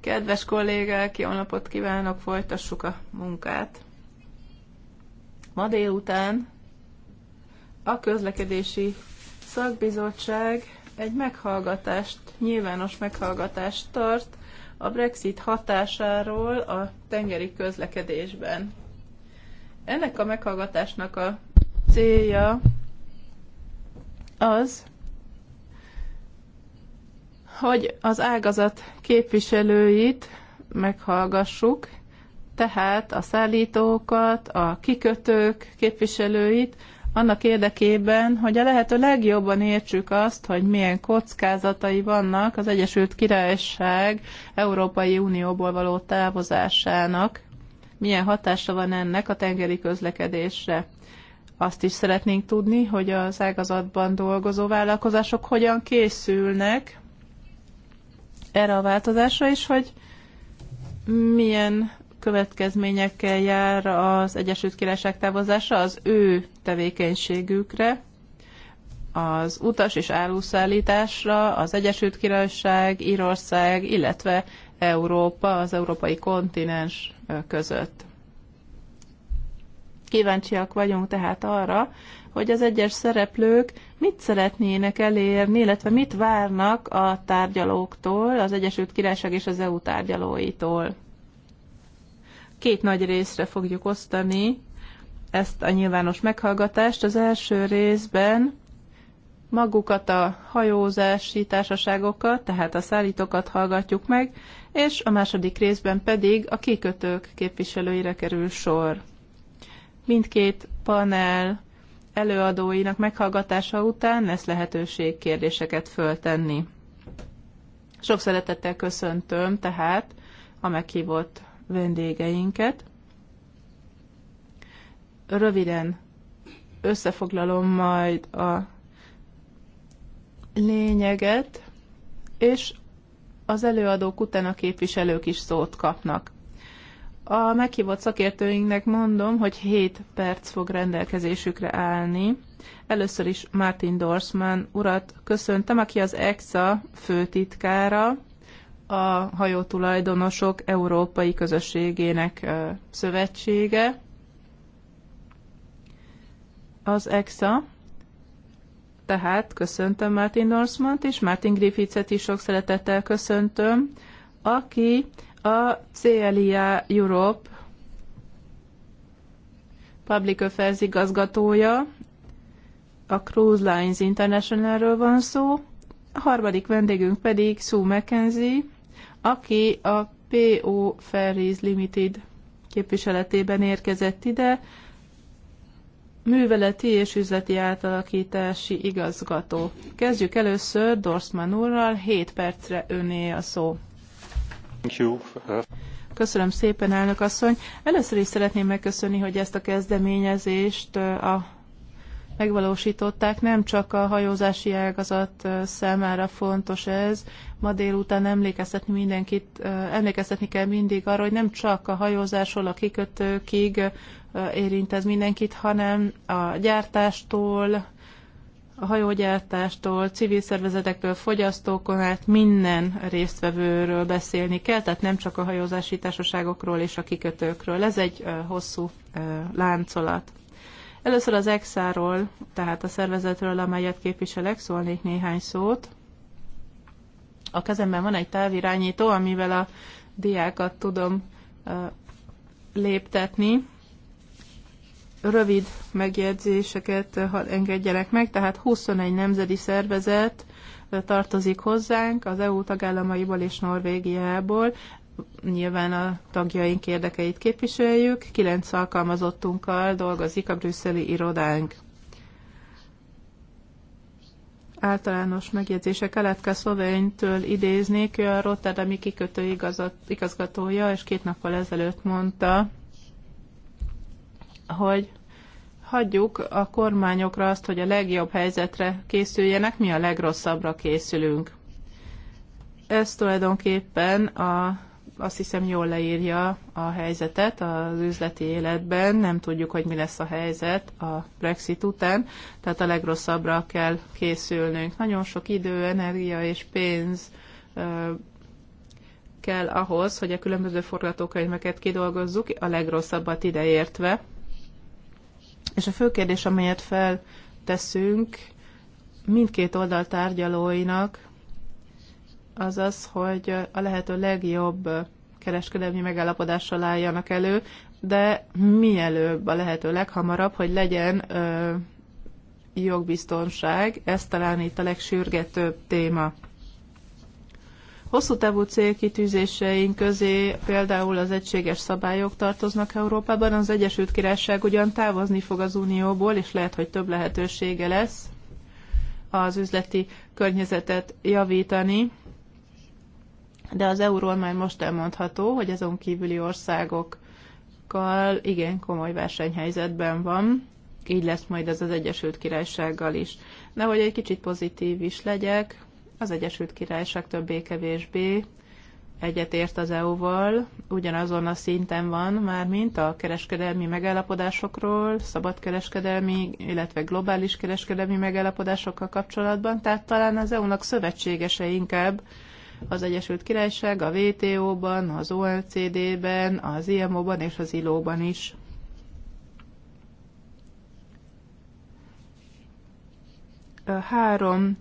Kedves kollégák, jó napot kívánok, folytassuk a munkát. Ma délután a közlekedési szakbizottság egy meghallgatást, nyilvános meghallgatást tart a Brexit hatásáról a tengeri közlekedésben. Ennek a meghallgatásnak a célja az, hogy az ágazat képviselőit meghallgassuk, tehát a szállítókat, a kikötők képviselőit, annak érdekében, hogy a lehető legjobban értsük azt, hogy milyen kockázatai vannak az Egyesült Királyság Európai Unióból való távozásának, milyen hatása van ennek a tengeri közlekedésre. Azt is szeretnénk tudni, hogy az ágazatban dolgozó vállalkozások hogyan készülnek erre a változásra, és hogy milyen következményekkel jár az Egyesült Királyság távozása az ő tevékenységükre, az utas és áruszállításra, az Egyesült Királyság, Írország, illetve Európa, az európai kontinens között. Kíváncsiak vagyunk tehát arra, hogy az egyes szereplők mit szeretnének elérni, illetve mit várnak a tárgyalóktól, az Egyesült Királyság és az EU tárgyalóitól. Két nagy részre fogjuk osztani ezt a nyilvános meghallgatást. Az első részben magukat a hajózási társaságokat, tehát a szállítókat hallgatjuk meg, és a második részben pedig a kikötők képviselőire kerül sor. Mindkét panel előadóinak meghallgatása után lesz lehetőség kérdéseket föltenni. Sok szeretettel köszöntöm tehát a meghívott vendégeinket. Röviden összefoglalom majd a lényeget, és az előadók után a képviselők is szót kapnak. A meghívott szakértőinknek mondom, hogy 7 perc fog rendelkezésükre állni. Először is Martin Dorsman urat köszöntöm, aki az EXA főtitkára, a hajótulajdonosok Európai Közösségének szövetsége. Az EXA, tehát köszöntöm Martin Dorsmant és Martin Griffithet is sok szeretettel köszöntöm, aki a Célia Europe Public Affairs igazgatója, a Cruise Lines international International-ről van szó, a harmadik vendégünk pedig Sue McKenzie, aki a PO Ferries Limited képviseletében érkezett ide, műveleti és üzleti átalakítási igazgató. Kezdjük először Dorsman úrral, 7 percre öné a szó. Uh, Köszönöm szépen, elnök asszony. Először is szeretném megköszönni, hogy ezt a kezdeményezést uh, a megvalósították. Nem csak a hajózási ágazat uh, számára fontos ez. Ma délután emlékeztetni mindenkit, emlékeztetni kell mindig arra, hogy nem csak a hajózásról a kikötőkig érint ez mindenkit, hanem a gyártástól, a hajógyártástól, civil szervezetektől, fogyasztókon át minden résztvevőről beszélni kell, tehát nem csak a hajózási társaságokról és a kikötőkről. Ez egy hosszú láncolat. Először az EXA-ról, tehát a szervezetről, amelyet képviselek, szólnék néhány szót. A kezemben van egy távirányító, amivel a diákat tudom léptetni rövid megjegyzéseket eh, engedjenek meg, tehát 21 nemzeti szervezet eh, tartozik hozzánk az EU tagállamaiból és Norvégiából. Nyilván a tagjaink érdekeit képviseljük, kilenc alkalmazottunkkal dolgozik a brüsszeli irodánk. Általános megjegyzések Keletke Szlovénytől idéznék, ő a Rotterdami kikötő igazat, igazgatója, és két nappal ezelőtt mondta, hogy hagyjuk a kormányokra azt, hogy a legjobb helyzetre készüljenek, mi a legrosszabbra készülünk. Ez tulajdonképpen a, azt hiszem jól leírja a helyzetet az üzleti életben. Nem tudjuk, hogy mi lesz a helyzet a Brexit után, tehát a legrosszabbra kell készülnünk. Nagyon sok idő, energia és pénz kell ahhoz, hogy a különböző forgatókönyveket kidolgozzuk, a legrosszabbat ideértve és a fő kérdés, amelyet felteszünk mindkét oldal tárgyalóinak, az az, hogy a lehető legjobb kereskedelmi megállapodással álljanak elő, de mielőbb a lehető leghamarabb, hogy legyen ö, jogbiztonság, ez talán itt a legsürgetőbb téma. Hosszú távú célkitűzéseink közé például az egységes szabályok tartoznak Európában. Az Egyesült Királyság ugyan távozni fog az Unióból, és lehet, hogy több lehetősége lesz az üzleti környezetet javítani, de az euról már most elmondható, hogy azon kívüli országokkal igen komoly versenyhelyzetben van, így lesz majd ez az Egyesült Királysággal is. Nehogy hogy egy kicsit pozitív is legyek, az Egyesült Királyság többé-kevésbé egyetért az EU-val, ugyanazon a szinten van már, mint a kereskedelmi megállapodásokról, szabadkereskedelmi, illetve globális kereskedelmi megállapodásokkal kapcsolatban, tehát talán az EU-nak szövetségese inkább az Egyesült Királyság a WTO-ban, az OECD-ben, az IMO-ban és az ILO-ban is. Három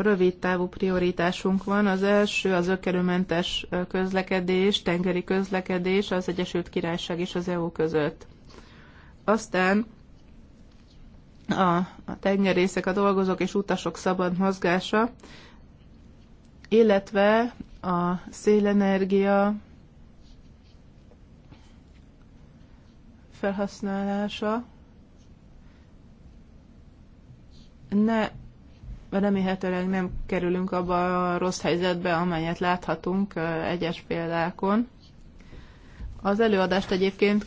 rövid távú prioritásunk van. Az első az ökerőmentes közlekedés, tengeri közlekedés az Egyesült Királyság és az EU között. Aztán a, a tengerészek, a dolgozók és utasok szabad mozgása, illetve a szélenergia felhasználása ne remélhetőleg nem kerülünk abba a rossz helyzetbe, amelyet láthatunk egyes példákon. Az előadást egyébként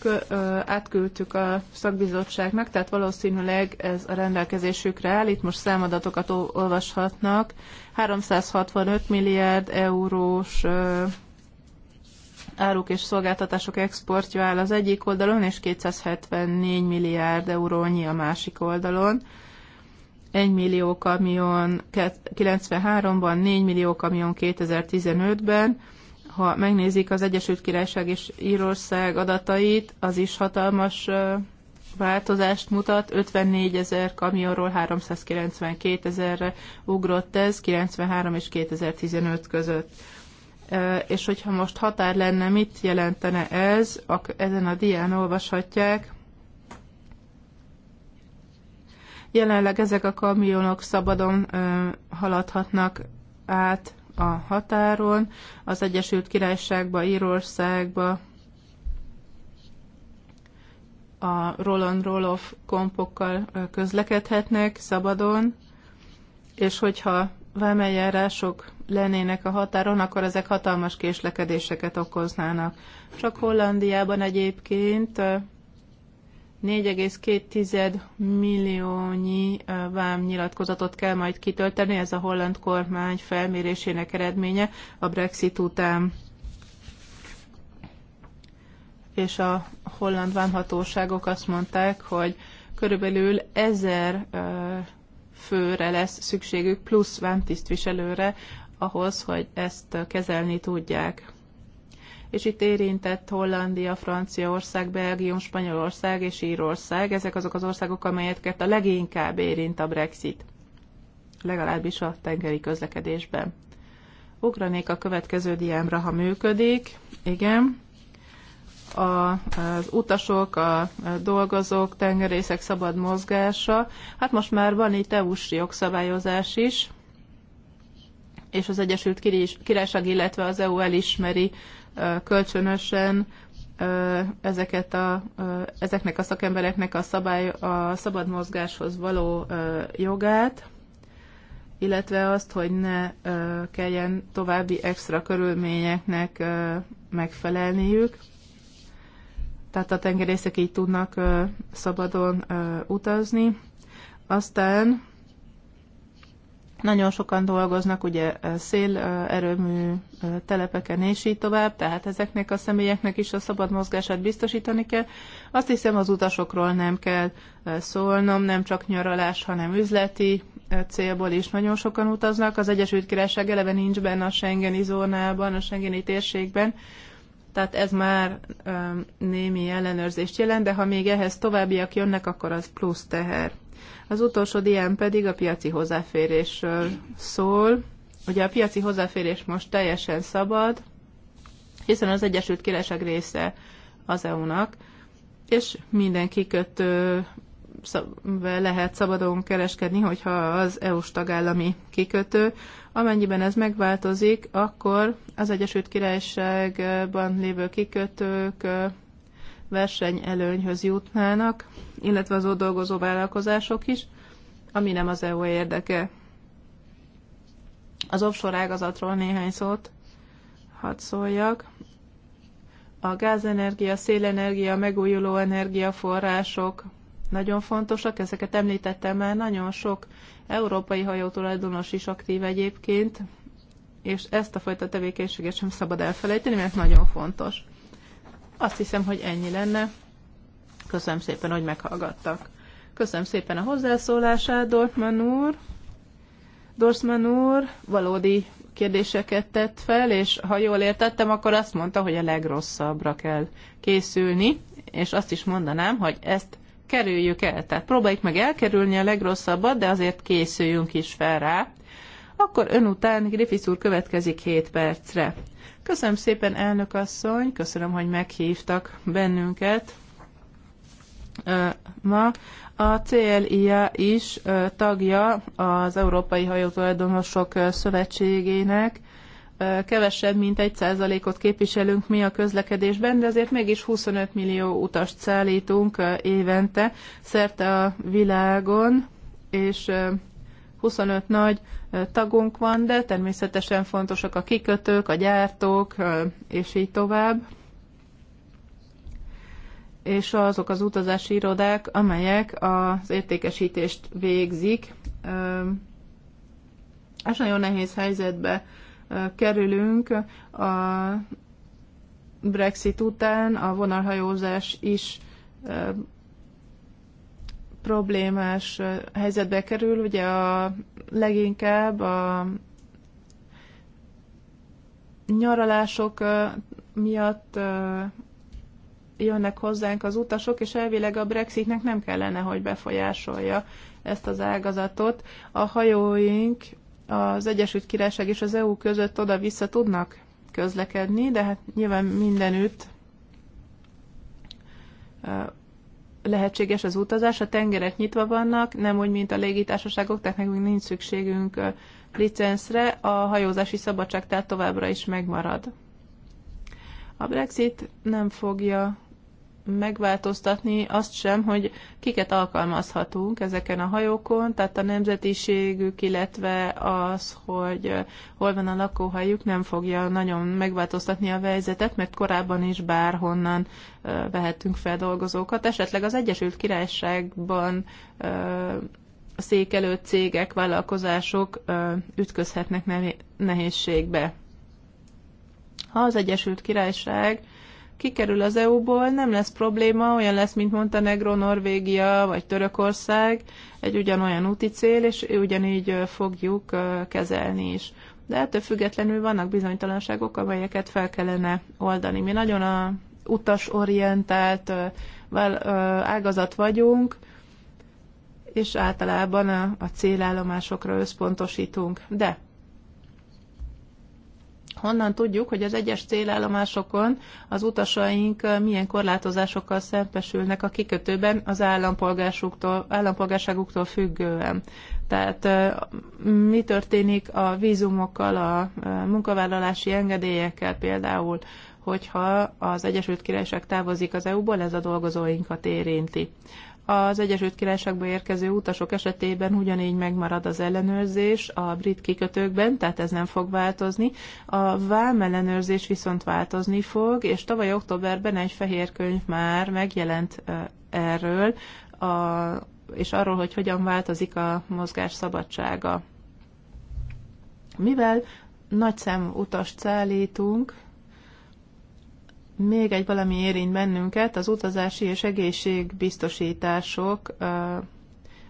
átküldtük a szakbizottságnak, tehát valószínűleg ez a rendelkezésükre áll. Itt most számadatokat olvashatnak. 365 milliárd eurós áruk és szolgáltatások exportja áll az egyik oldalon, és 274 milliárd eurónyi a másik oldalon. 1 millió kamion 93-ban, 4 millió kamion 2015-ben. Ha megnézik az Egyesült Királyság és Írország adatait, az is hatalmas változást mutat. 54 ezer kamionról 392 ezerre ugrott ez 93 és 2015 között. És hogyha most határ lenne, mit jelentene ez? Ezen a dián olvashatják, Jelenleg ezek a kamionok szabadon haladhatnak át a határon, az Egyesült Királyságba, Írországba, a Roland Roloff kompokkal közlekedhetnek szabadon, és hogyha vámeljárások lennének a határon, akkor ezek hatalmas késlekedéseket okoznának. Csak Hollandiában egyébként 4,2 milliónyi vámnyilatkozatot kell majd kitölteni, ez a holland kormány felmérésének eredménye a Brexit után. És a holland vámhatóságok azt mondták, hogy körülbelül ezer főre lesz szükségük, plusz vámtisztviselőre ahhoz, hogy ezt kezelni tudják és itt érintett Hollandia, Franciaország, Belgium, Spanyolország és Írország. Ezek azok az országok, amelyeket a leginkább érint a Brexit, legalábbis a tengeri közlekedésben. Ugranék a következő diámra, ha működik. Igen a, az utasok, a dolgozók, tengerészek szabad mozgása. Hát most már van itt EU-s jogszabályozás is, és az Egyesült Királyság, illetve az EU elismeri kölcsönösen ezeket a, ezeknek a szakembereknek a, szabály, a szabad mozgáshoz való jogát, illetve azt, hogy ne kelljen további extra körülményeknek megfelelniük. Tehát a tengerészek így tudnak szabadon utazni. Aztán nagyon sokan dolgoznak ugye szélerőmű telepeken és így tovább, tehát ezeknek a személyeknek is a szabad mozgását biztosítani kell. Azt hiszem az utasokról nem kell szólnom, nem csak nyaralás, hanem üzleti célból is nagyon sokan utaznak. Az Egyesült Királyság eleve nincs benne a Schengeni zónában, a Schengeni térségben, tehát ez már um, némi ellenőrzést jelent, de ha még ehhez továbbiak jönnek, akkor az plusz teher. Az utolsó dián pedig a piaci hozzáférésről szól. Ugye a piaci hozzáférés most teljesen szabad, hiszen az Egyesült Királyság része az EU-nak, és minden kikötő lehet szabadon kereskedni, hogyha az EU-s tagállami kikötő. Amennyiben ez megváltozik, akkor az Egyesült Királyságban lévő kikötők versenyelőnyhöz jutnának, illetve az ott dolgozó vállalkozások is, ami nem az EU e érdeke. Az offshore ágazatról néhány szót hadd szóljak. A gázenergia, szélenergia, megújuló energiaforrások nagyon fontosak, ezeket említettem már, nagyon sok európai hajótulajdonos is aktív egyébként, és ezt a fajta tevékenységet sem szabad elfelejteni, mert nagyon fontos. Azt hiszem, hogy ennyi lenne. Köszönöm szépen, hogy meghallgattak. Köszönöm szépen a hozzászólását, Dortman úr. Dorsman úr valódi kérdéseket tett fel, és ha jól értettem, akkor azt mondta, hogy a legrosszabbra kell készülni, és azt is mondanám, hogy ezt kerüljük el. Tehát próbáljuk meg elkerülni a legrosszabbat, de azért készüljünk is fel rá. Akkor ön után Griffith úr következik 7 percre. Köszönöm szépen, elnök asszony, köszönöm, hogy meghívtak bennünket ma. A CLIA is tagja az Európai Hajótulajdonosok Szövetségének. Kevesebb, mint egy százalékot képviselünk mi a közlekedésben, de azért mégis 25 millió utast szállítunk évente szerte a világon, és 25 nagy tagunk van, de természetesen fontosak a kikötők, a gyártók, és így tovább és azok az utazási irodák, amelyek az értékesítést végzik. És nagyon nehéz helyzetbe kerülünk. A Brexit után a vonalhajózás is problémás helyzetbe kerül, ugye a leginkább a nyaralások miatt jönnek hozzánk az utasok, és elvileg a Brexitnek nem kellene, hogy befolyásolja ezt az ágazatot. A hajóink az Egyesült Királyság és az EU között oda-vissza tudnak közlekedni, de hát nyilván mindenütt lehetséges az utazás, a tengerek nyitva vannak, nem úgy, mint a légitársaságok, tehát nekünk nincs szükségünk licenszre, a hajózási szabadság tehát továbbra is megmarad. A Brexit nem fogja megváltoztatni azt sem, hogy kiket alkalmazhatunk ezeken a hajókon, tehát a nemzetiségük, illetve az, hogy hol van a lakóhelyük, nem fogja nagyon megváltoztatni a helyzetet, mert korábban is bárhonnan vehettünk fel dolgozókat. Esetleg az Egyesült Királyságban székelő cégek, vállalkozások ütközhetnek nehézségbe. Ha az Egyesült Királyság kikerül az EU-ból, nem lesz probléma, olyan lesz, mint Montenegro, Norvégia vagy Törökország, egy ugyanolyan úti cél, és ugyanígy fogjuk kezelni is. De ettől függetlenül vannak bizonytalanságok, amelyeket fel kellene oldani. Mi nagyon a utasorientált ágazat vagyunk, és általában a, célállomásokra összpontosítunk. De honnan tudjuk, hogy az egyes célállomásokon az utasaink milyen korlátozásokkal szembesülnek a kikötőben az állampolgárságuktól, függően. Tehát mi történik a vízumokkal, a munkavállalási engedélyekkel például, hogyha az Egyesült Királyság távozik az EU-ból, ez a dolgozóinkat érinti. Az Egyesült Királyságba érkező utasok esetében ugyanígy megmarad az ellenőrzés a brit kikötőkben, tehát ez nem fog változni. A vám ellenőrzés viszont változni fog, és tavaly októberben egy fehér könyv már megjelent erről, a, és arról, hogy hogyan változik a mozgás szabadsága. Mivel nagy szám utast szállítunk, még egy valami érint bennünket, az utazási és egészségbiztosítások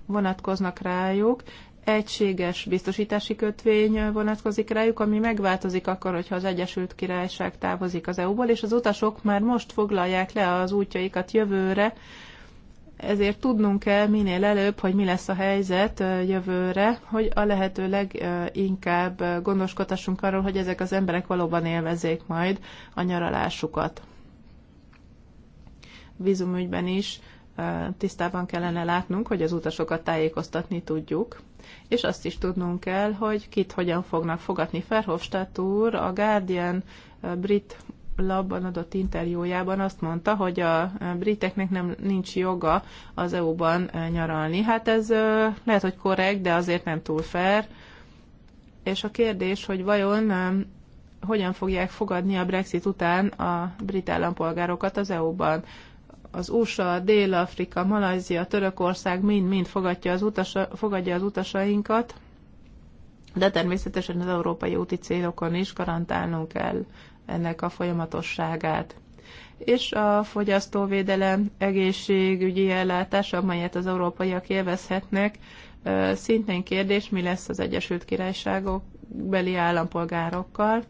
vonatkoznak rájuk, egységes biztosítási kötvény vonatkozik rájuk, ami megváltozik akkor, hogyha az Egyesült Királyság távozik az EU-ból, és az utasok már most foglalják le az útjaikat jövőre, ezért tudnunk kell minél előbb, hogy mi lesz a helyzet jövőre, hogy a lehető leginkább gondoskodhassunk arról, hogy ezek az emberek valóban élvezzék majd a nyaralásukat. Vízumügyben is tisztában kellene látnunk, hogy az utasokat tájékoztatni tudjuk, és azt is tudnunk kell, hogy kit hogyan fognak fogadni. Ferhofstadt úr, a Guardian brit labban adott interjújában azt mondta, hogy a briteknek nem nincs joga az EU-ban nyaralni. Hát ez lehet, hogy korrekt, de azért nem túl fair. És a kérdés, hogy vajon hogyan fogják fogadni a Brexit után a brit állampolgárokat az EU-ban. Az USA, Dél-Afrika, Malajzia, Törökország mind-mind fogadja az, fogadja az utasainkat, de természetesen az európai úti célokon is garantálnunk kell ennek a folyamatosságát. És a fogyasztóvédelem egészségügyi ellátása, amelyet az európaiak élvezhetnek, szintén kérdés, mi lesz az Egyesült Királyságok beli állampolgárokkal.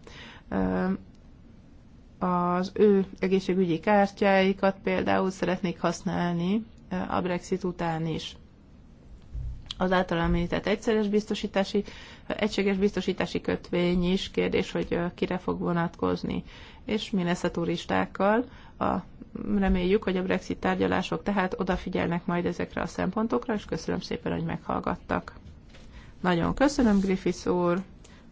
Az ő egészségügyi kártyáikat például szeretnék használni a Brexit után is az által említett egyszeres biztosítási, egységes biztosítási kötvény is, kérdés, hogy kire fog vonatkozni, és mi lesz a turistákkal. A, reméljük, hogy a Brexit tárgyalások tehát odafigyelnek majd ezekre a szempontokra, és köszönöm szépen, hogy meghallgattak. Nagyon köszönöm, Griffiths úr,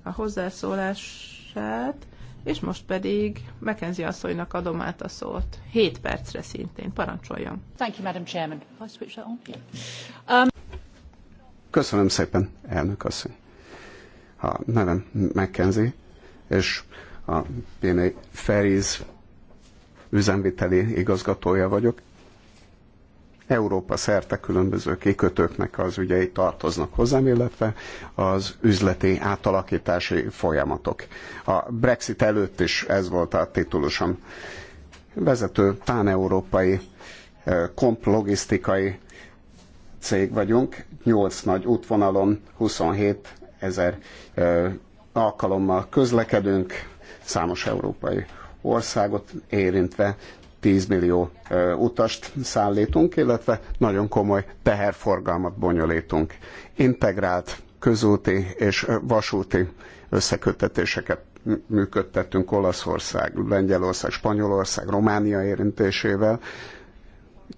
a hozzászólását, és most pedig Mackenzie asszonynak adom át a szót. Hét percre szintén, parancsoljon. Thank you, Madam Chairman. I switch that on? Yeah. Um... Köszönöm szépen, elnök asszony. A nevem McKenzie, és a PNA Ferries üzemviteli igazgatója vagyok. Európa szerte különböző kikötőknek az ügyei tartoznak hozzám, illetve az üzleti átalakítási folyamatok. A Brexit előtt is ez volt a titulusom. Vezető páneurópai eh, komplogisztikai cég vagyunk, 8 nagy útvonalon, 27 ezer alkalommal közlekedünk, számos európai országot érintve 10 millió utast szállítunk, illetve nagyon komoly teherforgalmat bonyolítunk. Integrált közúti és vasúti összekötetéseket működtettünk Olaszország, Lengyelország, Spanyolország, Románia érintésével,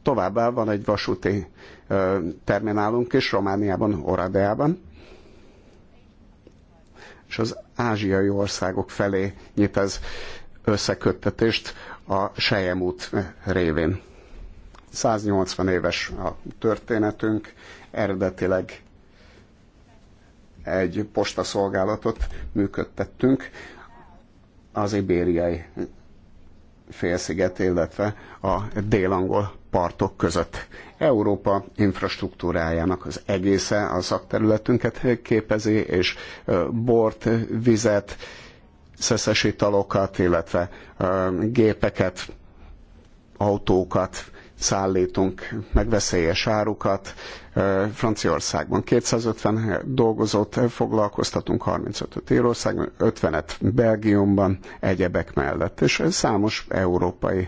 Továbbá van egy vasúti terminálunk is Romániában, Oradeában, és az ázsiai országok felé nyit ez összeköttetést a Sejem út révén. 180 éves a történetünk, eredetileg egy postaszolgálatot működtettünk az ibériai félsziget, illetve a délangol partok között. Európa infrastruktúrájának az egésze a szakterületünket képezi, és bort, vizet, szeszes italokat, illetve gépeket, autókat, szállítunk meg veszélyes árukat. Franciaországban 250 dolgozót foglalkoztatunk, 35-öt Írországban, 50-et Belgiumban, egyebek mellett. És számos európai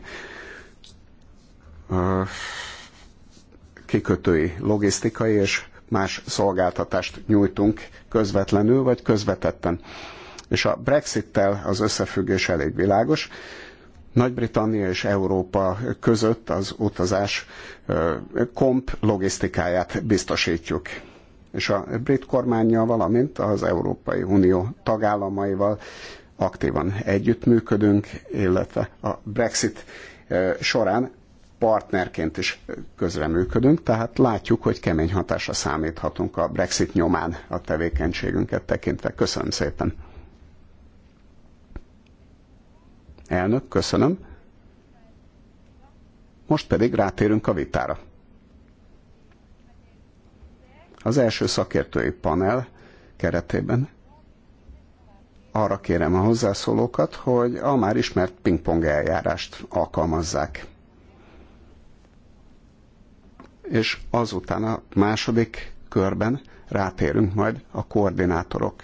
kikötői, logisztikai és más szolgáltatást nyújtunk közvetlenül vagy közvetetten. És a Brexittel az összefüggés elég világos. Nagy-Britannia és Európa között az utazás komp logisztikáját biztosítjuk. És a brit kormányjal, valamint az Európai Unió tagállamaival aktívan együttműködünk, illetve a Brexit során partnerként is közreműködünk, tehát látjuk, hogy kemény hatásra számíthatunk a Brexit nyomán a tevékenységünket tekintve. Köszönöm szépen! Elnök, köszönöm. Most pedig rátérünk a vitára. Az első szakértői panel keretében arra kérem a hozzászólókat, hogy a már ismert pingpong eljárást alkalmazzák. És azután a második körben rátérünk majd a koordinátorok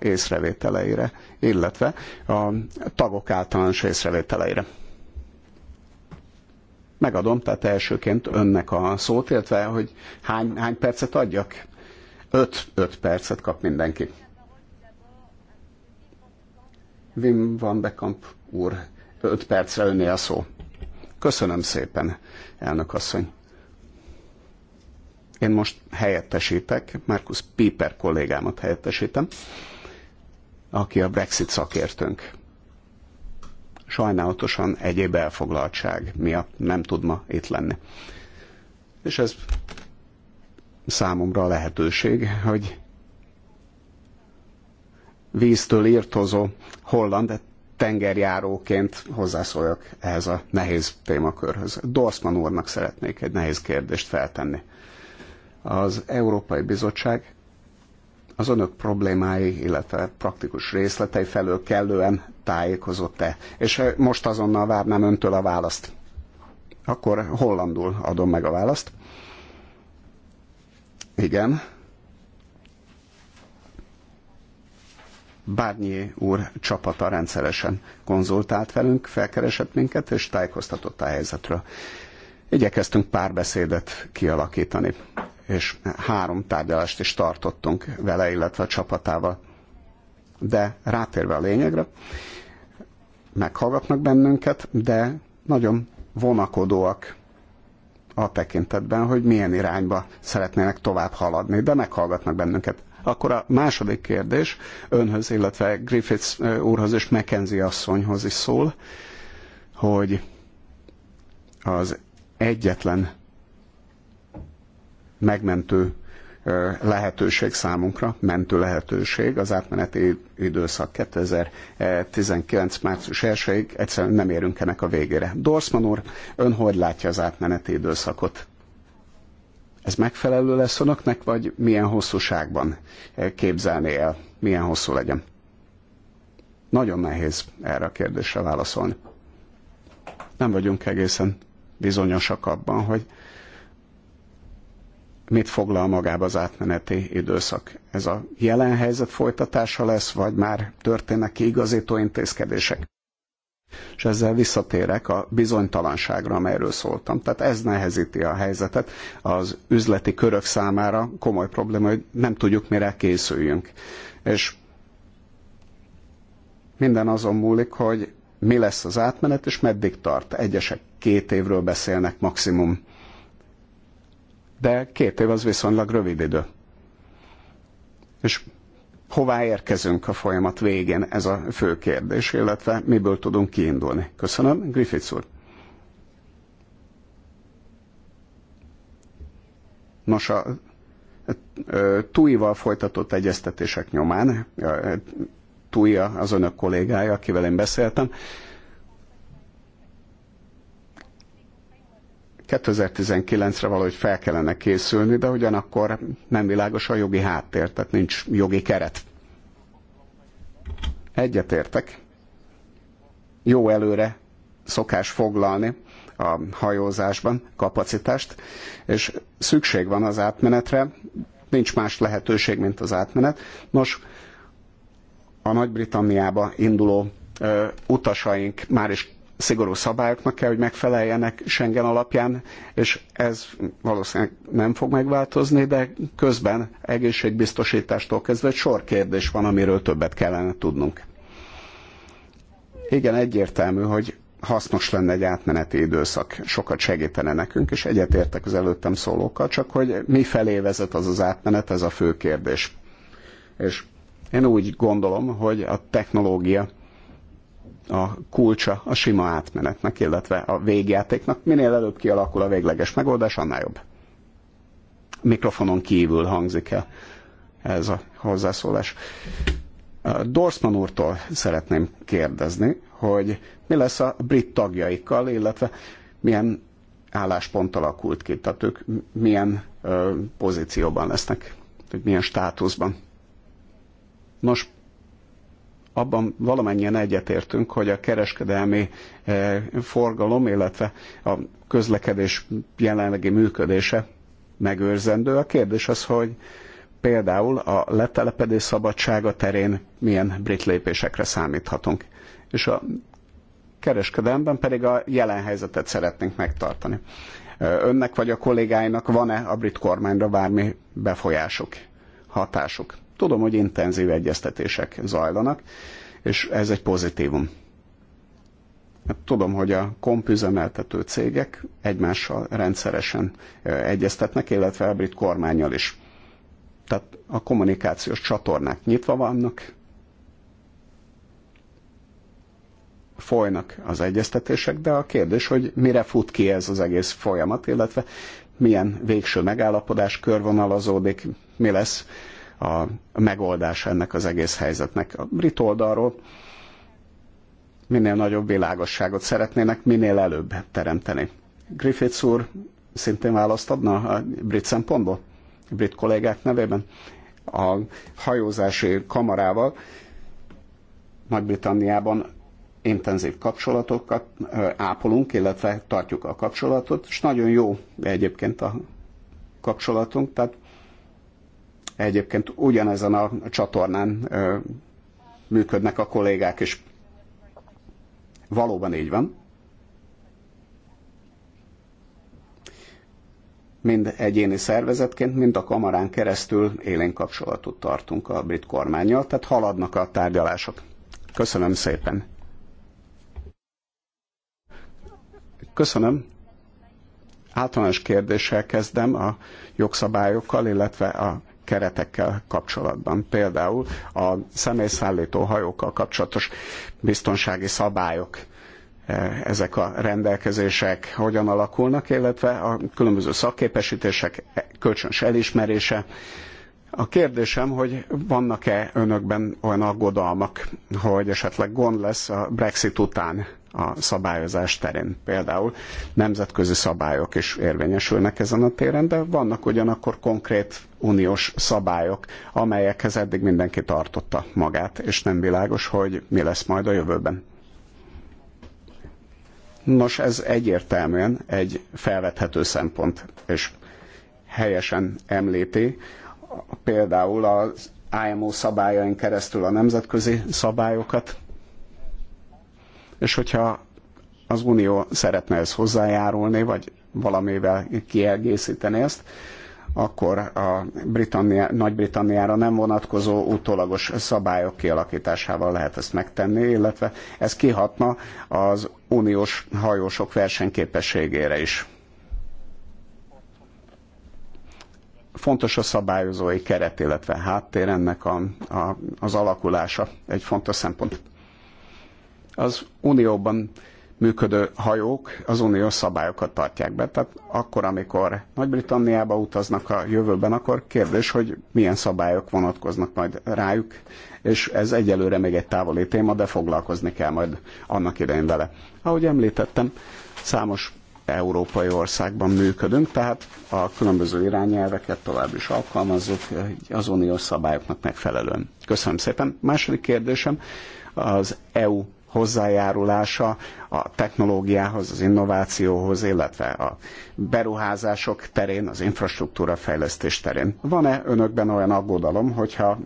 észrevételeire, illetve a tagok általános észrevételeire. Megadom, tehát elsőként önnek a szót, illetve hogy hány, hány percet adjak? Öt, öt percet kap mindenki. Wim van Bekamp úr, öt percre önné a szó. Köszönöm szépen, elnök asszony. Én most helyettesítek, Markus Piper kollégámat helyettesítem, aki a Brexit szakértőnk. Sajnálatosan egyéb elfoglaltság miatt nem tud ma itt lenni. És ez számomra a lehetőség, hogy víztől írtozó holland tengerjáróként hozzászóljak ehhez a nehéz témakörhöz. Dorsman úrnak szeretnék egy nehéz kérdést feltenni az Európai Bizottság az önök problémái, illetve praktikus részletei felől kellően tájékozott-e. És eh, most azonnal várnám öntől a választ. Akkor hollandul adom meg a választ. Igen. Bárnyi úr csapata rendszeresen konzultált velünk, felkeresett minket, és tájékoztatott a helyzetről. Igyekeztünk párbeszédet kialakítani és három tárgyalást is tartottunk vele, illetve a csapatával. De rátérve a lényegre, meghallgatnak bennünket, de nagyon vonakodóak a tekintetben, hogy milyen irányba szeretnének tovább haladni, de meghallgatnak bennünket. Akkor a második kérdés önhöz, illetve Griffiths úrhoz és McKenzie asszonyhoz is szól, hogy az egyetlen megmentő lehetőség számunkra, mentő lehetőség az átmeneti időszak 2019. március 1-ig, egyszerűen nem érünk ennek a végére. Dorsman úr, ön hogy látja az átmeneti időszakot? Ez megfelelő lesz önöknek, vagy milyen hosszúságban képzelné el, milyen hosszú legyen? Nagyon nehéz erre a kérdésre válaszolni. Nem vagyunk egészen bizonyosak abban, hogy mit foglal magába az átmeneti időszak. Ez a jelen helyzet folytatása lesz, vagy már történnek igazító intézkedések? És ezzel visszatérek a bizonytalanságra, amelyről szóltam. Tehát ez nehezíti a helyzetet. Az üzleti körök számára komoly probléma, hogy nem tudjuk, mire készüljünk. És minden azon múlik, hogy mi lesz az átmenet, és meddig tart. Egyesek két évről beszélnek maximum de két év az viszonylag rövid idő. És hová érkezünk a folyamat végén, ez a fő kérdés, illetve miből tudunk kiindulni. Köszönöm, Griffiths úr. Nos, a Túival folytatott egyeztetések nyomán, Túja az önök kollégája, akivel én beszéltem, 2019-re valahogy fel kellene készülni, de ugyanakkor nem világos a jogi háttér, tehát nincs jogi keret. Egyetértek. Jó előre szokás foglalni a hajózásban kapacitást, és szükség van az átmenetre, nincs más lehetőség, mint az átmenet. Nos, a Nagy-Britanniába induló ö, utasaink már is szigorú szabályoknak kell, hogy megfeleljenek Schengen alapján, és ez valószínűleg nem fog megváltozni, de közben egészségbiztosítástól kezdve egy sor kérdés van, amiről többet kellene tudnunk. Igen, egyértelmű, hogy hasznos lenne egy átmeneti időszak, sokat segítene nekünk, és egyetértek az előttem szólókkal, csak hogy mi felé vezet az az átmenet, ez a fő kérdés. És én úgy gondolom, hogy a technológia a kulcsa a sima átmenetnek, illetve a végjátéknak. Minél előbb kialakul a végleges megoldás, annál jobb. Mikrofonon kívül hangzik el ez a hozzászólás. Dorsman úrtól szeretném kérdezni, hogy mi lesz a brit tagjaikkal, illetve milyen álláspont alakult ki, tehát ők milyen ö, pozícióban lesznek, vagy milyen státuszban. Nos, abban valamennyien egyetértünk, hogy a kereskedelmi eh, forgalom, illetve a közlekedés jelenlegi működése megőrzendő. A kérdés az, hogy például a letelepedés szabadsága terén milyen brit lépésekre számíthatunk. És a kereskedelemben pedig a jelen helyzetet szeretnénk megtartani. Eh, önnek vagy a kollégáinak van-e a brit kormányra bármi befolyásuk, hatásuk? Tudom, hogy intenzív egyeztetések zajlanak, és ez egy pozitívum. Hát tudom, hogy a kompüzemeltető cégek egymással rendszeresen egyeztetnek, illetve a brit kormányjal is. Tehát a kommunikációs csatornák nyitva vannak, folynak az egyeztetések, de a kérdés, hogy mire fut ki ez az egész folyamat, illetve milyen végső megállapodás körvonalazódik, mi lesz a megoldás ennek az egész helyzetnek. A brit oldalról minél nagyobb világosságot szeretnének minél előbb teremteni. Griffiths úr szintén választ adna a brit szempontból, a brit kollégák nevében, a hajózási kamarával Nagy-Britanniában intenzív kapcsolatokat ápolunk, illetve tartjuk a kapcsolatot, és nagyon jó egyébként a kapcsolatunk, tehát Egyébként ugyanezen a csatornán működnek a kollégák is. Valóban így van. mind egyéni szervezetként, mind a kamarán keresztül élén kapcsolatot tartunk a brit kormányjal, tehát haladnak a tárgyalások. Köszönöm szépen. Köszönöm. Általános kérdéssel kezdem a jogszabályokkal, illetve a keretekkel kapcsolatban. Például a személyszállító hajókkal kapcsolatos biztonsági szabályok, e, ezek a rendelkezések hogyan alakulnak, illetve a különböző szakképesítések e, kölcsönös elismerése. A kérdésem, hogy vannak-e önökben olyan aggodalmak, hogy esetleg gond lesz a Brexit után a szabályozás terén. Például nemzetközi szabályok is érvényesülnek ezen a téren, de vannak ugyanakkor konkrét uniós szabályok, amelyekhez eddig mindenki tartotta magát, és nem világos, hogy mi lesz majd a jövőben. Nos, ez egyértelműen egy felvethető szempont, és helyesen említi például az IMO szabályain keresztül a nemzetközi szabályokat, és hogyha az Unió szeretne ezt hozzájárulni, vagy valamivel kiegészíteni ezt, akkor a Britannia, Nagy-Britanniára nem vonatkozó utólagos szabályok kialakításával lehet ezt megtenni, illetve ez kihatna az uniós hajósok versenyképességére is. Fontos a szabályozói keret, illetve háttér ennek a, a, az alakulása, egy fontos szempont az Unióban működő hajók az uniós szabályokat tartják be. Tehát akkor, amikor Nagy-Britanniába utaznak a jövőben, akkor kérdés, hogy milyen szabályok vonatkoznak majd rájuk, és ez egyelőre még egy távoli téma, de foglalkozni kell majd annak idején vele. Ahogy említettem, számos európai országban működünk, tehát a különböző irányelveket tovább is alkalmazzuk az uniós szabályoknak megfelelően. Köszönöm szépen. Második kérdésem az EU hozzájárulása a technológiához, az innovációhoz, illetve a beruházások terén, az infrastruktúra fejlesztés terén. Van-e önökben olyan aggodalom, hogyha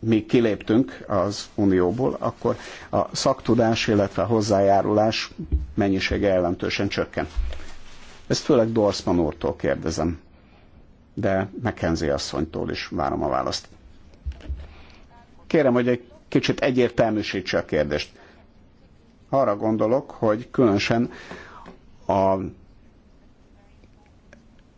mi kiléptünk az Unióból, akkor a szaktudás, illetve a hozzájárulás mennyisége jelentősen csökken. Ezt főleg Dorszman úrtól kérdezem, de Mackenzie asszonytól is várom a választ. Kérem, hogy egy kicsit egyértelműsítse a kérdést. Arra gondolok, hogy különösen a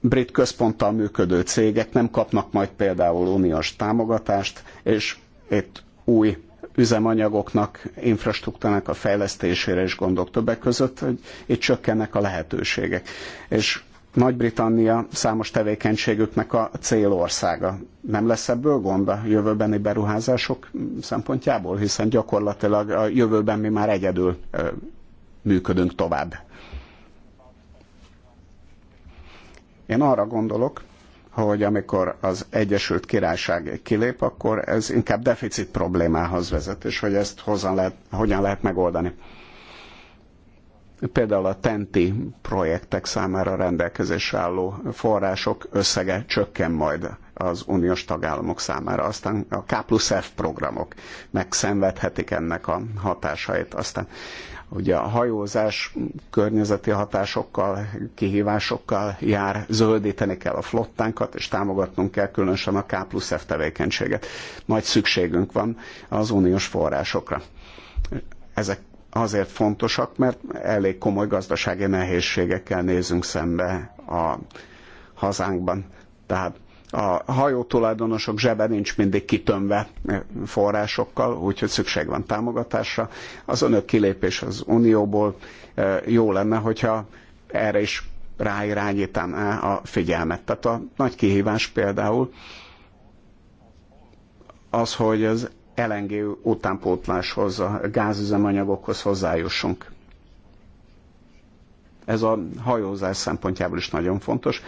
brit központtal működő cégek nem kapnak majd például uniós támogatást, és itt új üzemanyagoknak, infrastruktúrának a fejlesztésére is gondolok többek között, hogy itt csökkennek a lehetőségek. És nagy-Britannia számos tevékenységüknek a célországa. Nem lesz ebből gond a jövőbeni beruházások szempontjából, hiszen gyakorlatilag a jövőben mi már egyedül működünk tovább. Én arra gondolok, hogy amikor az Egyesült Királyság kilép, akkor ez inkább deficit problémához vezet, és hogy ezt hozzan lehet, hogyan lehet megoldani például a tenti projektek számára rendelkezésre álló források összege csökken majd az uniós tagállamok számára. Aztán a K plusz F programok megszenvedhetik ennek a hatásait. Aztán ugye a hajózás környezeti hatásokkal, kihívásokkal jár, zöldíteni kell a flottánkat, és támogatnunk kell különösen a K plusz F tevékenységet. Nagy szükségünk van az uniós forrásokra. Ezek azért fontosak, mert elég komoly gazdasági nehézségekkel nézünk szembe a hazánkban. Tehát a hajó tulajdonosok zsebe nincs mindig kitömve forrásokkal, úgyhogy szükség van támogatásra. Az önök kilépés az Unióból e, jó lenne, hogyha erre is ráirányítaná a figyelmet. Tehát a nagy kihívás például az, hogy az LNG utánpótláshoz, a gázüzemanyagokhoz hozzájussunk. Ez a hajózás szempontjából is nagyon fontos.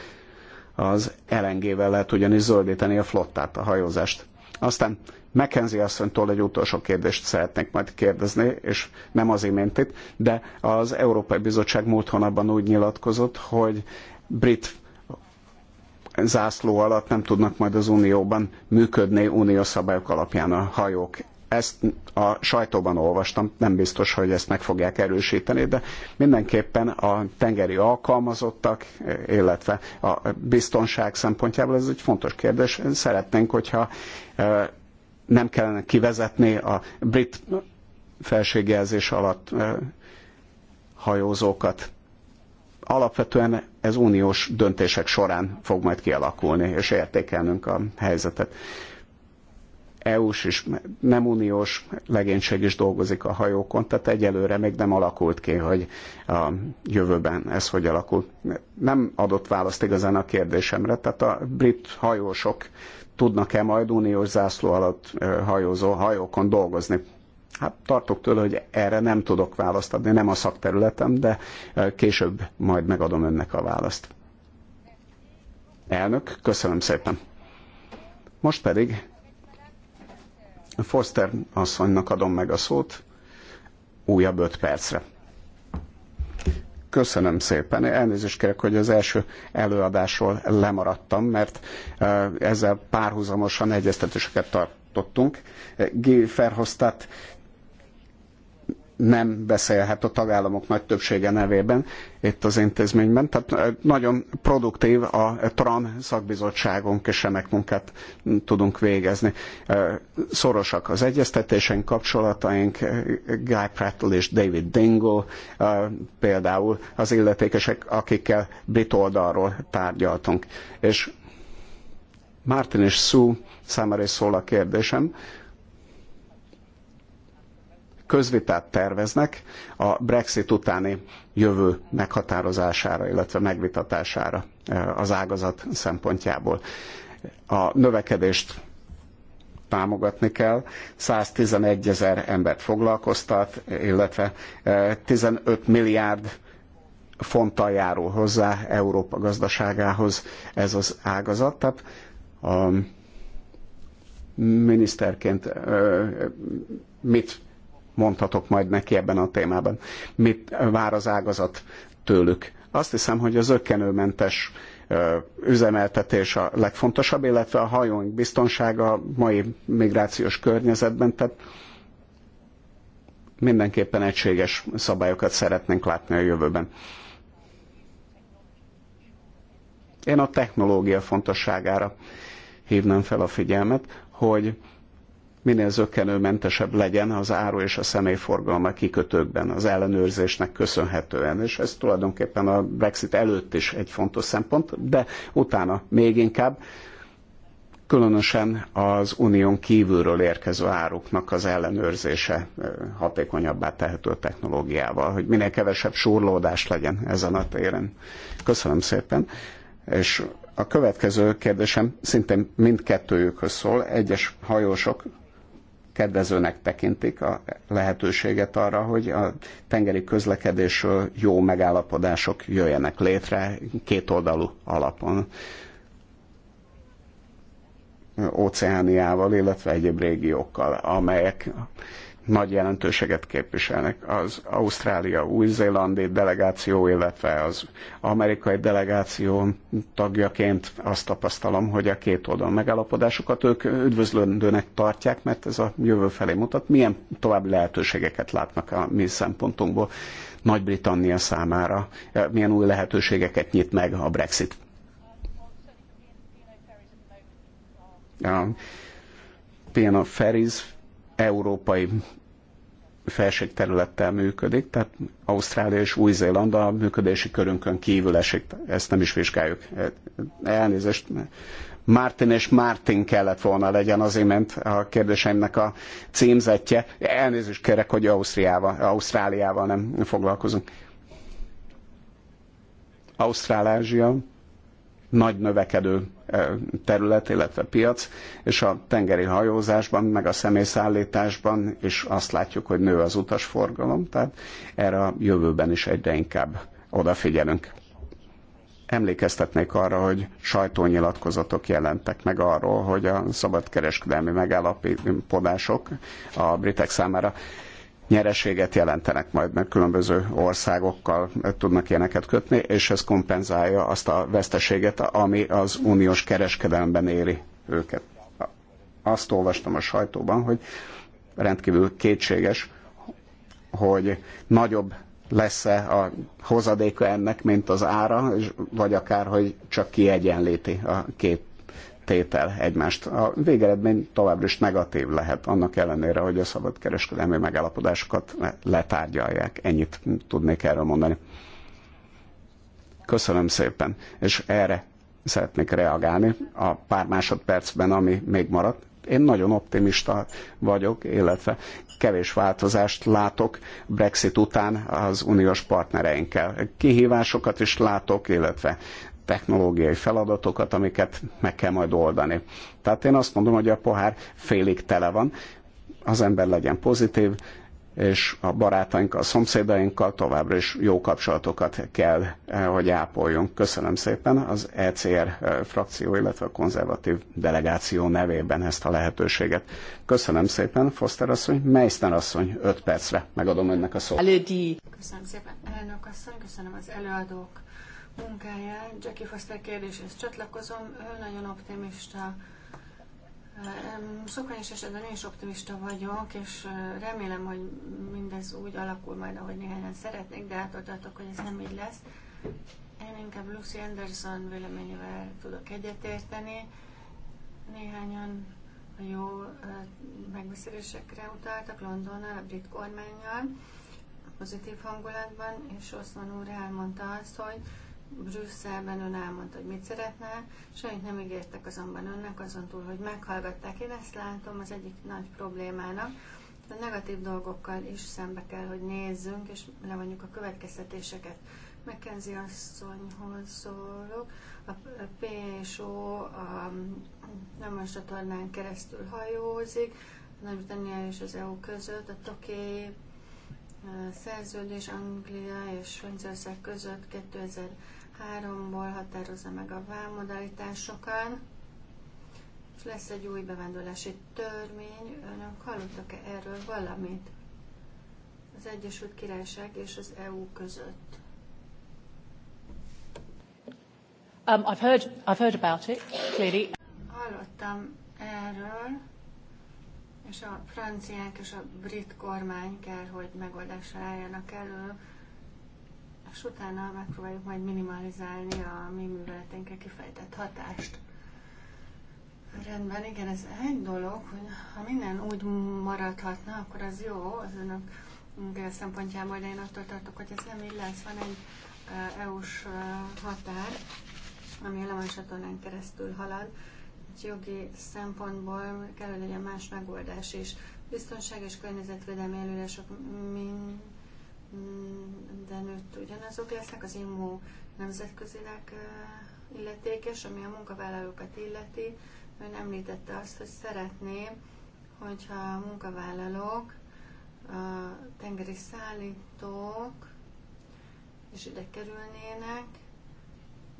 Az LNG-vel lehet ugyanis zöldíteni a flottát, a hajózást. Aztán Mackenzie asszonytól egy utolsó kérdést szeretnék majd kérdezni, és nem az imént itt, de az Európai Bizottság múlt hónapban úgy nyilatkozott, hogy brit zászló alatt nem tudnak majd az Unióban működni uniós szabályok alapján a hajók. Ezt a sajtóban olvastam, nem biztos, hogy ezt meg fogják erősíteni, de mindenképpen a tengeri alkalmazottak, illetve a biztonság szempontjából ez egy fontos kérdés. Szeretnénk, hogyha nem kellene kivezetni a brit felségjelzés alatt hajózókat. Alapvetően ez uniós döntések során fog majd kialakulni, és értékelnünk a helyzetet. EU-s és nem uniós legénység is dolgozik a hajókon, tehát egyelőre még nem alakult ki, hogy a jövőben ez hogy alakul. Nem adott választ igazán a kérdésemre, tehát a brit hajósok tudnak-e majd uniós zászló alatt hajózó hajókon dolgozni? Hát tartok tőle, hogy erre nem tudok választ adni, nem a szakterületem, de eh, később majd megadom önnek a választ. Elnök, köszönöm szépen. Most pedig Foster asszonynak adom meg a szót újabb öt percre. Köszönöm szépen. Elnézést kérek, hogy az első előadásról lemaradtam, mert eh, ezzel párhuzamosan egyeztetéseket tartottunk. G. Ferhoztat nem beszélhet a tagállamok nagy többsége nevében itt az intézményben. Tehát nagyon produktív a TRAN szakbizottságunk, és remek munkát tudunk végezni. Szorosak az egyeztetésen kapcsolataink, Guy Prattle és David Dingo például az illetékesek, akikkel brit oldalról tárgyaltunk. És Martin és Sue számára is szól a kérdésem, közvitát terveznek a Brexit utáni jövő meghatározására, illetve megvitatására eh, az ágazat szempontjából. A növekedést támogatni kell. 111 ezer embert foglalkoztat, illetve 15 eh, milliárd fonttal járul hozzá Európa gazdaságához ez az ágazat. Tehát a um, miniszterként eh, mit mondhatok majd neki ebben a témában. Mit vár az ágazat tőlük? Azt hiszem, hogy az ökkenőmentes üzemeltetés a legfontosabb, illetve a hajóink biztonsága a mai migrációs környezetben, tehát mindenképpen egységes szabályokat szeretnénk látni a jövőben. Én a technológia fontosságára hívnám fel a figyelmet, hogy minél zökkenőmentesebb legyen az áru és a személyforgalma kikötőkben az ellenőrzésnek köszönhetően. És ez tulajdonképpen a Brexit előtt is egy fontos szempont, de utána még inkább, különösen az unión kívülről érkező áruknak az ellenőrzése hatékonyabbá tehető technológiával, hogy minél kevesebb surlódás legyen ezen a téren. Köszönöm szépen. És a következő kérdésem szintén mindkettőjükhöz szól. Egyes hajósok kedvezőnek tekintik a lehetőséget arra, hogy a tengeri közlekedésről jó megállapodások jöjjenek létre kétoldalú alapon. Óceániával, illetve egyéb régiókkal, amelyek nagy jelentőséget képviselnek. Az Ausztrália-Új-Zélandi delegáció, illetve az amerikai delegáció tagjaként azt tapasztalom, hogy a két oldal megállapodásokat ők üdvözlődőnek tartják, mert ez a jövő felé mutat. Milyen további lehetőségeket látnak a mi szempontunkból Nagy-Britannia számára? Milyen új lehetőségeket nyit meg a Brexit? A Piano európai felségterülettel működik, tehát Ausztrália és Új-Zéland a működési körünkön kívül esik, ezt nem is vizsgáljuk. Elnézést, Martin és Martin kellett volna legyen az imént a kérdéseimnek a címzetje. Elnézést kérek, hogy Ausztriával, Ausztráliával nem foglalkozunk. Ausztrál-Ázsia nagy növekedő terület, illetve piac, és a tengeri hajózásban, meg a személyszállításban is azt látjuk, hogy nő az utasforgalom, tehát erre a jövőben is egyre inkább odafigyelünk. Emlékeztetnék arra, hogy sajtónyilatkozatok jelentek meg arról, hogy a szabadkereskedelmi megállapodások a britek számára nyereséget jelentenek majd, mert különböző országokkal tudnak ilyeneket kötni, és ez kompenzálja azt a veszteséget, ami az uniós kereskedelemben éri őket. Azt olvastam a sajtóban, hogy rendkívül kétséges, hogy nagyobb lesz-e a hozadéka ennek, mint az ára, vagy akár, hogy csak kiegyenlíti a két tétel egymást. A végeredmény továbbra is negatív lehet, annak ellenére, hogy a szabadkereskedelmi megállapodásokat letárgyalják. Ennyit tudnék erről mondani. Köszönöm szépen. És erre szeretnék reagálni a pár másodpercben, ami még maradt. Én nagyon optimista vagyok, illetve kevés változást látok Brexit után az uniós partnereinkkel. Kihívásokat is látok, illetve technológiai feladatokat, amiket meg kell majd oldani. Tehát én azt mondom, hogy a pohár félig tele van, az ember legyen pozitív, és a barátainkkal, a szomszédainkkal továbbra is jó kapcsolatokat kell, eh, hogy ápoljunk. Köszönöm szépen az ECR eh, frakció, illetve a konzervatív delegáció nevében ezt a lehetőséget. Köszönöm szépen, Foster asszony, Meissner asszony, 5 percre megadom önnek a szót. Köszönöm szépen, elnök asszony, köszönöm az előadók munkáján. Jackie Foster kérdéshez csatlakozom, ő nagyon optimista. Szokványos esetben én is optimista vagyok, és remélem, hogy mindez úgy alakul majd, ahogy néhányan szeretnék, de átadatok, hogy ez nem így lesz. Én inkább Lucy Anderson véleményével tudok egyetérteni. Néhányan a jó megbeszélésekre utaltak Londonnal, a brit kormányjal, pozitív hangulatban, és Osman úr elmondta azt, hogy Brüsszelben ön elmondta, hogy mit szeretne, semmit nem ígértek azonban önnek, azon túl, hogy meghallgatták. Én ezt látom az egyik nagy problémának. A negatív dolgokkal is szembe kell, hogy nézzünk, és levonjuk a következtetéseket. Mackenzie asszonyhoz szólok. A PSO a nemes csatornán keresztül hajózik, Nagy-Britannia és az EU között, a Toké eh, szerződés Anglia és Franciaország között 2000 háromból határozza meg a vámodalitásokat, és lesz egy új bevándorlási törvény. Önök hallottak-e erről valamit? Az Egyesült Királyság és az EU között. Um, I've heard, I've heard about it, clearly. Hallottam erről, és a franciák és a brit kormány kell, hogy megoldásra álljanak elő és utána megpróbáljuk majd minimalizálni a mi műveleténkkel kifejtett hatást. Rendben, igen, ez egy dolog, hogy ha minden úgy maradhatna, akkor az jó az önök szempontjából, de én attól tartok, hogy ez nem így lesz. Van egy EU-s határ, ami a lemansatornán keresztül halad. Egy jogi szempontból kell, hogy legyen más megoldás is. Biztonság és környezetvédelmi előírások mind Mm, nőtt ugyanazok lesznek, az IMO nemzetközileg illetékes, ami a munkavállalókat illeti. Ön említette azt, hogy szeretné, hogyha a munkavállalók, a tengeri szállítók és ide kerülnének,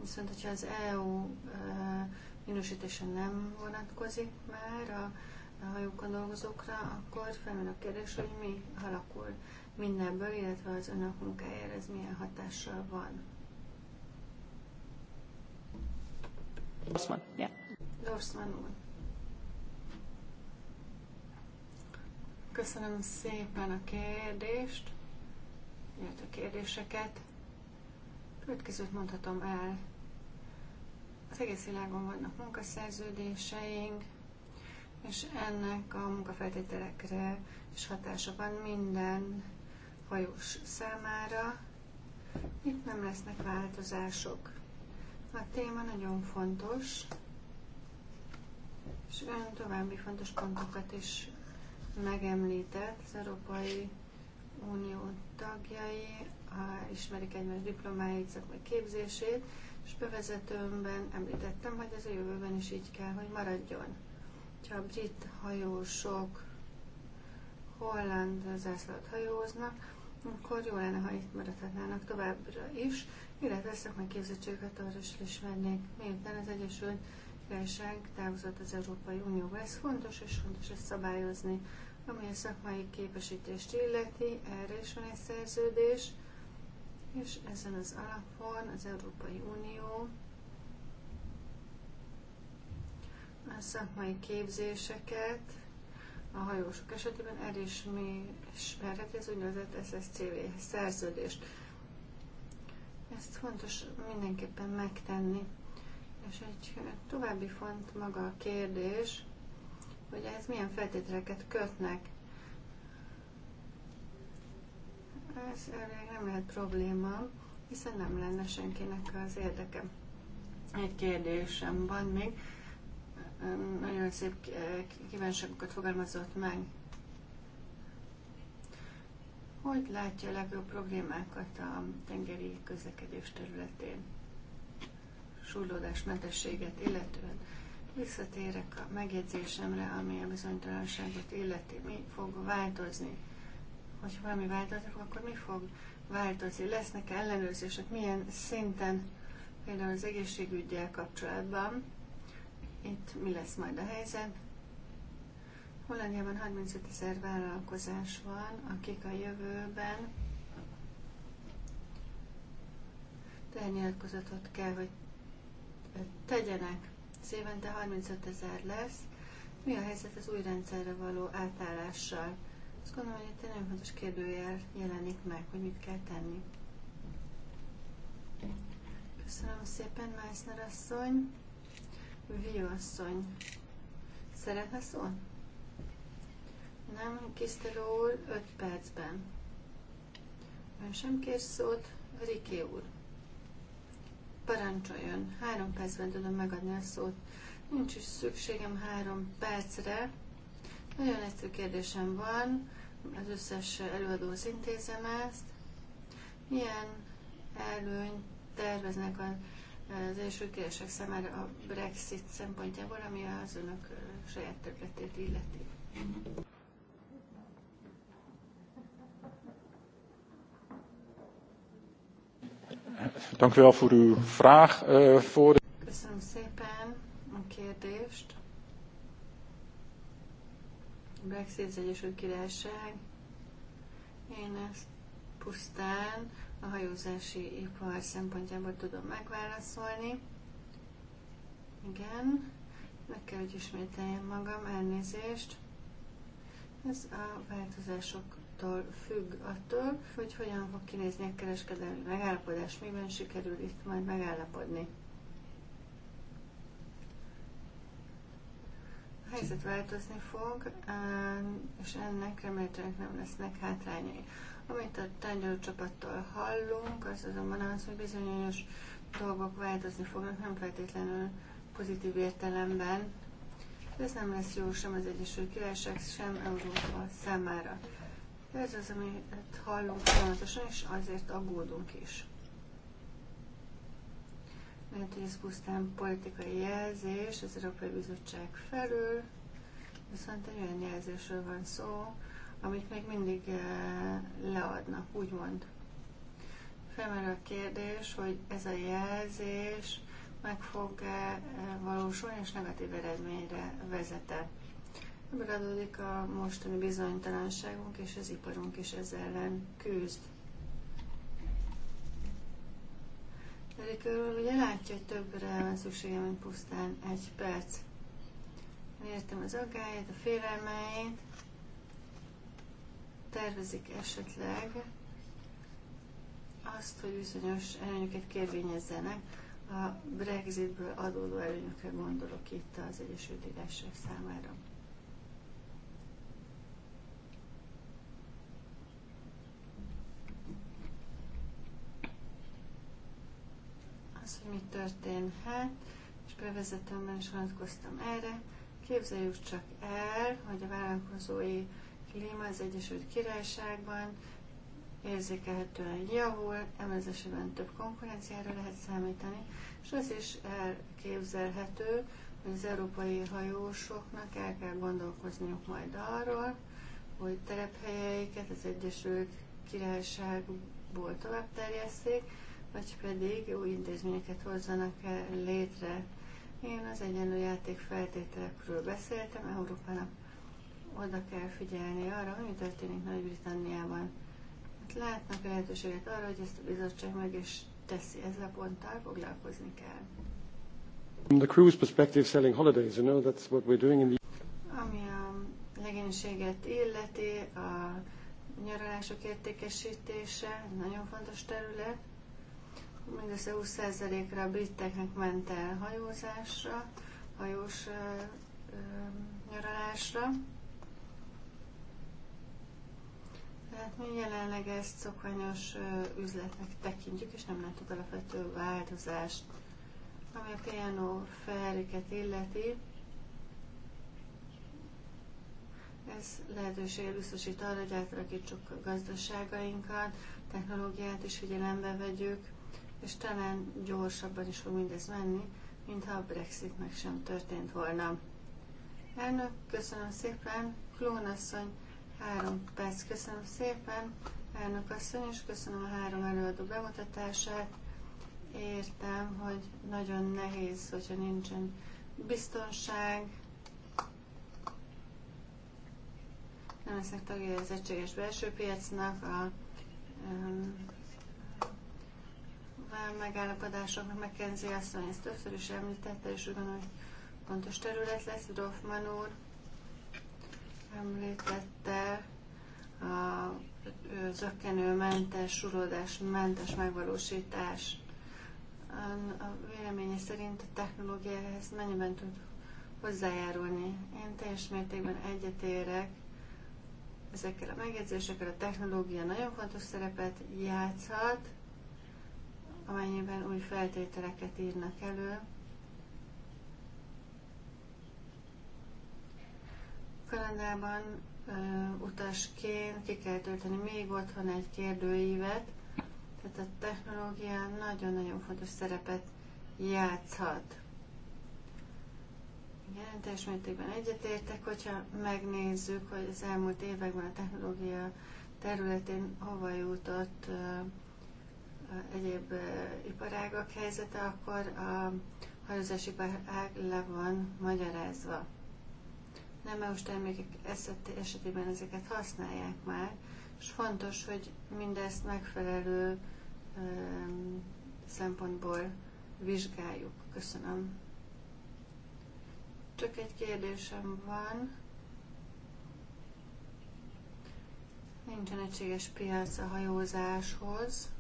viszont hogyha az EU minősítése nem vonatkozik már a hajókon dolgozókra, akkor felmerül a kérdés, hogy mi alakul mindenből illetve az önök munkájára ez milyen hatással van. Dorsman, yeah. Dorsman úr. Köszönöm szépen a kérdést, illetve a kérdéseket. Következőt mondhatom el. Az egész világon vannak munkaszerződéseink, és ennek a munkafeltételekre is hatása van minden hajós számára. Itt nem lesznek változások. A téma nagyon fontos, és ön további fontos pontokat is megemlített. Az Európai Unió tagjai ismerik egymás diplomáit, szakmai képzését, és bevezetőmben említettem, hogy ez a jövőben is így kell, hogy maradjon. Ha a brit hajósok holland zászlót hajóznak, akkor jó lenne, ha itt maradhatnának továbbra is, illetve szakmai képzettségüket arra is ismernék. Miután az Egyesült Királyság távozott az Európai Unióba, ez fontos, és fontos ezt szabályozni. Ami a szakmai képesítést illeti, erre is van egy szerződés, és ezen az alapon az Európai Unió a szakmai képzéseket a hajósok esetében elismerheti az úgynevezett SSCV szerződést. Ezt fontos mindenképpen megtenni. És egy további font maga a kérdés, hogy ez milyen feltételeket kötnek. Ez nem lehet probléma, hiszen nem lenne senkinek az érdeke. Egy kérdésem van még, nagyon szép eh, kívánságokat fogalmazott meg. Hogy látja a legjobb problémákat a tengeri közlekedés területén? Súrlódásmentességet illetően. Visszatérek a megjegyzésemre, ami a bizonytalanságot illeti. Mi fog változni? Hogyha valami változik, akkor mi fog változni? Lesznek ellenőrzések? Milyen szinten? Például az egészségügyel kapcsolatban itt mi lesz majd a helyzet? Hollandiában 35 ezer vállalkozás van, akik a jövőben ternyilatkozatot kell, hogy tegyenek. szévente évente 35 ezer lesz. Mi a helyzet az új rendszerre való átállással? Azt gondolom, hogy itt egy nagyon fontos kérdőjel jelenik meg, hogy mit kell tenni. Köszönöm szépen, Meissner asszony. Viasszony szeretne szólni? Nem, Kiszteló úr, 5 percben. Ön sem kér szót, Riké úr. Parancsoljon, három percben tudom megadni a szót. Nincs is szükségem három percre. Nagyon egyszerű kérdésem van, az összes előadóhoz intézem ezt. Milyen előny terveznek a az első kérdések számára a Brexit szempontjából, ami az önök saját területét illeti. Eh, Köszönöm szépen a kérdést. Brexit az Egyesült Királyság. Én ezt pusztán a hajózási ipar szempontjából tudom megválaszolni. Igen, meg kell, hogy ismételjem magam, elnézést. Ez a változásoktól függ attól, hogy hogyan fog kinézni a kereskedelmi megállapodás, miben sikerül itt majd megállapodni. helyzet változni fog, és ennek remélhetőleg nem lesznek hátrányai. Amit a tárgyaló csapattól hallunk, az azonban az, hogy bizonyos dolgok változni fognak, nem feltétlenül pozitív értelemben. Ez nem lesz jó sem az Egyesült Királyság, sem Európa számára. Ez az, amit hallunk folyamatosan, és azért aggódunk is mert ez pusztán politikai jelzés az Európai Bizottság felül, viszont egy olyan jelzésről van szó, amit még mindig eh, leadnak, úgymond. Felmerül a kérdés, hogy ez a jelzés meg fog -e eh, valósulni, és negatív eredményre vezete. Ebből adódik a mostani bizonytalanságunk, és az iparunk is ezzel ellen küzd. Elég ugye látja, hogy többre van szüksége, mint pusztán egy perc. Értem az aggályát, a félelmeit. Tervezik esetleg azt, hogy bizonyos előnyöket kérvényezzenek. A Brexitből adódó előnyökre gondolok itt az Egyesült Királyság számára. az, hogy mi történhet, és bevezetőmben is vonatkoztam erre. Képzeljük csak el, hogy a vállalkozói klíma az Egyesült Királyságban érzékelhetően javul, ebben több konkurenciára lehet számítani, és az is elképzelhető, hogy az európai hajósoknak el kell gondolkozniuk majd arról, hogy telephelyeiket az Egyesült Királyságból tovább terjesszék, vagy pedig új intézményeket hozzanak -e létre. Én az egyenlő játék feltételekről beszéltem, Európának oda kell figyelni arra, hogy mi történik Nagy-Britanniában. Hát látnak lehetőséget arra, hogy ezt a bizottság meg is teszi, ezzel ponttal foglalkozni kell. From the cruise perspective, selling holidays, you know, that's what we're doing in the... Ami a legénységet illeti, a nyaralások értékesítése, nagyon fontos terület, mindössze 20%-ra a briteknek ment el hajózásra, hajós nyaralásra. Tehát mi jelenleg ezt szokványos üzletnek tekintjük, és nem látok alapvető változást. Ami a piano feléket illeti, ez lehetőséget biztosít arra, hogy átalakítsuk a gazdaságainkat, technológiát is figyelembe vegyük, és talán gyorsabban is fog mindez menni, mintha a Brexit meg sem történt volna. Elnök, köszönöm szépen, Klónasszony, három perc, köszönöm szépen, elnök asszony, és köszönöm a három előadó bemutatását. Értem, hogy nagyon nehéz, hogyha nincsen biztonság, nem lesznek tagjai az egységes belső piacnak, a megállapodásoknak. McKenzie asszony ezt többször is említette, és úgy gondolom, hogy fontos terület lesz. Dorfman úr említette a zökkenőmentes, surlódás, mentes megvalósítás. A véleménye szerint a technológia ehhez mennyiben tud hozzájárulni. Én teljes mértékben egyetérek ezekkel a megjegyzésekkel a technológia nagyon fontos szerepet játszhat, amennyiben új feltételeket írnak elő, kalendában ö, utasként ki kell tölteni még otthon egy kérdőívet, tehát a technológia nagyon-nagyon fontos szerepet játszhat. Igen, teljes mértékben egyetértek, hogyha megnézzük, hogy az elmúlt években a technológia területén hova jutott egyéb iparágak helyzete, akkor a hajózási iparág le van magyarázva. Nem EU-s termékek esetében ezeket használják már, és fontos, hogy mindezt megfelelő szempontból vizsgáljuk. Köszönöm. Csak egy kérdésem van. Nincsen egységes piac a hajózáshoz.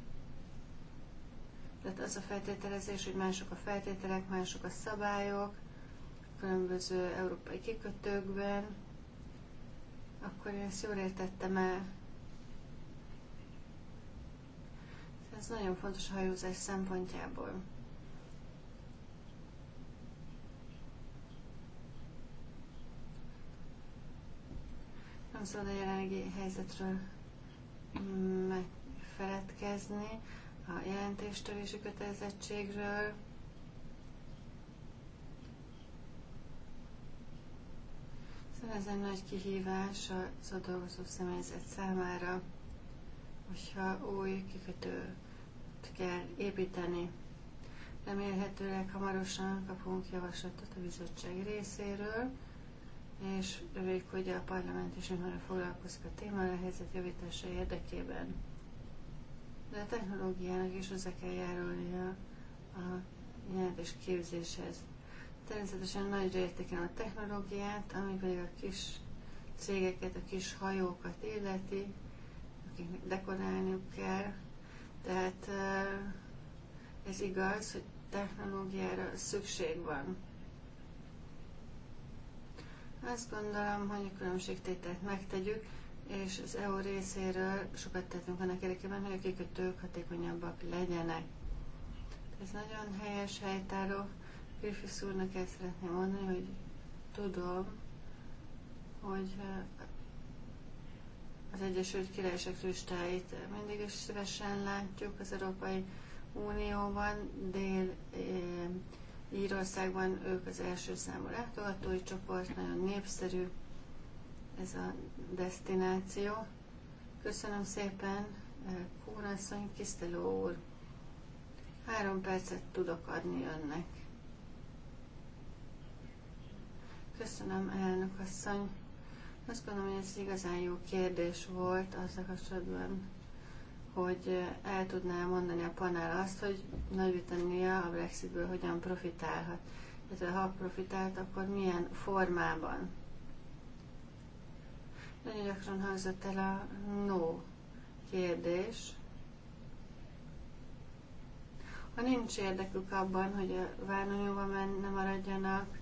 Tehát az a feltételezés, hogy mások a feltételek, mások a szabályok, különböző európai kikötőkben, akkor én ezt jól értettem el. Ez nagyon fontos a hajózás szempontjából. Nem szabad a jelenlegi helyzetről megfeledkezni a jelentéstől és a kötelezettségről. Szóval ez egy nagy kihívás a dolgozó személyzet számára, hogyha új kikötőt kell építeni. Remélhetőleg hamarosan kapunk javaslatot a bizottság részéről, és reméljük, hogy a parlament is hamarabb foglalkozik a téma a helyzet javítása érdekében de a technológiának is hozzá kell járulni a nyelvés képzéshez. Természetesen nagyra értékelem a technológiát, ami pedig a kis cégeket, a kis hajókat illeti, akiknek dekorálniuk kell. Tehát ez igaz, hogy technológiára szükség van. Azt gondolom, hogy a különbségtételt megtegyük, és az EU részéről sokat tettünk annak érdekében, hogy a kikötők hatékonyabbak legyenek. Ez nagyon helyes helytáró. Griffiths úrnak ezt szeretném mondani, hogy tudom, hogy az Egyesült Királyság turistáit mindig is szívesen látjuk az Európai Unióban, dél Írországban ők az első számú látogatói csoport, nagyon népszerű ez a destináció. Köszönöm szépen, eh, Kórasszony, Kiszteló úr. Három percet tudok adni önnek. Köszönöm, elnök asszony. Azt gondolom, hogy ez igazán jó kérdés volt azzal kapcsolatban, hogy eh, el tudná mondani a panel azt, hogy nagy a Brexitből hogyan profitálhat. Tehát ha profitált, akkor milyen formában. Nagyon gyakran hangzott el a no kérdés. Ha nincs érdekük abban, hogy a várnonyóba menne maradjanak,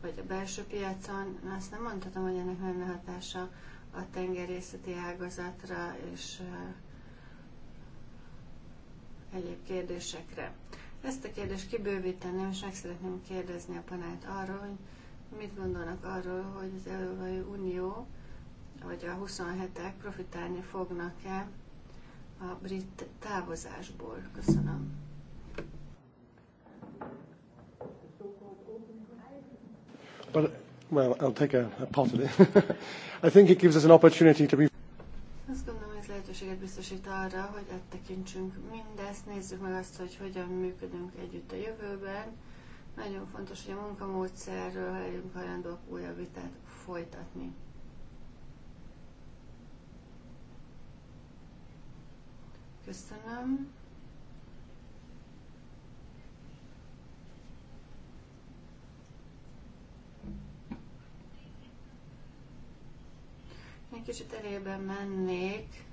vagy a belső piacon, azt nem mondhatom, hogy ennek lenne hatása a tengerészeti ágazatra és eh, egyéb kérdésekre. Ezt a kérdést kibővíteném, és meg szeretném kérdezni a panelt arról, hogy mit gondolnak arról, hogy az Európai Unió hogy a 27-ek profitálni fognak-e a brit távozásból. Köszönöm. But, well, I'll take a, a part of it. I think it gives us an opportunity to be... Azt gondolom, ez lehetőséget biztosít arra, hogy áttekintsünk mindezt, nézzük meg azt, hogy hogyan működünk együtt a jövőben. Nagyon fontos, hogy a munkamódszerről legyünk hajlandóak újabb vitát folytatni. Köszönöm. Egy kicsit elében mennék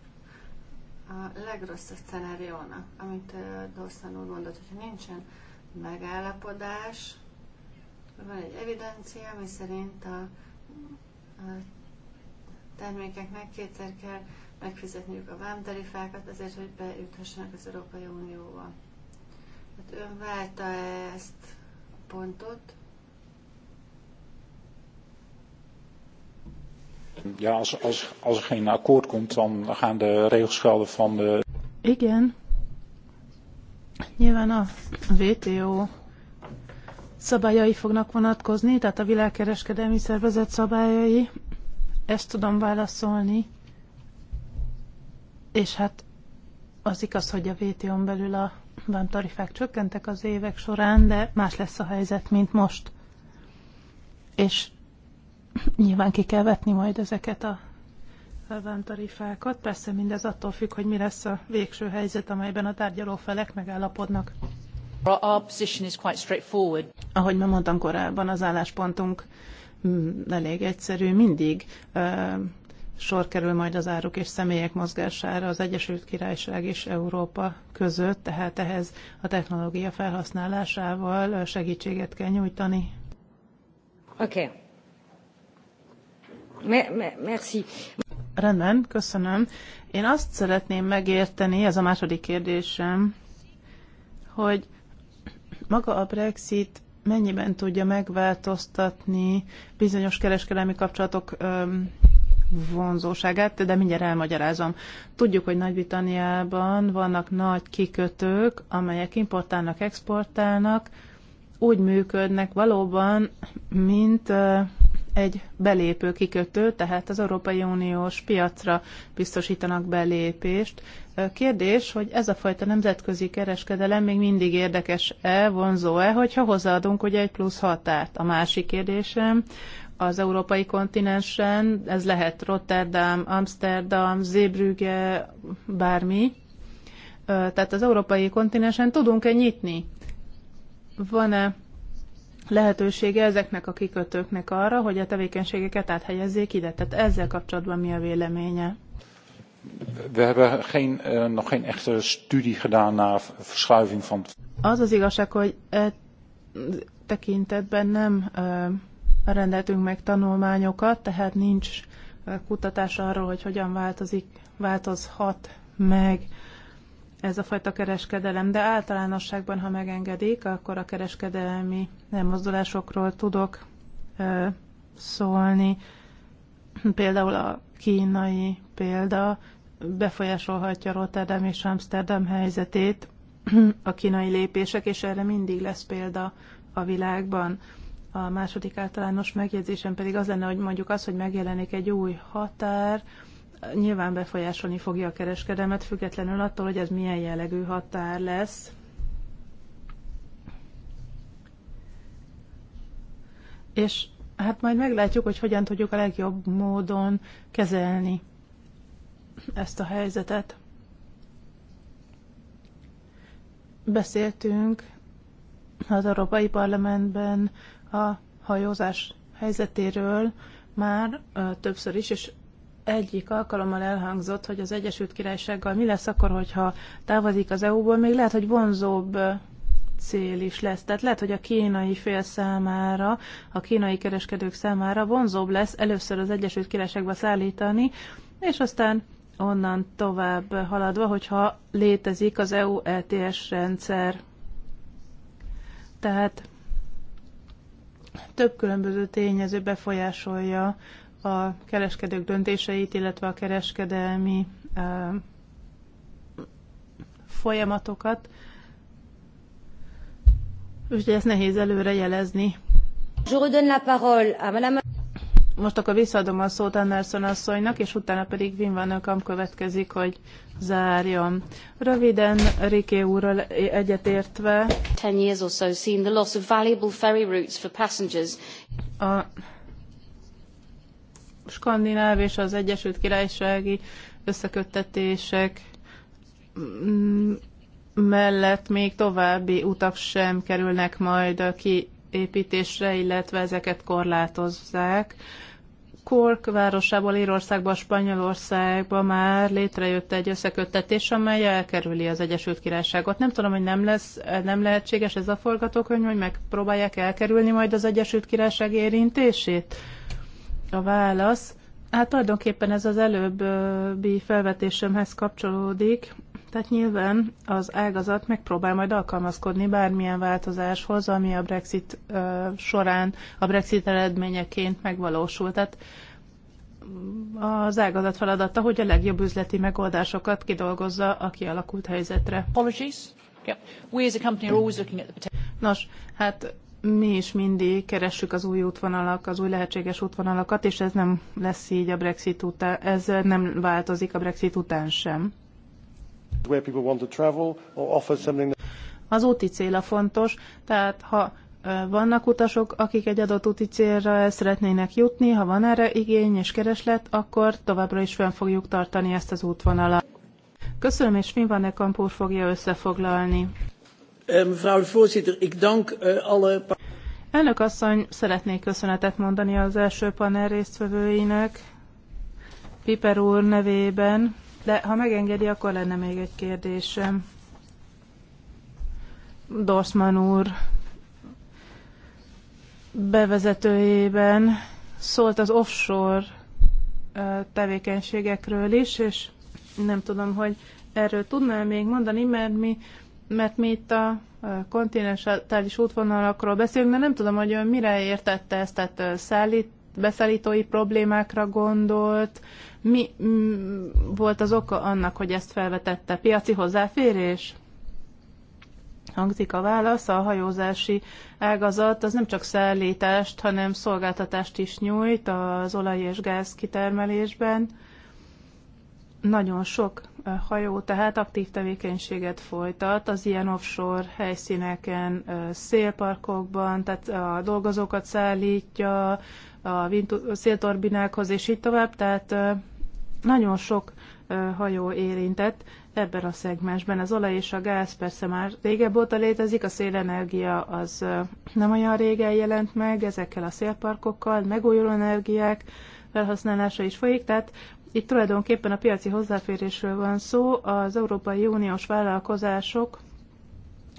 a legrosszabb szenáriónak, amit Dawson úr mondott, hogyha nincsen megállapodás, van egy evidencia, ami szerint a, a termékeknek kétszer kell megfizetniük a vámtarifákat azért, hogy bejuthassanak az Európai Unióba. Hát ön válta -e ezt a pontot? Ja, als, als, als er geen akkoord komt, dan gaan de regels gelden van de... Igen. Nyilván a WTO szabályai fognak vonatkozni, tehát a világkereskedelmi szervezet szabályai. Ezt tudom válaszolni. És hát az igaz, hogy a vto n belül a vámtarifák csökkentek az évek során, de más lesz a helyzet, mint most. És nyilván ki kell vetni majd ezeket a vámtarifákat. Persze mindez attól függ, hogy mi lesz a végső helyzet, amelyben a tárgyaló felek megállapodnak. Our position is quite straightforward. Ahogy már mondtam korábban, az álláspontunk mm, elég egyszerű. Mindig sor kerül majd az áruk és személyek mozgására az Egyesült Királyság és Európa között, tehát ehhez a technológia felhasználásával segítséget kell nyújtani. Oké. Okay. Me- me- merci. Rendben, köszönöm. Én azt szeretném megérteni, ez a második kérdésem, hogy maga a Brexit mennyiben tudja megváltoztatni bizonyos kereskedelmi kapcsolatok vonzóságát, de mindjárt elmagyarázom. Tudjuk, hogy Nagy-Britanniában vannak nagy kikötők, amelyek importálnak, exportálnak, úgy működnek valóban, mint egy belépő kikötő, tehát az Európai Uniós piacra biztosítanak belépést. Kérdés, hogy ez a fajta nemzetközi kereskedelem még mindig érdekes-e, vonzó-e, hogyha hozzáadunk ugye egy plusz határt. A másik kérdésem, az európai kontinensen, ez lehet Rotterdam, Amsterdam, Zébrüge, bármi. Tehát az európai kontinensen tudunk-e nyitni? Van-e lehetősége ezeknek a kikötőknek arra, hogy a tevékenységeket áthelyezzék ide? Tehát ezzel kapcsolatban mi a véleménye? We hebben geen, uh, nog geen echte studie gedaan naar verschuiving van... Az az igazság, hogy e tekintetben nem uh, rendeltünk meg tanulmányokat, tehát nincs kutatás arról, hogy hogyan változik, változhat meg ez a fajta kereskedelem, de általánosságban, ha megengedik, akkor a kereskedelmi mozdulásokról tudok szólni. Például a kínai példa befolyásolhatja Rotterdam és Amsterdam helyzetét, a kínai lépések, és erre mindig lesz példa a világban. A második általános megjegyzésem pedig az lenne, hogy mondjuk az, hogy megjelenik egy új határ, nyilván befolyásolni fogja a kereskedelmet, függetlenül attól, hogy ez milyen jellegű határ lesz. És hát majd meglátjuk, hogy hogyan tudjuk a legjobb módon kezelni ezt a helyzetet. Beszéltünk az Európai Parlamentben a hajózás helyzetéről már többször is, és egyik alkalommal elhangzott, hogy az Egyesült Királysággal mi lesz akkor, hogyha távozik az EU-ból, még lehet, hogy vonzóbb cél is lesz. Tehát lehet, hogy a kínai fél számára, a kínai kereskedők számára vonzóbb lesz először az Egyesült Királyságba szállítani, és aztán onnan tovább haladva, hogyha létezik az EU ETS rendszer tehát több különböző tényező befolyásolja a kereskedők döntéseit, illetve a kereskedelmi folyamatokat. Úgyhogy ezt nehéz előre jelezni. Je redonne la parole à madame... Most akkor visszaadom a szót Anderson asszonynak, és utána pedig Wim van Kamp következik, hogy zárjon. Röviden Riké úrral egyetértve. Ten years or so seen the loss of valuable ferry routes for passengers. A Skandináv és az Egyesült Királysági összeköttetések mm, mellett még további utak sem kerülnek majd ki építésre, illetve ezeket korlátozzák. Cork városából Írországba, Spanyolországba már létrejött egy összeköttetés, amely elkerüli az Egyesült Királyságot. Nem tudom, hogy nem, lesz, nem lehetséges ez a forgatókönyv, hogy megpróbálják elkerülni majd az Egyesült Királyság érintését? A válasz. Hát tulajdonképpen ez az előbbi felvetésemhez kapcsolódik, tehát nyilván az ágazat megpróbál majd alkalmazkodni bármilyen változáshoz, ami a Brexit során, a Brexit eredményeként megvalósul. Tehát az ágazat feladata, hogy a legjobb üzleti megoldásokat kidolgozza a kialakult helyzetre. Nos, hát mi is mindig keressük az új útvonalak, az új lehetséges útvonalakat, és ez nem lesz így a Brexit után, ez nem változik a Brexit után sem. Az úti cél a fontos, tehát ha vannak utasok, akik egy adott úti célra szeretnének jutni, ha van erre igény és kereslet, akkor továbbra is fenn fogjuk tartani ezt az útvonalat. Köszönöm, és mi van Kampúr fogja összefoglalni. Ehm, mevrouw de voorzitter, ik dank eh, alle... Elnök asszony, szeretnék köszönetet mondani az első panel résztvevőinek, Piper úr nevében, de ha megengedi, akkor lenne még egy kérdésem. Dorsman úr bevezetőjében szólt az offshore tevékenységekről is, és nem tudom, hogy erről tudnál még mondani, mert mi, mert mi itt a kontinentális útvonalakról beszélünk, de nem tudom, hogy ön mire értette ezt, tehát szállít, beszállítói problémákra gondolt, mi mm, volt az oka annak, hogy ezt felvetette? Piaci hozzáférés? Hangzik a válasz, a hajózási ágazat az nem csak szállítást, hanem szolgáltatást is nyújt az olaj és gáz kitermelésben. Nagyon sok hajó tehát aktív tevékenységet folytat az ilyen offshore helyszíneken, szélparkokban, tehát a dolgozókat szállítja, a szélturbinákhoz és így tovább, tehát nagyon sok hajó érintett ebben a szegmensben. Az olaj és a gáz persze már régebb óta létezik, a szélenergia az nem olyan régen jelent meg, ezekkel a szélparkokkal, megújuló energiák felhasználása is folyik, tehát itt tulajdonképpen a piaci hozzáférésről van szó, az Európai Uniós vállalkozások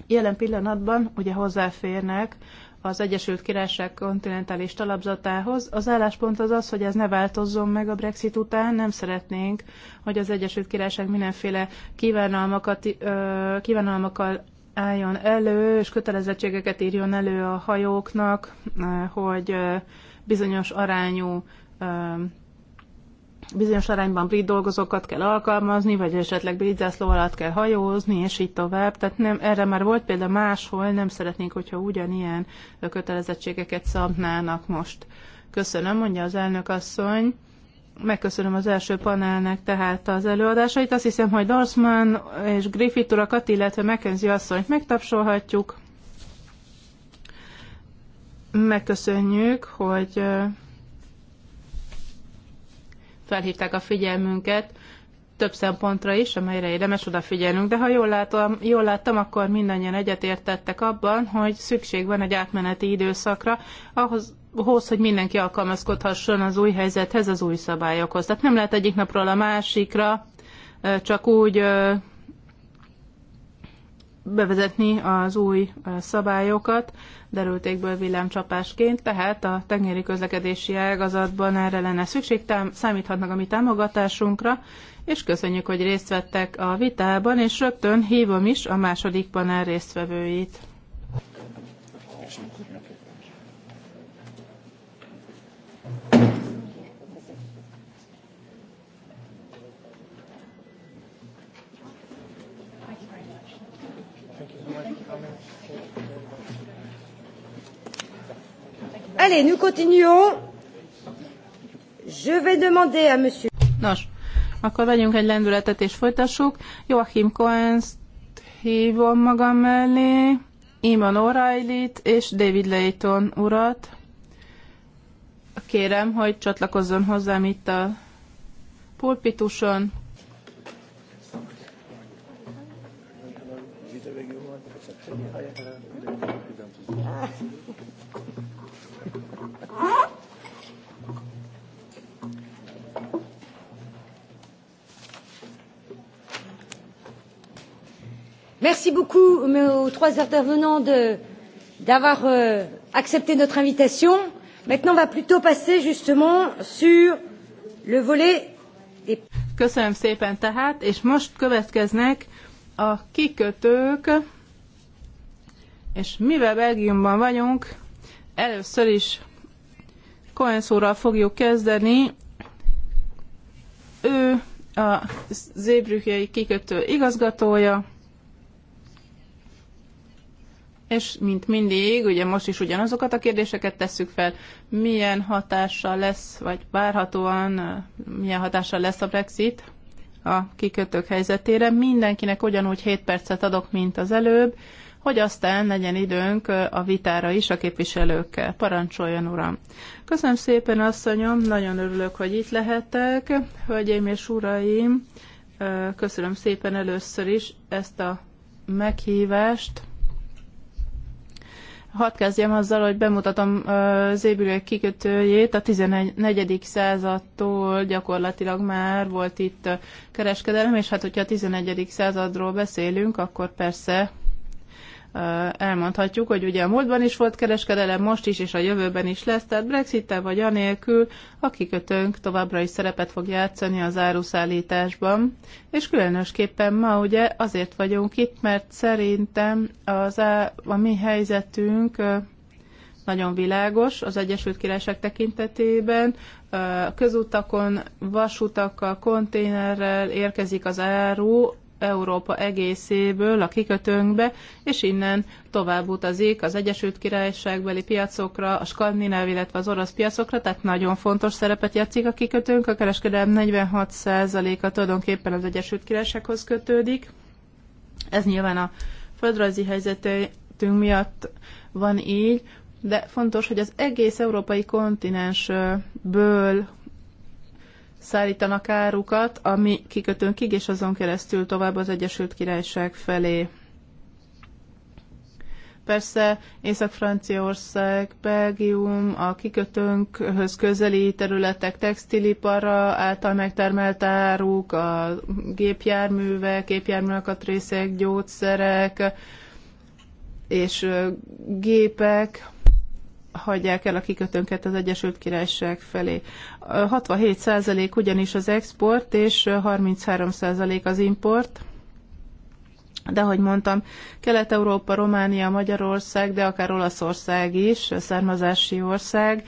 jelen pillanatban ugye hozzáférnek az Egyesült Királyság kontinentális talapzatához. Az álláspont az az, hogy ez ne változzon meg a Brexit után. Nem szeretnénk, hogy az Egyesült Királyság mindenféle kívánalmakat, kívánalmakkal álljon elő, és kötelezettségeket írjon elő a hajóknak, hogy bizonyos arányú bizonyos arányban brit dolgozókat kell alkalmazni, vagy esetleg brit zászló alatt kell hajózni, és így tovább. Tehát nem, erre már volt példa máshol, nem szeretnénk, hogyha ugyanilyen kötelezettségeket szabnának most. Köszönöm, mondja az elnök asszony. Megköszönöm az első panelnek tehát az előadásait. Azt hiszem, hogy Dorsman és Griffith urakat, illetve Mackenzie asszonyt megtapsolhatjuk. Megköszönjük, hogy felhívták a figyelmünket több szempontra is, amelyre érdemes odafigyelnünk, de ha jól, látom, jól láttam, akkor mindannyian egyetértettek abban, hogy szükség van egy átmeneti időszakra, ahhoz, ahhoz, hogy mindenki alkalmazkodhasson az új helyzethez, az új szabályokhoz. Tehát nem lehet egyik napról a másikra csak úgy bevezetni az új szabályokat derültékből villámcsapásként, tehát a tengeri közlekedési ágazatban erre lenne szükség, tám- számíthatnak a mi támogatásunkra, és köszönjük, hogy részt vettek a vitában, és rögtön hívom is a második panel résztvevőit. Allez, nous continuons. Je vais demander à monsieur. Nos, akkor vegyünk egy lendületet és folytassuk. Joachim cohen hívom magam mellé, Iman oreilly és David Layton urat. Kérem, hogy csatlakozzon hozzám itt a pulpituson. Merci beaucoup aux trois intervenants d'avoir euh, accepté notre invitation. Maintenant, on va plutôt passer justement sur le volet des... Köszönöm szépen tehát, és most következnek a kikötők, és mivel Belgiumban vagyunk, először is Coenszóral fogjuk kezdeni. Ő a Zébrühjei kikötő igazgatója, és mint mindig, ugye most is ugyanazokat a kérdéseket tesszük fel, milyen hatással lesz, vagy várhatóan milyen hatással lesz a Brexit a kikötők helyzetére. Mindenkinek ugyanúgy 7 percet adok, mint az előbb, hogy aztán legyen időnk a vitára is a képviselőkkel. Parancsoljon, uram! Köszönöm szépen, asszonyom, nagyon örülök, hogy itt lehetek. Hölgyeim és uraim, köszönöm szépen először is ezt a meghívást Hadd kezdjem azzal, hogy bemutatom Zébülők kikötőjét. A 14. századtól gyakorlatilag már volt itt kereskedelem, és hát hogyha a 11. századról beszélünk, akkor persze elmondhatjuk, hogy ugye a múltban is volt kereskedelem, most is és a jövőben is lesz, tehát brexit vagy anélkül a kikötőnk továbbra is szerepet fog játszani az áruszállításban, és különösképpen ma ugye azért vagyunk itt, mert szerintem az á, a mi helyzetünk nagyon világos az Egyesült Királyság tekintetében. Közutakon, vasutakkal, konténerrel érkezik az áru Európa egészéből a kikötőnkbe, és innen tovább utazik az Egyesült Királyságbeli piacokra, a skandináv, illetve az orosz piacokra, tehát nagyon fontos szerepet játszik a kikötőnk. A kereskedelem 46%-a tulajdonképpen az Egyesült Királysághoz kötődik. Ez nyilván a földrajzi helyzetünk miatt van így, de fontos, hogy az egész európai kontinensből szállítanak árukat ami kikötőnkig, és azon keresztül tovább az Egyesült Királyság felé. Persze Észak-Franciaország, Belgium, a kikötőnkhöz közeli területek textilipara által megtermelt áruk, a gépjárművek, részek, gyógyszerek és gépek, hagyják el a kikötőnket az Egyesült Királyság felé. 67% ugyanis az export, és 33% az import de ahogy mondtam, Kelet-Európa, Románia, Magyarország, de akár Olaszország is, származási ország,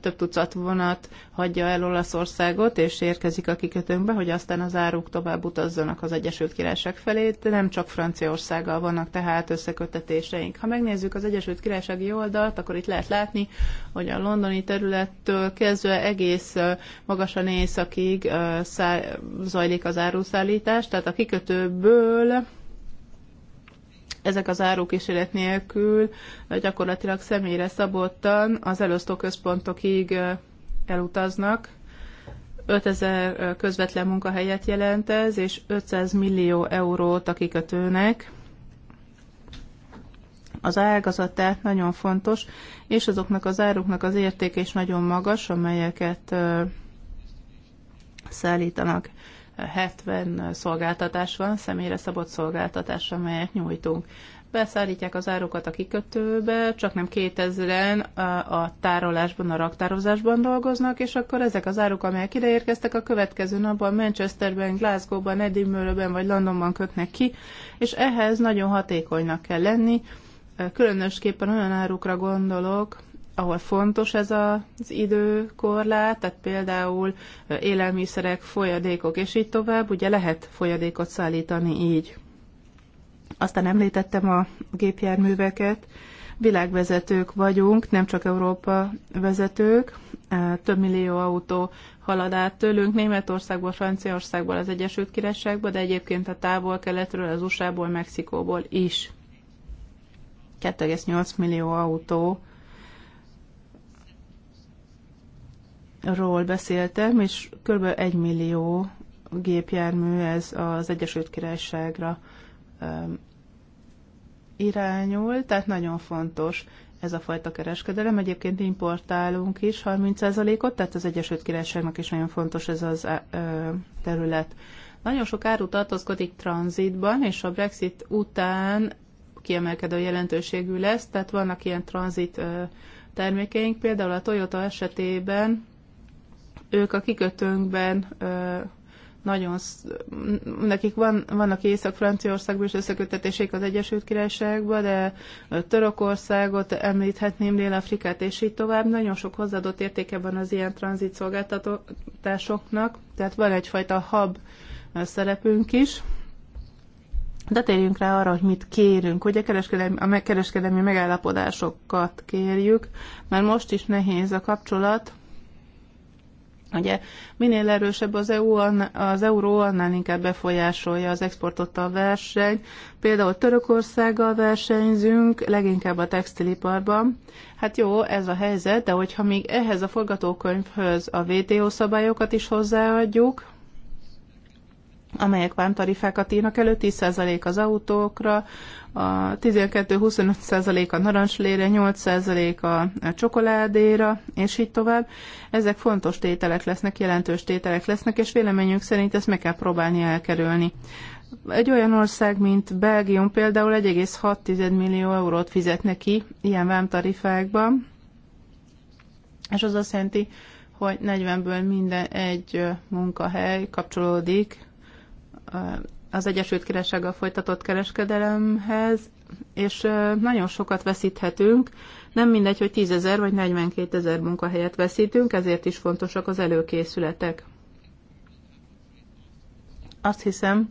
több tucat vonat hagyja el Olaszországot, és érkezik a kikötőnkbe, hogy aztán az áruk tovább utazzanak az Egyesült Királyság felé, de nem csak Franciaországgal vannak tehát összekötetéseink. Ha megnézzük az Egyesült Királysági oldalt, akkor itt lehet látni, hogy a londoni területtől kezdve egész magasan északig zajlik az áruszállítás, tehát a kikötőből ezek az árukísérlet nélkül gyakorlatilag személyre szabottan az elosztó központokig elutaznak. 5000 közvetlen munkahelyet jelent ez, és 500 millió eurót a kikötőnek. Az ágazat tehát nagyon fontos, és azoknak az áruknak az értéke is nagyon magas, amelyeket szállítanak. 70 szolgáltatás van, személyre szabott szolgáltatás, amelyet nyújtunk. Beszállítják az árukat a kikötőbe, csak nem 2000-en a tárolásban, a raktározásban dolgoznak, és akkor ezek az áruk, amelyek ideérkeztek, a következő napban Manchesterben, Glasgowban, Edinburghben vagy Londonban kötnek ki, és ehhez nagyon hatékonynak kell lenni, Különösképpen olyan árukra gondolok, ahol fontos ez a, az időkorlát, tehát például élelmiszerek, folyadékok és így tovább, ugye lehet folyadékot szállítani így. Aztán említettem a gépjárműveket, világvezetők vagyunk, nem csak Európa vezetők, több millió autó halad át tőlünk Németországból, Franciaországból, az Egyesült Királyságból, de egyébként a távol-keletről, az USA-ból, Mexikóból is. 2,8 millió autó ról beszéltem, és kb. 1 millió gépjármű ez az Egyesült Királyságra um, irányul, tehát nagyon fontos ez a fajta kereskedelem. Egyébként importálunk is 30%-ot, tehát az Egyesült Királyságnak is nagyon fontos ez az uh, terület. Nagyon sok áru tartozkodik tranzitban, és a Brexit után kiemelkedő jelentőségű lesz, tehát vannak ilyen tranzit uh, termékeink, például a Toyota esetében ők a kikötőnkben nagyon, nekik van, vannak Észak-Franciaországban is összekötetésék az Egyesült Királyságba, de Törökországot említhetném, Dél-Afrikát és így tovább. Nagyon sok hozzáadott értéke van az ilyen tranzit szolgáltatásoknak, tehát van egyfajta hub szerepünk is. De térjünk rá arra, hogy mit kérünk. a kereskedelmi, a kereskedelmi megállapodásokat kérjük, mert most is nehéz a kapcsolat, Ugye minél erősebb az, EU, az euró, annál inkább befolyásolja az exportot a verseny. Például Törökországgal versenyzünk, leginkább a textiliparban. Hát jó, ez a helyzet, de hogyha még ehhez a forgatókönyvhöz a WTO szabályokat is hozzáadjuk, amelyek vámtarifákat írnak elő, 10% az autókra, a 12-25% a narancslére, 8% a csokoládéra, és így tovább. Ezek fontos tételek lesznek, jelentős tételek lesznek, és véleményünk szerint ezt meg kell próbálni elkerülni. Egy olyan ország, mint Belgium például 1,6 millió eurót fizetne ki ilyen vámtarifákban, és az azt jelenti, hogy 40-ből minden egy munkahely kapcsolódik az Egyesült Királysággal folytatott kereskedelemhez, és nagyon sokat veszíthetünk. Nem mindegy, hogy 10 ezer vagy 42 ezer munkahelyet veszítünk, ezért is fontosak az előkészületek. Azt hiszem,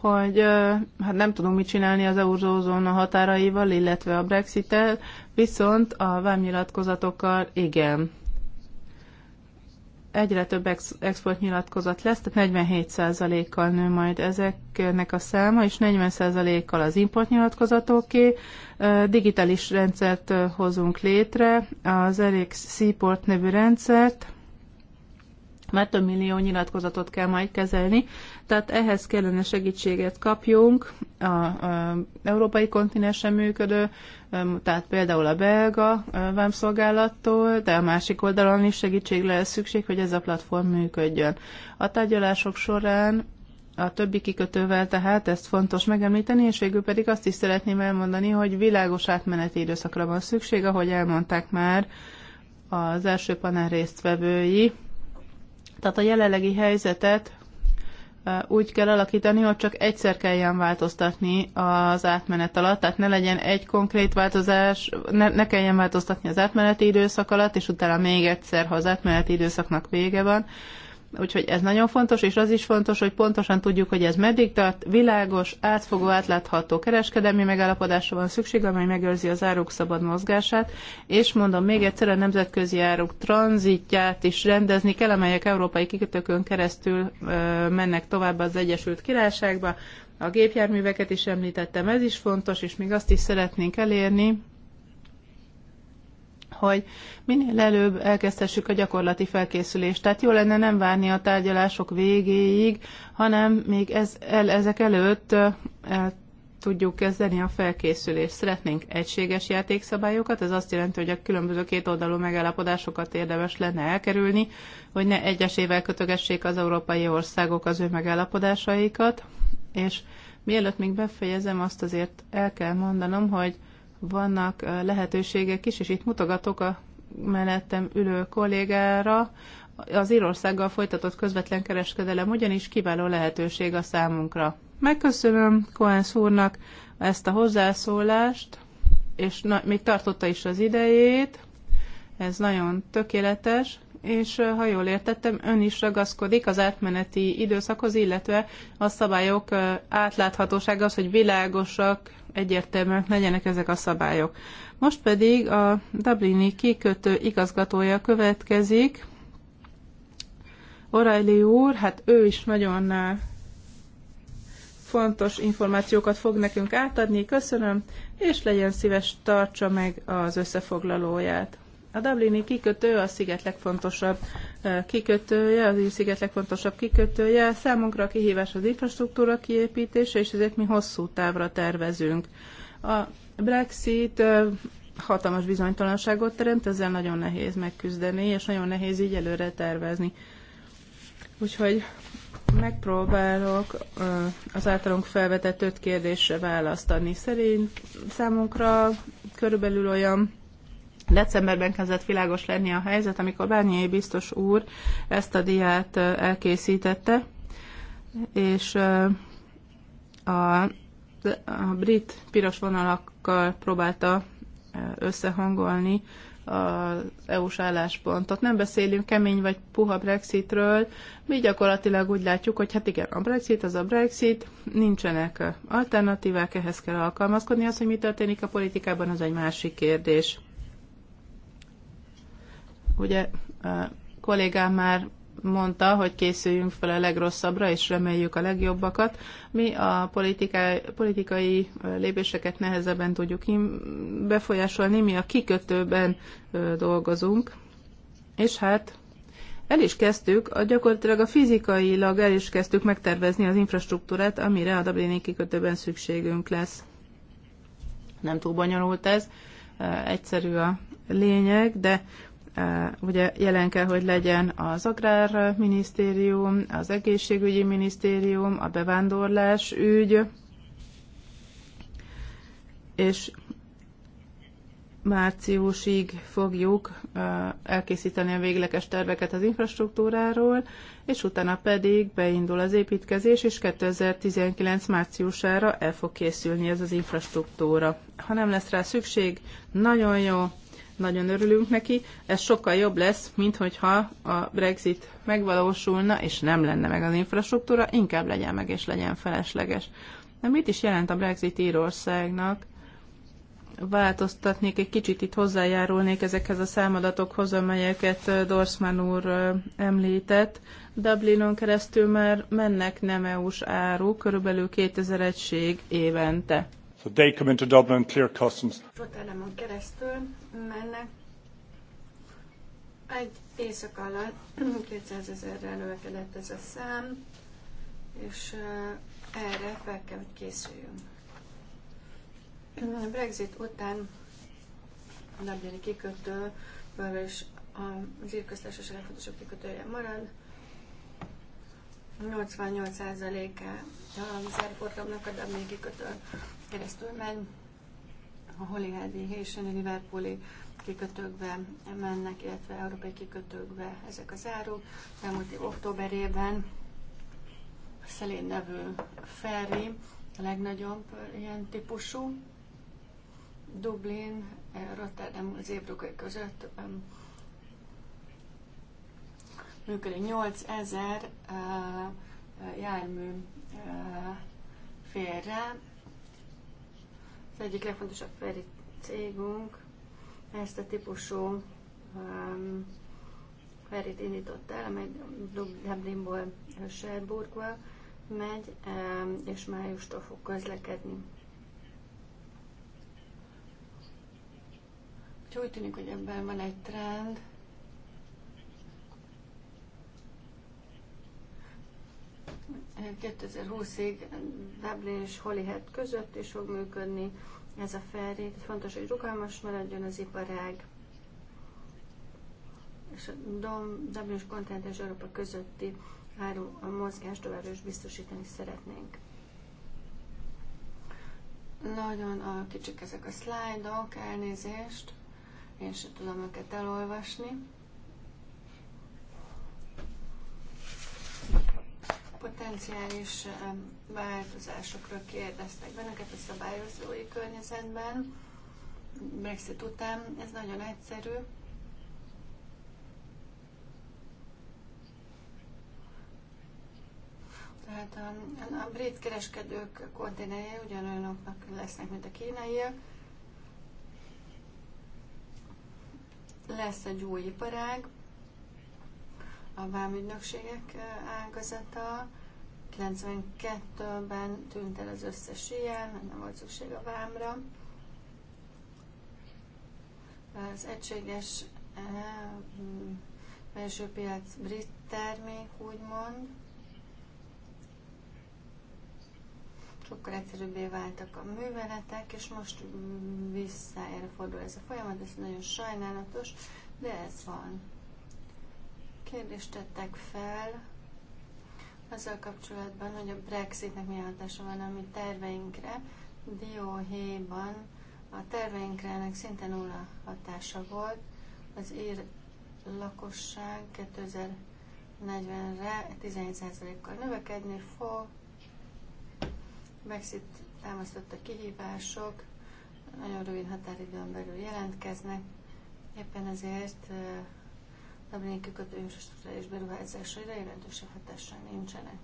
hogy hát nem tudunk mit csinálni az eurózóna határaival, illetve a Brexit-tel, viszont a vámnyilatkozatokkal igen egyre több ex- exportnyilatkozat lesz, tehát 47%-kal nő majd ezeknek a száma, és 40%-kal az importnyilatkozatoké. Digitális rendszert hozunk létre, az Erix Seaport nevű rendszert, mert több millió nyilatkozatot kell majd kezelni, tehát ehhez kellene segítséget kapjunk a, a európai kontinensen működő, tehát például a belga vámszolgálattól, de a másik oldalon is segítség lesz szükség, hogy ez a platform működjön. A tárgyalások során a többi kikötővel, tehát ezt fontos megemlíteni, és végül pedig azt is szeretném elmondani, hogy világos átmeneti időszakra van szükség, ahogy elmondták már az első panel résztvevői, tehát a jelenlegi helyzetet úgy kell alakítani, hogy csak egyszer kelljen változtatni az átmenet alatt, tehát ne legyen egy konkrét változás, ne, ne kelljen változtatni az átmeneti időszak alatt, és utána még egyszer, ha az átmeneti időszaknak vége van, Úgyhogy ez nagyon fontos, és az is fontos, hogy pontosan tudjuk, hogy ez meddig tart. Világos, átfogó, átlátható kereskedelmi megállapodásra van szükség, amely megőrzi az áruk szabad mozgását, és mondom még egyszer, a nemzetközi áruk tranzitját is rendezni kell, amelyek európai kikötőkön keresztül ö, mennek tovább az Egyesült Királyságba. A gépjárműveket is említettem, ez is fontos, és még azt is szeretnénk elérni, hogy minél előbb elkezdhessük a gyakorlati felkészülést. Tehát jó lenne nem várni a tárgyalások végéig, hanem még ez, el, ezek előtt el tudjuk kezdeni a felkészülést. Szeretnénk egységes játékszabályokat, ez azt jelenti, hogy a különböző két oldalú megállapodásokat érdemes lenne elkerülni, hogy ne egyesével kötögessék az európai országok az ő megállapodásaikat, és mielőtt még befejezem, azt azért el kell mondanom, hogy vannak lehetőségek is, és itt mutogatok a mellettem ülő kollégára, az Írországgal folytatott közvetlen kereskedelem ugyanis kiváló lehetőség a számunkra. Megköszönöm Koensz úrnak ezt a hozzászólást, és na, még tartotta is az idejét, ez nagyon tökéletes, és ha jól értettem, ön is ragaszkodik az átmeneti időszakhoz, illetve a szabályok átláthatósága az, hogy világosak egyértelműek legyenek ezek a szabályok. Most pedig a Dublini kikötő igazgatója következik. O'Reilly úr, hát ő is nagyon eh, fontos információkat fog nekünk átadni. Köszönöm, és legyen szíves, tartsa meg az összefoglalóját. A Dublini kikötő a sziget legfontosabb eh, kikötője, az sziget legfontosabb kikötője. Számunkra a kihívás az infrastruktúra kiépítése, és ezért mi hosszú távra tervezünk. A Brexit eh, hatalmas bizonytalanságot teremt, ezzel nagyon nehéz megküzdeni, és nagyon nehéz így előre tervezni. Úgyhogy megpróbálok eh, az általunk felvetett öt kérdésre választani. Szerint számunkra körülbelül olyan Decemberben kezdett világos lenni a helyzet, amikor Bárnyai biztos úr ezt a diát elkészítette, és a, a brit piros vonalakkal próbálta összehangolni az EU-s álláspontot. Nem beszélünk kemény vagy puha Brexitről, mi gyakorlatilag úgy látjuk, hogy hát igen, a Brexit az a Brexit, nincsenek alternatívák, ehhez kell alkalmazkodni, az, hogy mi történik a politikában, az egy másik kérdés. Ugye a kollégám már mondta, hogy készüljünk fel a legrosszabbra, és reméljük a legjobbakat. Mi a politikai, politikai lépéseket nehezebben tudjuk befolyásolni, mi a kikötőben dolgozunk, és hát el is kezdtük, a gyakorlatilag a fizikailag el is kezdtük megtervezni az infrastruktúrát, amire a Dublini kikötőben szükségünk lesz. Nem túl bonyolult ez, egyszerű a lényeg, de ugye jelen kell, hogy legyen az Agrárminisztérium, az Egészségügyi Minisztérium, a bevándorlás ügy, és márciusig fogjuk elkészíteni a végleges terveket az infrastruktúráról, és utána pedig beindul az építkezés, és 2019 márciusára el fog készülni ez az infrastruktúra. Ha nem lesz rá szükség, nagyon jó, nagyon örülünk neki. Ez sokkal jobb lesz, mint hogyha a Brexit megvalósulna, és nem lenne meg az infrastruktúra, inkább legyen meg, és legyen felesleges. De mit is jelent a Brexit Írországnak? Változtatnék, egy kicsit itt hozzájárulnék ezekhez a számadatokhoz, amelyeket Dorsman úr említett. Dublinon keresztül már mennek nem EU-s áru, körülbelül 2000 egység évente So they come into Dublin clear customs. keresztül mennek. Egy éjszak alatt 200 ezerre növekedett ez a szám, és erre fel kell, hogy készüljünk. A Brexit után a Dublini kikötő, és az írköztársaság legfontosabb kikötője marad, 88%-a a zárforgalomnak a Dublin kötő keresztül megy, a Holyhádi és a Liverpooli kikötőkbe mennek, illetve európai kikötőkbe ezek az áruk. Elmúlt októberében a Szelén nevű ferry, a legnagyobb ilyen típusú, Dublin, Rotterdam, Zébrugai között működik. 8000 uh, jármű uh, félre. Az egyik legfontosabb feri cégünk ezt a típusú um, ferit indított el, amely Dublinból Sherburgba megy, um, és májustól fog közlekedni. úgy tűnik, hogy ebben van egy trend, 2020-ig Dublin és Holyhead között is fog működni ez a ferry. Fontos, hogy rugalmas maradjon az iparág, és a Dublin és kontinentális Európa közötti áru a mozgást továbbra is biztosítani szeretnénk. Nagyon a kicsik ezek a szlájdok, elnézést, én sem tudom őket elolvasni. potenciális változásokra kérdeztek benneket a szabályozói környezetben. Brexit után ez nagyon egyszerű. Tehát a, a brit kereskedők koordinálja ugyanolyanoknak lesznek, mint a kínaiak. Lesz egy új iparág, a vámügynökségek eh, ágazata. 92-ben tűnt el az összes ilyen, nem volt szükség a vámra. Az egységes eh, mm, belső piac brit termék, úgymond. Sokkal egyszerűbbé váltak a műveletek, és most mm, visszaérfordul fordul ez a folyamat, ez nagyon sajnálatos, de ez van. Kérdést tettek fel azzal kapcsolatban, hogy a Brexitnek milyen hatása van a mi terveinkre. Dióhéjban a terveinkre ennek szinte nulla hatása volt. Az ír lakosság 2040-re 17%-kal növekedni fog. Brexit támasztotta kihívások, nagyon rövid határidőn belül jelentkeznek, éppen ezért Termékeket a infrastruktúrális beruházásaira jelentősebb hatással nincsenek.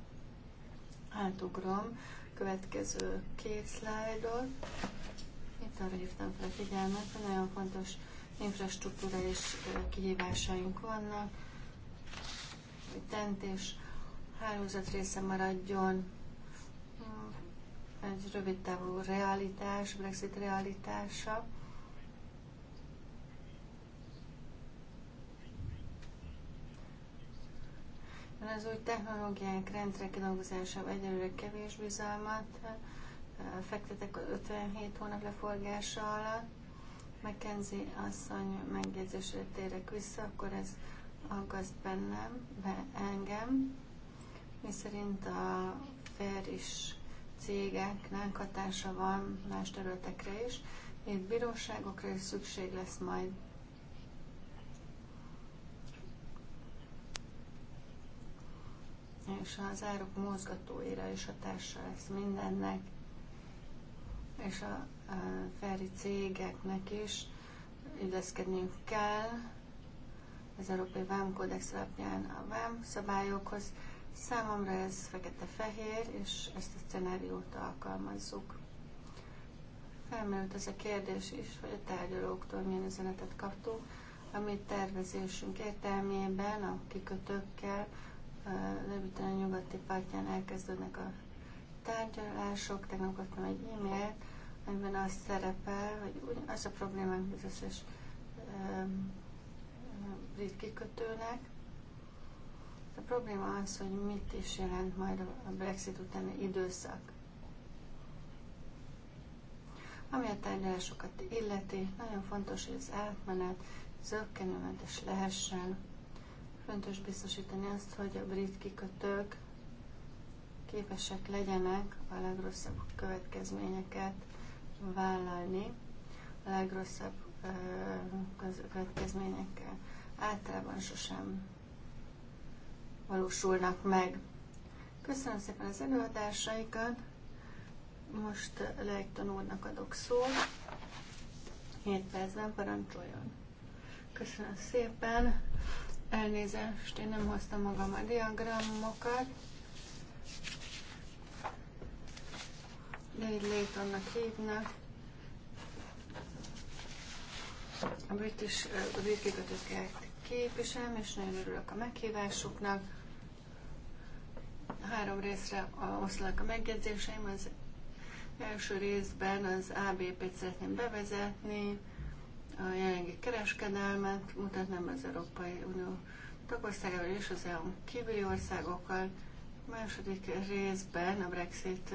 Átugrom következő két szlájdot. Itt arra hívtam fel a figyelmet, hogy nagyon fontos infrastruktúrális kihívásaink vannak, hogy és hálózat része maradjon, hm, egy rövid távú realitás, Brexit realitása. Az új technológiák rendre kidolgozása egyelőre kevés bizalmat fektetek 57 hónap leforgása alatt. Mackenzie asszony megjegyzésre térek vissza, akkor ez aggaszt bennem, be engem, szerint a fér is cégeknek hatása van más területekre is, itt bíróságokra is szükség lesz majd és az árok mozgatóira és hatása lesz mindennek, és a, a feri cégeknek is illeszkedniük kell az Európai Kódex alapján a vám szabályokhoz. Számomra ez fekete-fehér, és ezt a szenáriót alkalmazzuk. Felmerült az a kérdés is, hogy a tárgyalóktól milyen üzenetet kaptunk, amit tervezésünk értelmében a kikötőkkel, délután a nyugati partján elkezdődnek a tárgyalások. Tegnap kaptam egy e-mailt, amiben az szerepel, hogy az a probléma, az összes brit kikötőnek. A probléma az, hogy mit is jelent majd a Brexit utáni időszak. Ami a tárgyalásokat illeti, nagyon fontos, hogy az átmenet zöggenőmentes lehessen Fontos biztosítani azt, hogy a brit kikötők képesek legyenek a legrosszabb következményeket vállalni, a legrosszabb következményekkel általában sosem valósulnak meg. Köszönöm szépen az előadásaikat. Most Lejton úrnak adok szót. 7 percben parancsoljon. Köszönöm szépen. Elnézést, én nem hoztam magam a diagramokat. de Laytonnak hívnak. A british, a brit kikötőket képviselem, és nagyon örülök a meghívásuknak. Három részre oszlak a megjegyzéseim. Az első részben az ABP-t szeretném bevezetni, a jelenlegi kereskedelmet mutatnám az Európai Unió tagországával és az EU kívüli országokkal. A második részben a Brexit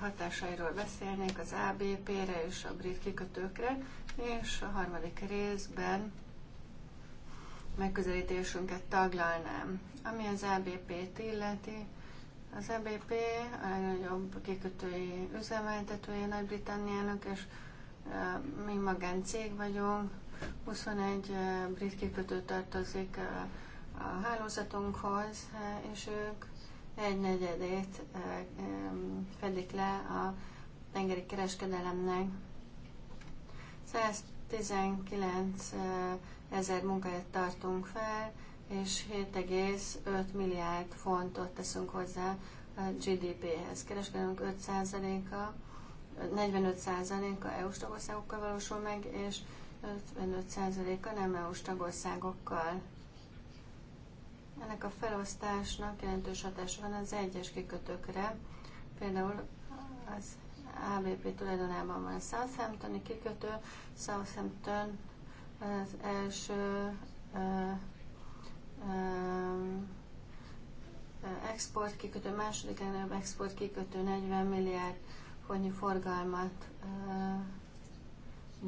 hatásairól beszélnék az ABP-re és a brit kikötőkre, és a harmadik részben megközelítésünket taglalnám. Ami az ABP-t illeti, az ABP a legnagyobb kikötői üzemeltetője Nagy-Britanniának, és mi magáncég vagyunk, 21 brit kikötő tartozik a hálózatunkhoz, és ők egy negyedét fedik le a tengeri kereskedelemnek. 119 ezer munkáját tartunk fel, és 7,5 milliárd fontot teszünk hozzá a GDP-hez. Kereskedünk 5%-a 45%-a EU-s tagországokkal valósul meg, és 55%-a nem EU-s tagországokkal. Ennek a felosztásnak jelentős hatása van az egyes kikötőkre. Például az ABP tulajdonában van a Southamptoni kikötő. Southampton az első export kikötő, második legnagyobb export kikötő 40 milliárd hatékony forgalmat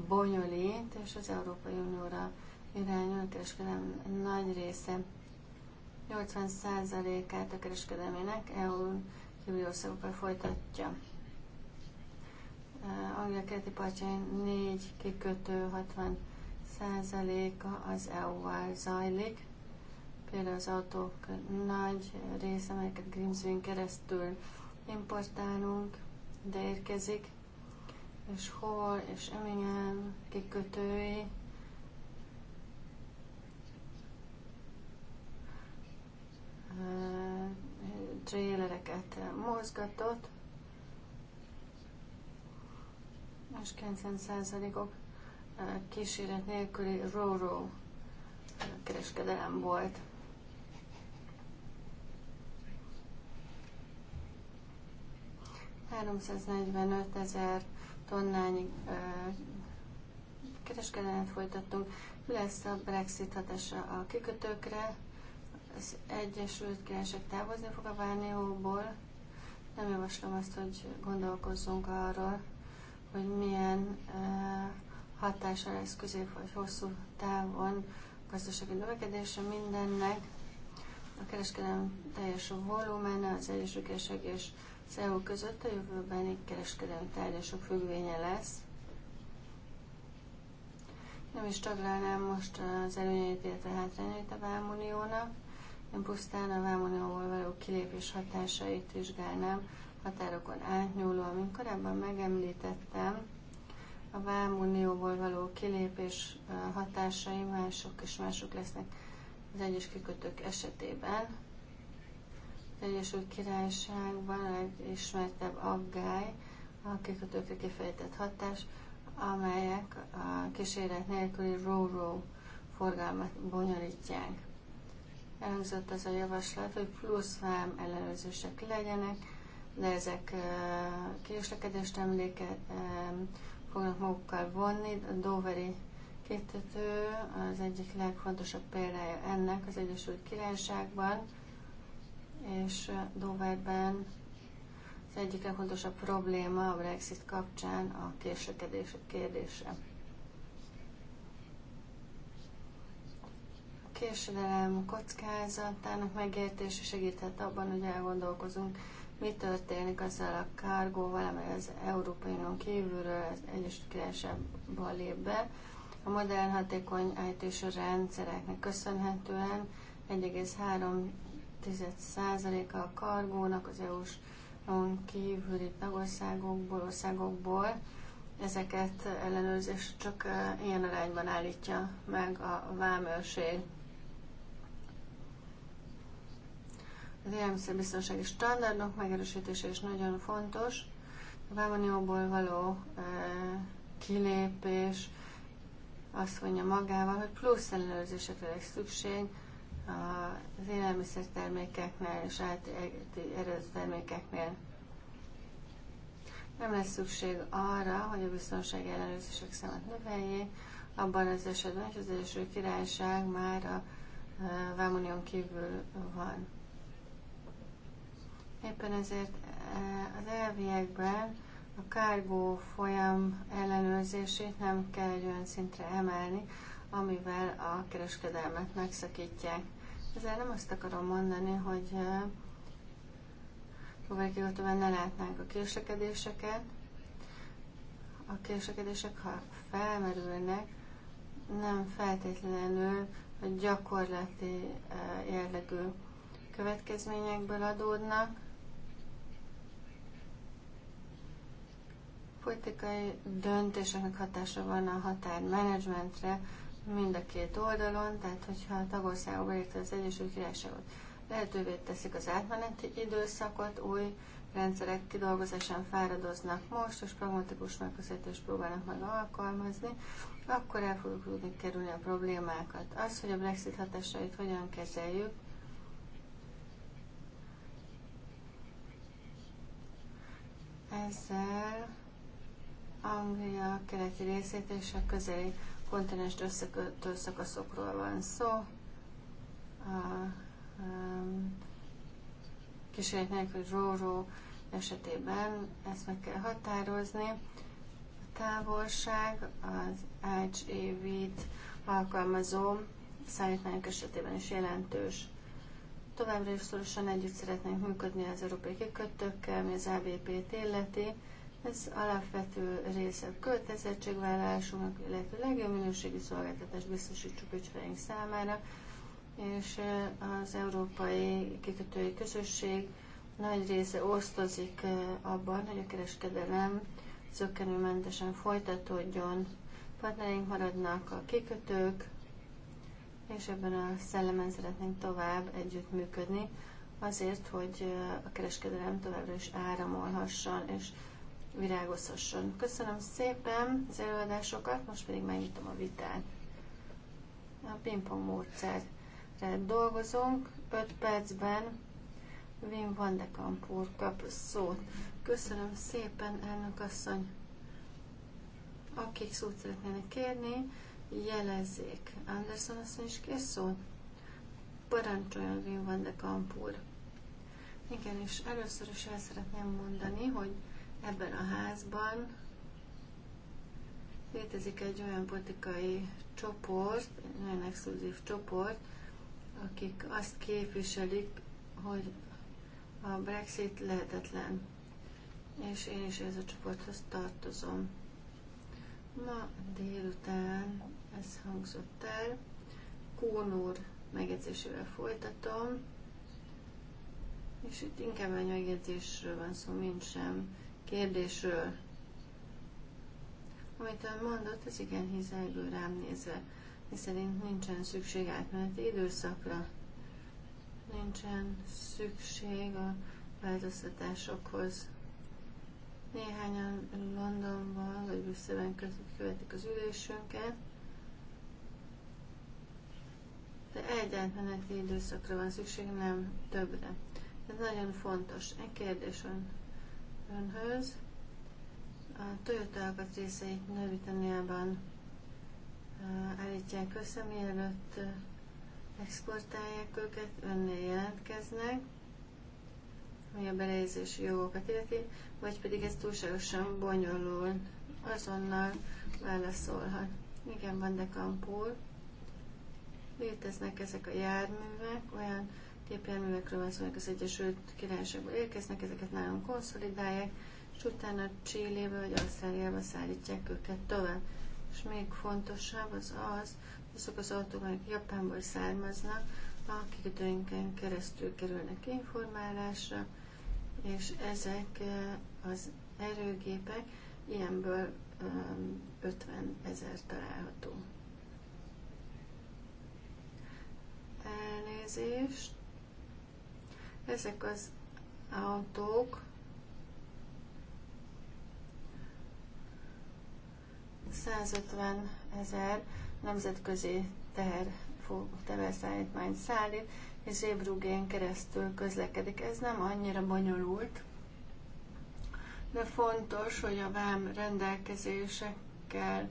bonyolít, és az Európai Unióra irányul a kereskedelem nagy része. 80%-át a kereskedelmének EU-n kívüli országokkal folytatja. Anglia keleti partjain négy kikötő 60%-a az EU-val zajlik. Például az autók nagy része, amelyeket Grimsvén keresztül importálunk, ide érkezik, és hol, és Emingen kikötői. trélereket mozgatott, és 90%-ok kíséret nélküli róró kereskedelem volt. 345 ezer tonnányi kereskedelmet folytattunk. Mi lesz a Brexit hatása a kikötőkre? Az Egyesült Királyság távozni fog a Várnióból. Nem javaslom azt, hogy gondolkozzunk arról, hogy milyen hatása lesz közép vagy hosszú távon a gazdasági növekedésre mindennek. A kereskedelem teljes volumen, az Egyesült Királyság és az EU között a jövőben egy kereskedelmi tárgyások függvénye lesz. Nem is taglalnám most az előnyeit, illetve hátrányait a Vámuniónak, én pusztán a Vámunióval való kilépés hatásait vizsgálnám határokon átnyúlóan. amint korábban megemlítettem, a Vámunióból való kilépés hatásai mások és mások lesznek az egyes kikötők esetében. Egyesült Királyságban a legismertebb aggály a kikötőkre kifejtett hatás, amelyek a kísérlet nélküli ro forgalmat bonyolítják. Elhangzott az a javaslat, hogy plusz vám ellenőrzések legyenek, de ezek késlekedést emléket fognak magukkal vonni. A Doveri kétető az egyik legfontosabb példája ennek az Egyesült Királyságban és Doverben az egyik legfontosabb probléma a Brexit kapcsán a késlekedések kérdése. A késedelem kockázatának megértése segíthet abban, hogy elgondolkozunk, mi történik azzal a kárgóval, amely az Európai Unión kívülről az Egyesült Királyságba lép be. A modern hatékony it rendszereknek köszönhetően 10%-a a kargónak az EU-s kívüli tagországokból, országokból. Ezeket ellenőrzés csak ilyen arányban állítja meg a vámőrség. Az élelmiszerbiztonsági standardok megerősítése is nagyon fontos. A vámonióból való kilépés azt mondja magával, hogy plusz ellenőrzésekre lesz szükség, az termékeknél és termékeknél nem lesz szükség arra, hogy a biztonsági ellenőrzések számát növeljék, abban az esetben, hogy az első Királyság már a e, Vámonion kívül van. Éppen ezért e, az elviekben a kárgó folyam ellenőrzését nem kell egy olyan szintre emelni, amivel a kereskedelmet megszakítják. Ezzel nem azt akarom mondani, hogy következőben ne látnánk a késlekedéseket. A késlekedések, ha felmerülnek, nem feltétlenül a gyakorlati jellegű következményekből adódnak. Politikai döntéseknek hatása van a határmenedzsmentre, mind a két oldalon, tehát hogyha a tagországok, érte az Egyesült Királyságot lehetővé teszik az átmeneti időszakot, új rendszerek kidolgozásán fáradoznak most, és pragmatikus megközelítést próbálnak meg alkalmazni, akkor el fogjuk tudni kerülni a problémákat. Az, hogy a Brexit hatásait hogyan kezeljük, ezzel Anglia keleti részét és a közeli kontinens összekötő szakaszokról van szó. A kísérlet nélkül róró esetében ezt meg kell határozni. A távolság az HEV-t alkalmazó szállítmányok esetében is jelentős. Továbbra is szorosan együtt szeretnénk működni az európai kikötőkkel, mi az ABP-t illeti, ez alapvető része a kötelezettségvállalásunknak, illetve a legjobb minőségű szolgáltatást biztosítsuk ügyfeleink számára, és az európai kikötői közösség nagy része osztozik abban, hogy a kereskedelem zökkenőmentesen folytatódjon. Partnereink maradnak a kikötők, és ebben a szellemen szeretnénk tovább együttműködni, azért, hogy a kereskedelem továbbra is áramolhasson, és virágozhasson. Köszönöm szépen az előadásokat, most pedig megnyitom a vitát. A pingpong módszerre dolgozunk, 5 percben Wim van de Kampur kap szót. Köszönöm szépen, elnök asszony. Akik szót szeretnének kérni, jelezzék. Anderson asszony is kér szót. Parancsoljon Wim van de Kampur. Igen, és először is el szeretném mondani, hogy ebben a házban létezik egy olyan politikai csoport, egy nagyon exkluzív csoport, akik azt képviselik, hogy a Brexit lehetetlen. És én is ez a csoporthoz tartozom. Ma délután ez hangzott el. Kún megjegyzésével folytatom. És itt inkább egy megjegyzésről van szó, mint sem kérdésről. Amit ön mondott, az igen hizelgő rám nézve, miszerint nincsen szükség átmeneti időszakra, nincsen szükség a változtatásokhoz. Néhányan Londonban vagy Brüsszelben követik az ülésünket, de egy átmeneti időszakra van szükség, nem többre. Ez nagyon fontos. Egy kérdés van önhöz. A Toyota alkatrészeit Nagy-Britanniában állítják össze, mielőtt exportálják őket, önnél jelentkeznek, ami a belejegyzési jogokat illeti, vagy pedig ez túlságosan bonyolul, azonnal válaszolhat. Igen, van de kampúr Léteznek ezek a járművek, olyan gépjárművekről van szó, az Egyesült Királyságból érkeznek, ezeket nagyon konszolidálják, és utána Csillébe vagy Ausztráliába szállítják őket tovább. És még fontosabb az az, azok az autók, amik Japánból származnak, a kikötőinken keresztül kerülnek informálásra, és ezek eh, az erőgépek, ilyenből 50 ezer található. Elnézést. Ezek az autók ...150 ezer nemzetközi teher, teherszállítmányt szállít, és Zébrugén keresztül közlekedik. Ez nem annyira bonyolult, de fontos, hogy a vám rendelkezésekkel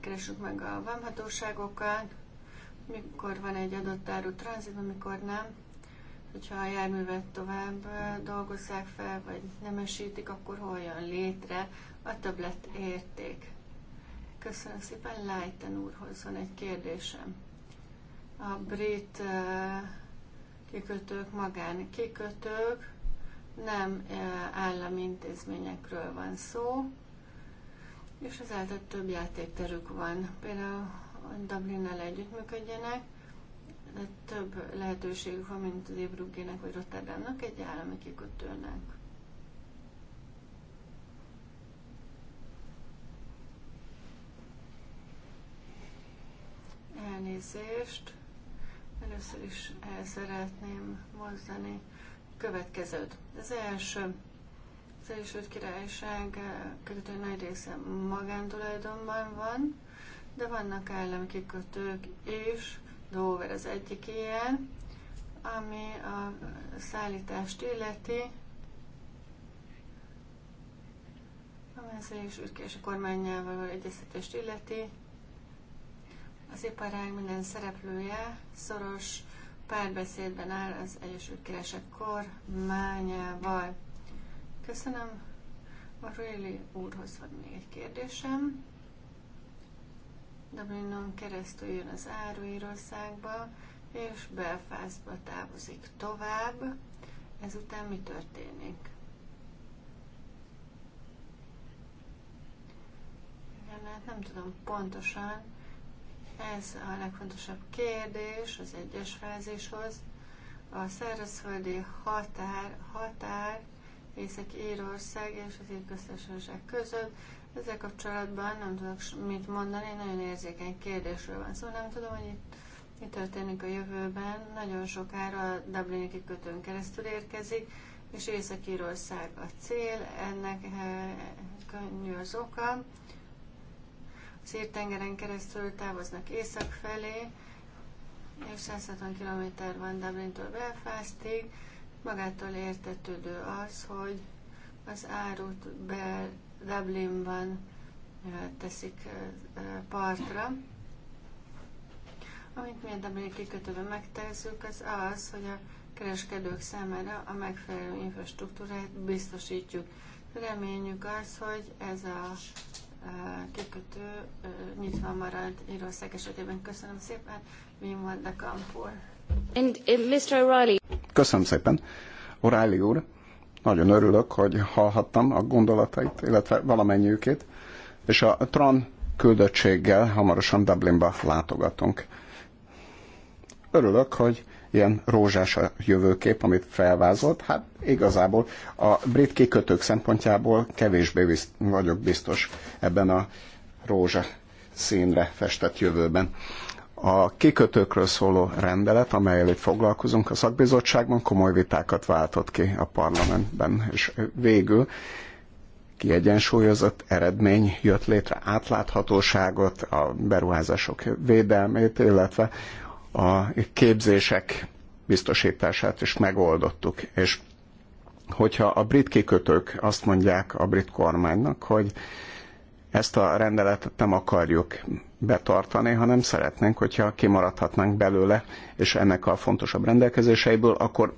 keresünk meg a vámhatóságokat, mikor van egy adott áru tranzit, mikor nem hogyha a járművet tovább dolgozzák fel, vagy nemesítik, akkor hol jön létre a többlet érték. Köszönöm szépen, Leighton úrhoz van egy kérdésem. A brit kikötők, magán kikötők, nem állami intézményekről van szó, és ezáltal több játékterük van. Például Dublinnel együttműködjenek, több lehetőség van, mint az Ébruggének vagy Rotterdamnak, egy állami kikötőnek. Elnézést. Először is el szeretném mozdani következőt. Az első, az első Királyság eh, kötő nagy része magántulajdonban van, de vannak állami kikötők is, Dover az egyik ilyen, ami a szállítást illeti, a és és a kormányával való egyeztetést illeti. Az iparág minden szereplője szoros párbeszédben áll az Egyesült Királyság kormányával. Köszönöm. A Réli úrhoz van még egy kérdésem. Dublinon keresztül jön az áru és Belfastba távozik tovább. Ezután mi történik? Igen, hát nem tudom pontosan. Ez a legfontosabb kérdés az egyes fázishoz. A szárazföldi határ, határ Észak-Írország és az Írköztársaság között ezzel kapcsolatban nem tudok mit mondani, nagyon érzékeny kérdésről van szó, szóval nem tudom, hogy itt mi történik a jövőben. Nagyon sokára a Dublini kikötőn keresztül érkezik, és Észak-Írország a cél, ennek e, könnyű az oka. Az tengeren keresztül távoznak észak felé, és 160 km van Dublintől Belfastig. Magától értetődő az, hogy az árut bel Dublinban teszik partra. Amit mi a Dublin kikötőben megteszünk, az az, hogy a kereskedők számára a megfelelő infrastruktúrát biztosítjuk. Reményük az, hogy ez a kikötő nyitva marad Írország esetében. Köszönöm szépen, Wim van de Kampur. Uh, Mr. O'Reilly. Köszönöm szépen. O'Reilly úr, nagyon örülök, hogy hallhattam a gondolatait, illetve valamennyiükét, és a TRAN küldöttséggel hamarosan Dublinba látogatunk. Örülök, hogy ilyen rózsás a jövőkép, amit felvázolt. Hát igazából a brit kikötők szempontjából kevésbé bizt, vagyok biztos ebben a rózsa színre festett jövőben. A kikötőkről szóló rendelet, amelyel itt foglalkozunk a szakbizottságban, komoly vitákat váltott ki a parlamentben, és végül kiegyensúlyozott eredmény jött létre, átláthatóságot, a beruházások védelmét, illetve a képzések biztosítását is megoldottuk. És hogyha a brit kikötők azt mondják a brit kormánynak, hogy ezt a rendeletet nem akarjuk betartani, hanem szeretnénk, hogyha kimaradhatnánk belőle, és ennek a fontosabb rendelkezéseiből, akkor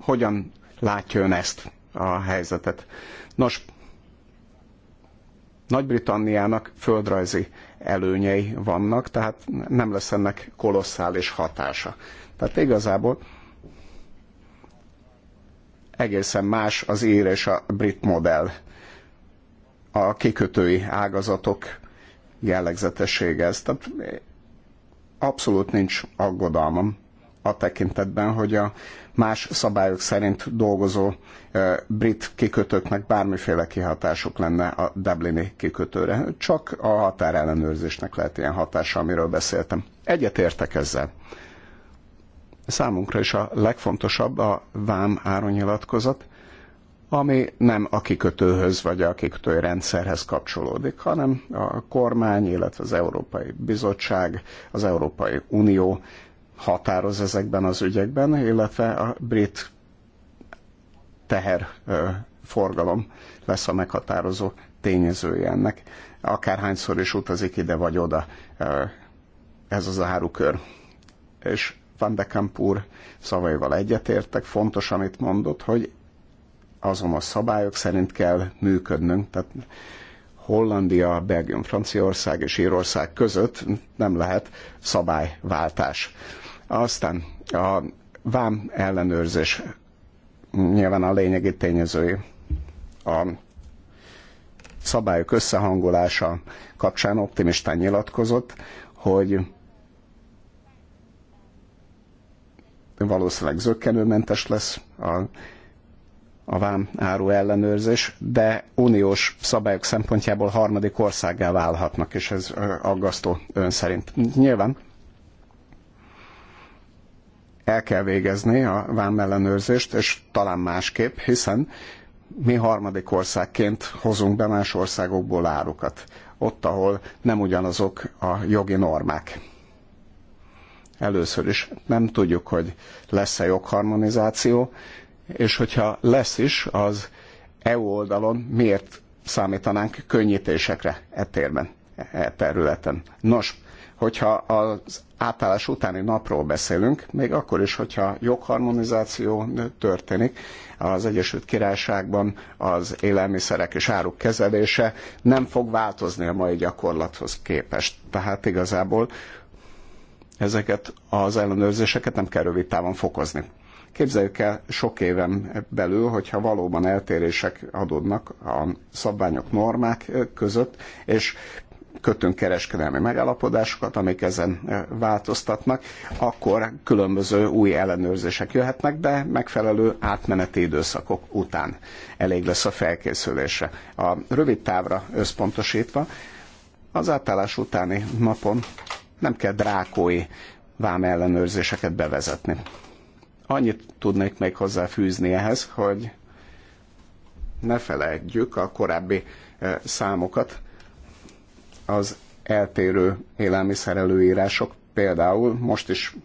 hogyan látja ön ezt a helyzetet? Nos, Nagy-Britanniának földrajzi előnyei vannak, tehát nem lesz ennek kolosszális hatása. Tehát igazából egészen más az ír és a brit modell a kikötői ágazatok jellegzetessége ez. Tehát abszolút nincs aggodalmam a tekintetben, hogy a más szabályok szerint dolgozó brit kikötőknek bármiféle kihatásuk lenne a Dublini kikötőre. Csak a határellenőrzésnek lehet ilyen hatása, amiről beszéltem. Egyet értek ezzel. Számunkra is a legfontosabb a vám áronyilatkozat, ami nem a kikötőhöz vagy a kikötői rendszerhez kapcsolódik, hanem a kormány, illetve az Európai Bizottság, az Európai Unió határoz ezekben az ügyekben, illetve a brit teherforgalom lesz a meghatározó tényezője ennek. Akárhányszor is utazik ide vagy oda ez az árukör. És Van de Kamp úr szavaival egyetértek, fontos, amit mondott, hogy a szabályok szerint kell működnünk. Tehát Hollandia, Belgium, Franciaország és Írország között nem lehet szabályváltás. Aztán a vám ellenőrzés nyilván a lényegi tényezői. A szabályok összehangolása kapcsán optimistán nyilatkozott, hogy valószínűleg zöggenőmentes lesz a a vám áru ellenőrzés, de uniós szabályok szempontjából harmadik országgá válhatnak, és ez aggasztó ön szerint. Nyilván el kell végezni a vám ellenőrzést, és talán másképp, hiszen mi harmadik országként hozunk be más országokból árukat, ott, ahol nem ugyanazok a jogi normák. Először is nem tudjuk, hogy lesz-e jogharmonizáció, és hogyha lesz is, az EU oldalon miért számítanánk könnyítésekre e térben, e területen. Nos, hogyha az átállás utáni napról beszélünk, még akkor is, hogyha jogharmonizáció történik, az Egyesült Királyságban az élelmiszerek és áruk kezelése nem fog változni a mai gyakorlathoz képest. Tehát igazából ezeket az ellenőrzéseket nem kell rövid távon fokozni. Képzeljük el sok éven belül, hogyha valóban eltérések adódnak a szabványok, normák között, és kötünk kereskedelmi megállapodásokat, amik ezen változtatnak, akkor különböző új ellenőrzések jöhetnek, be megfelelő átmeneti időszakok után elég lesz a felkészülése A rövid távra összpontosítva, az átállás utáni napon nem kell drákói ellenőrzéseket bevezetni. Annyit tudnék még hozzáfűzni ehhez, hogy ne felejtjük a korábbi e, számokat. Az eltérő előírások például most is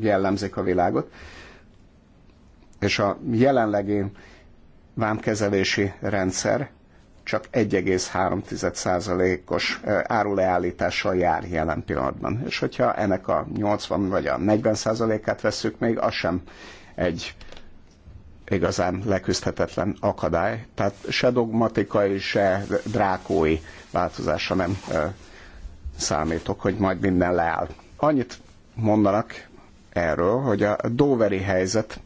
jellemzik a világot, és a jelenlegi vámkezelési rendszer csak 1,3%-os áruleállítással jár jelen pillanatban. És hogyha ennek a 80 vagy a 40%-át veszük még, az sem egy igazán leküzdhetetlen akadály. Tehát se dogmatikai, se drákói változása nem számítok, hogy majd minden leáll. Annyit mondanak erről, hogy a Doveri helyzet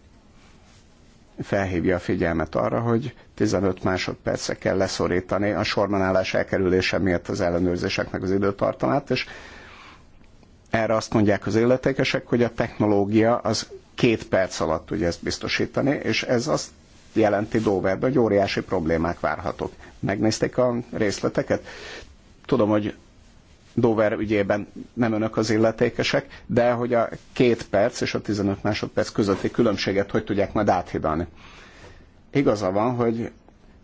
felhívja a figyelmet arra, hogy 15 másodperce kell leszorítani a sorbanállás elkerülése miatt az ellenőrzéseknek az időtartamát, és erre azt mondják az illetékesek, hogy a technológia az két perc alatt tudja ezt biztosítani, és ez azt jelenti Doverben, hogy óriási problémák várhatók. Megnézték a részleteket? Tudom, hogy Dover ügyében nem önök az illetékesek, de hogy a két perc és a 15 másodperc közötti különbséget hogy tudják majd áthidalni. Igaza van, hogy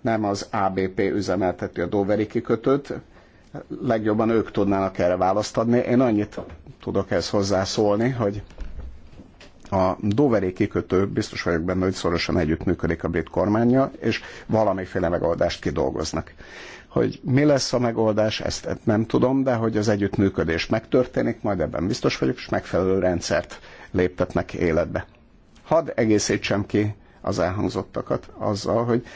nem az ABP üzemelteti a Doveri kikötőt, legjobban ők tudnának erre választ adni. Én annyit tudok ezt hozzászólni, hogy a Doveri kikötő, biztos vagyok benne, hogy szorosan együttműködik a brit kormánya, és valamiféle megoldást kidolgoznak. Hogy mi lesz a megoldás, ezt nem tudom, de hogy az együttműködés megtörténik, majd ebben biztos vagyok, és megfelelő rendszert léptetnek életbe. Hadd egészítsem ki az elhangzottakat azzal, hogy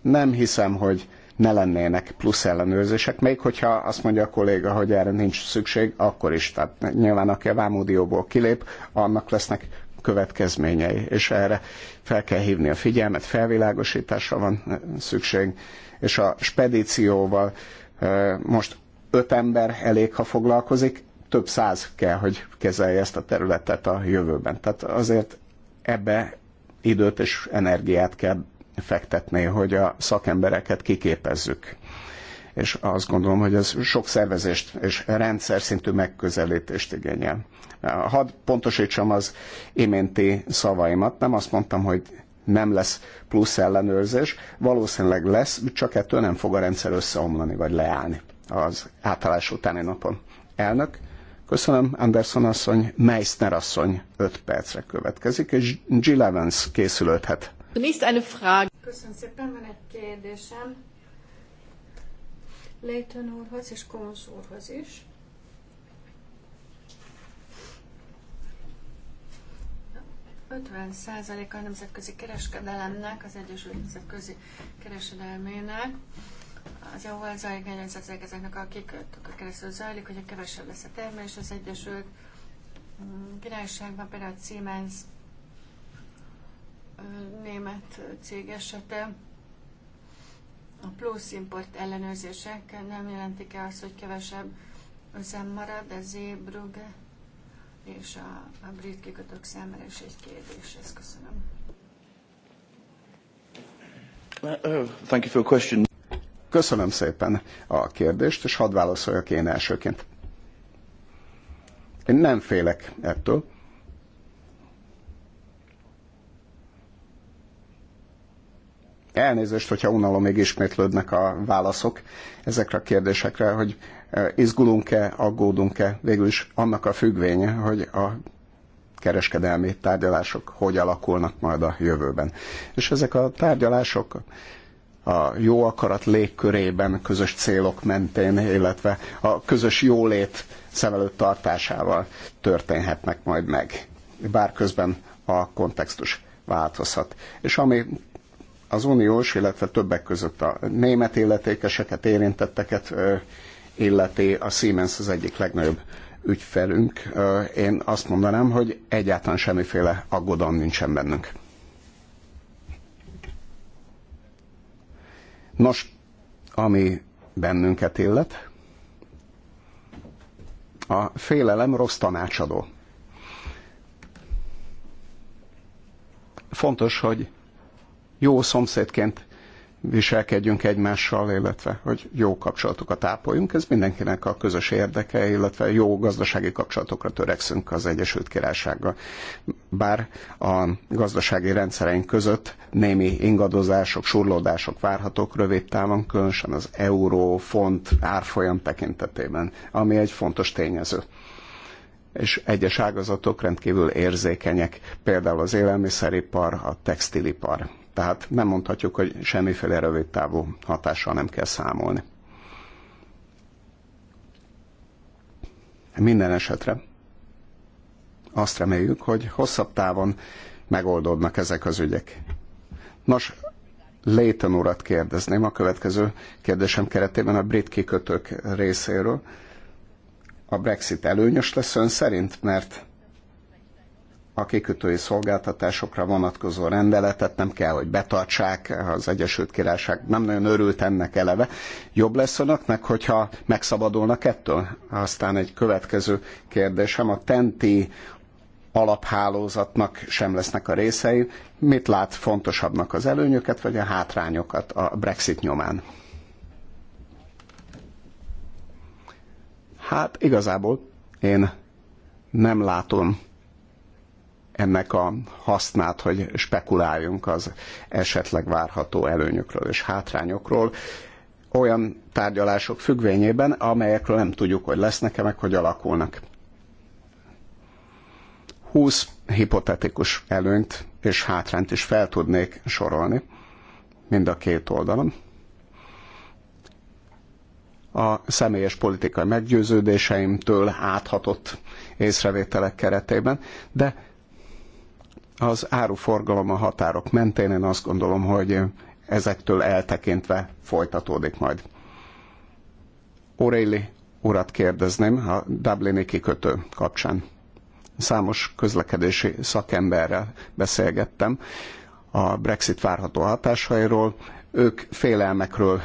nem hiszem, hogy ne lennének plusz ellenőrzések, még hogyha azt mondja a kolléga, hogy erre nincs szükség, akkor is. Tehát nyilván aki a vámúdióból kilép, annak lesznek következményei, és erre fel kell hívni a figyelmet, felvilágosításra van eh, szükség, és a spedícióval eh, most öt ember elég, ha foglalkozik, több száz kell, hogy kezelje ezt a területet a jövőben. Tehát azért ebbe időt és energiát kell fektetni, hogy a szakembereket kiképezzük és azt gondolom, hogy ez sok szervezést és rendszer szintű megközelítést igényel. Hadd pontosítsam az iménti szavaimat, nem azt mondtam, hogy nem lesz plusz ellenőrzés, valószínűleg lesz, csak ettől nem fog a rendszer összeomlani vagy leállni az átállás utáni napon. Elnök, köszönöm, Anderson asszony, Meissner asszony 5 percre következik, és Jill Evans készülődhet. Köszönöm szépen, van egy kérdésem Leighton úrhoz és Konsz úrhoz is. A 50%-a a nemzetközi kereskedelemnek, az Egyesült Nemzetközi Kereskedelmének az EU az elgényezett ezeknek a a keresztül zajlik, hogy a kevesebb lesz a termés az Egyesült Királyságban, például a Siemens német cég esete a plusz import ellenőrzések nem jelentik-e azt, hogy kevesebb üzem marad, a zébruge és a, a brit kikötők számára is egy kérdés. Ezt köszönöm. Uh, oh, thank you for your question. Köszönöm szépen a kérdést, és hadd válaszoljak én elsőként. Én nem félek ettől, Elnézést, hogyha unalom még ismétlődnek a válaszok ezekre a kérdésekre, hogy e, izgulunk-e, aggódunk-e, végül is annak a függvénye, hogy a kereskedelmi tárgyalások hogy alakulnak majd a jövőben. És ezek a tárgyalások a jó akarat légkörében, közös célok mentén, illetve a közös jólét szem tartásával történhetnek majd meg. Bár közben a kontextus változhat. És ami az uniós, illetve többek között a német illetékeseket, érintetteket illeti a Siemens az egyik legnagyobb ügyfelünk. Én azt mondanám, hogy egyáltalán semmiféle aggodalom nincsen bennünk. Nos, ami bennünket illet, a félelem rossz tanácsadó. Fontos, hogy jó szomszédként viselkedjünk egymással, illetve hogy jó kapcsolatokat ápoljunk. Ez mindenkinek a közös érdeke, illetve jó gazdasági kapcsolatokra törekszünk az Egyesült Királysággal. Bár a gazdasági rendszereink között némi ingadozások, surlódások várhatók rövid távon, különösen az euró, font, árfolyam tekintetében, ami egy fontos tényező és egyes ágazatok rendkívül érzékenyek, például az élelmiszeripar, a textilipar tehát nem mondhatjuk, hogy semmiféle rövid távú hatással nem kell számolni. Minden esetre azt reméljük, hogy hosszabb távon megoldódnak ezek az ügyek. Nos, Léten urat kérdezném a következő kérdésem keretében a brit kikötők részéről. A Brexit előnyös lesz ön szerint, mert a kikötői szolgáltatásokra vonatkozó rendeletet nem kell, hogy betartsák, az Egyesült Királyság nem nagyon örült ennek eleve. Jobb lesz önöknek, hogyha megszabadulnak ettől? Aztán egy következő kérdésem, a tenti alaphálózatnak sem lesznek a részei. Mit lát fontosabbnak az előnyöket, vagy a hátrányokat a Brexit nyomán? Hát igazából én nem látom ennek a hasznát, hogy spekuláljunk az esetleg várható előnyökről és hátrányokról olyan tárgyalások függvényében, amelyekről nem tudjuk, hogy lesznek-e, meg hogy alakulnak. 20 hipotetikus előnyt és hátrányt is fel tudnék sorolni mind a két oldalon. A személyes politikai meggyőződéseimtől áthatott észrevételek keretében, de az áruforgalom a határok mentén, én azt gondolom, hogy ezektől eltekintve folytatódik majd. O'Reilly urat kérdezném a Dublini kikötő kapcsán. Számos közlekedési szakemberrel beszélgettem a Brexit várható hatásairól. Ők félelmekről,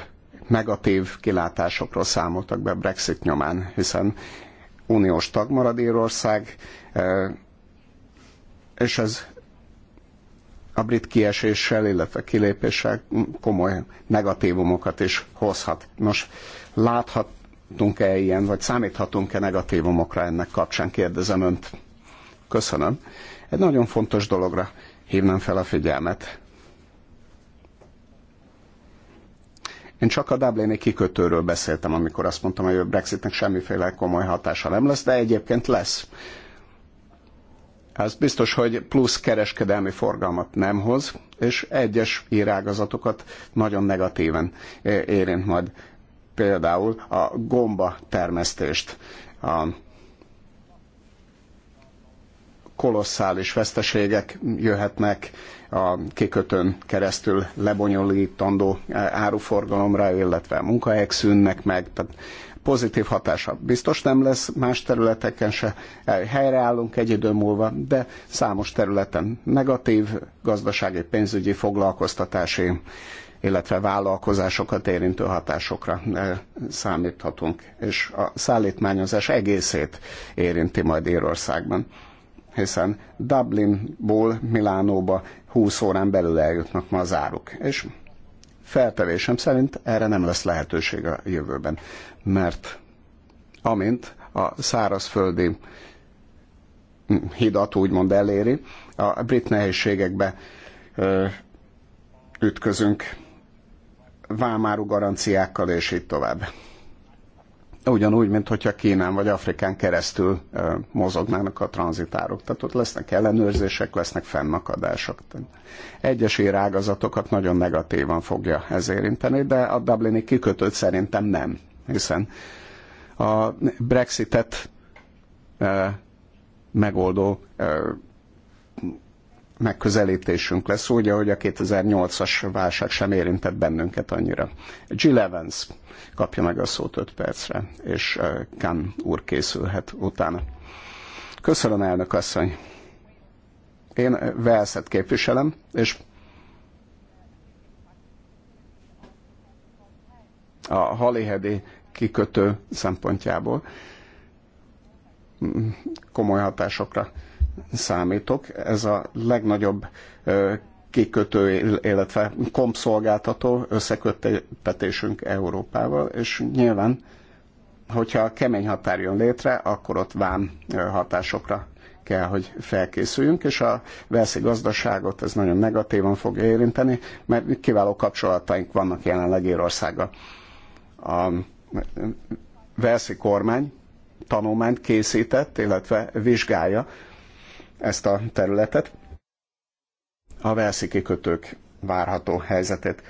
negatív kilátásokról számoltak be Brexit nyomán, hiszen uniós tag marad Írország, eh, és ez a brit kieséssel, illetve kilépéssel komoly negatívumokat is hozhat. Nos, láthatunk-e ilyen, vagy számíthatunk-e negatívumokra ennek kapcsán, kérdezem Önt. Köszönöm. Egy nagyon fontos dologra hívnám fel a figyelmet. Én csak a Dublini kikötőről beszéltem, amikor azt mondtam, hogy a Brexitnek semmiféle komoly hatása nem lesz, de egyébként lesz az biztos, hogy plusz kereskedelmi forgalmat nem hoz, és egyes írágazatokat nagyon negatíven érint majd például a gomba termesztést. A kolosszális veszteségek jöhetnek a kikötőn keresztül lebonyolítandó e, áruforgalomra, illetve munkahelyek szűnnek meg, tehát pozitív hatása biztos nem lesz más területeken se, e, helyreállunk egy idő múlva, de számos területen negatív gazdasági, pénzügyi, foglalkoztatási, illetve vállalkozásokat érintő hatásokra e, számíthatunk, és a szállítmányozás egészét érinti majd Írországban hiszen Dublinból Milánóba 20 órán belül eljutnak ma az áruk. És feltevésem szerint erre nem lesz lehetőség a jövőben, mert amint a szárazföldi hm, hidat úgymond eléri, a brit nehézségekbe ö, ütközünk vámáru garanciákkal, és így tovább ugyanúgy, mint hogyha Kínán vagy Afrikán keresztül mozognának a tranzitárok. Tehát ott lesznek ellenőrzések, lesznek fennakadások. Egyes ágazatokat nagyon negatívan fogja ez érinteni, de a Dublini kikötőt szerintem nem, hiszen a Brexitet megoldó megközelítésünk lesz, úgy, ahogy a 2008-as válság sem érintett bennünket annyira. Jill Evans kapja meg a szót 5 percre, és eh, Kán úr készülhet utána. Köszönöm, elnök asszony. Én Velszet eh, képviselem, és a Halihedi kikötő szempontjából mm, komoly hatásokra számítok. Ez a legnagyobb kikötő, illetve kompszolgáltató összeköttetésünk Európával, és nyilván, hogyha a kemény határ jön létre, akkor ott vám hatásokra kell, hogy felkészüljünk, és a verszi gazdaságot ez nagyon negatívan fog érinteni, mert kiváló kapcsolataink vannak jelenleg Írországgal. A verszi kormány tanulmányt készített, illetve vizsgálja ezt a területet, a Velszi kikötők várható helyzetét.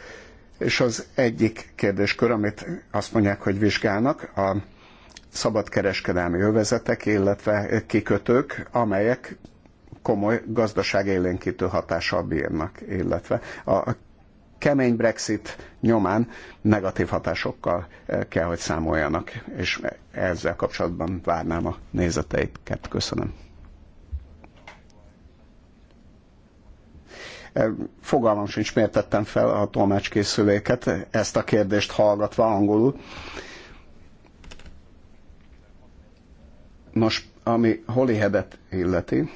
És az egyik kérdéskör, amit azt mondják, hogy vizsgálnak, a szabadkereskedelmi övezetek, illetve kikötők, amelyek komoly gazdaságélénkítő hatással bírnak, illetve a kemény Brexit nyomán negatív hatásokkal eh, kell, hogy számoljanak, és ezzel kapcsolatban várnám a nézeteiket. Köszönöm. E, fogalmam sincs, miért tettem fel a tolmácskészüléket ezt a kérdést hallgatva angolul. Nos, ami Holyheadet illeti,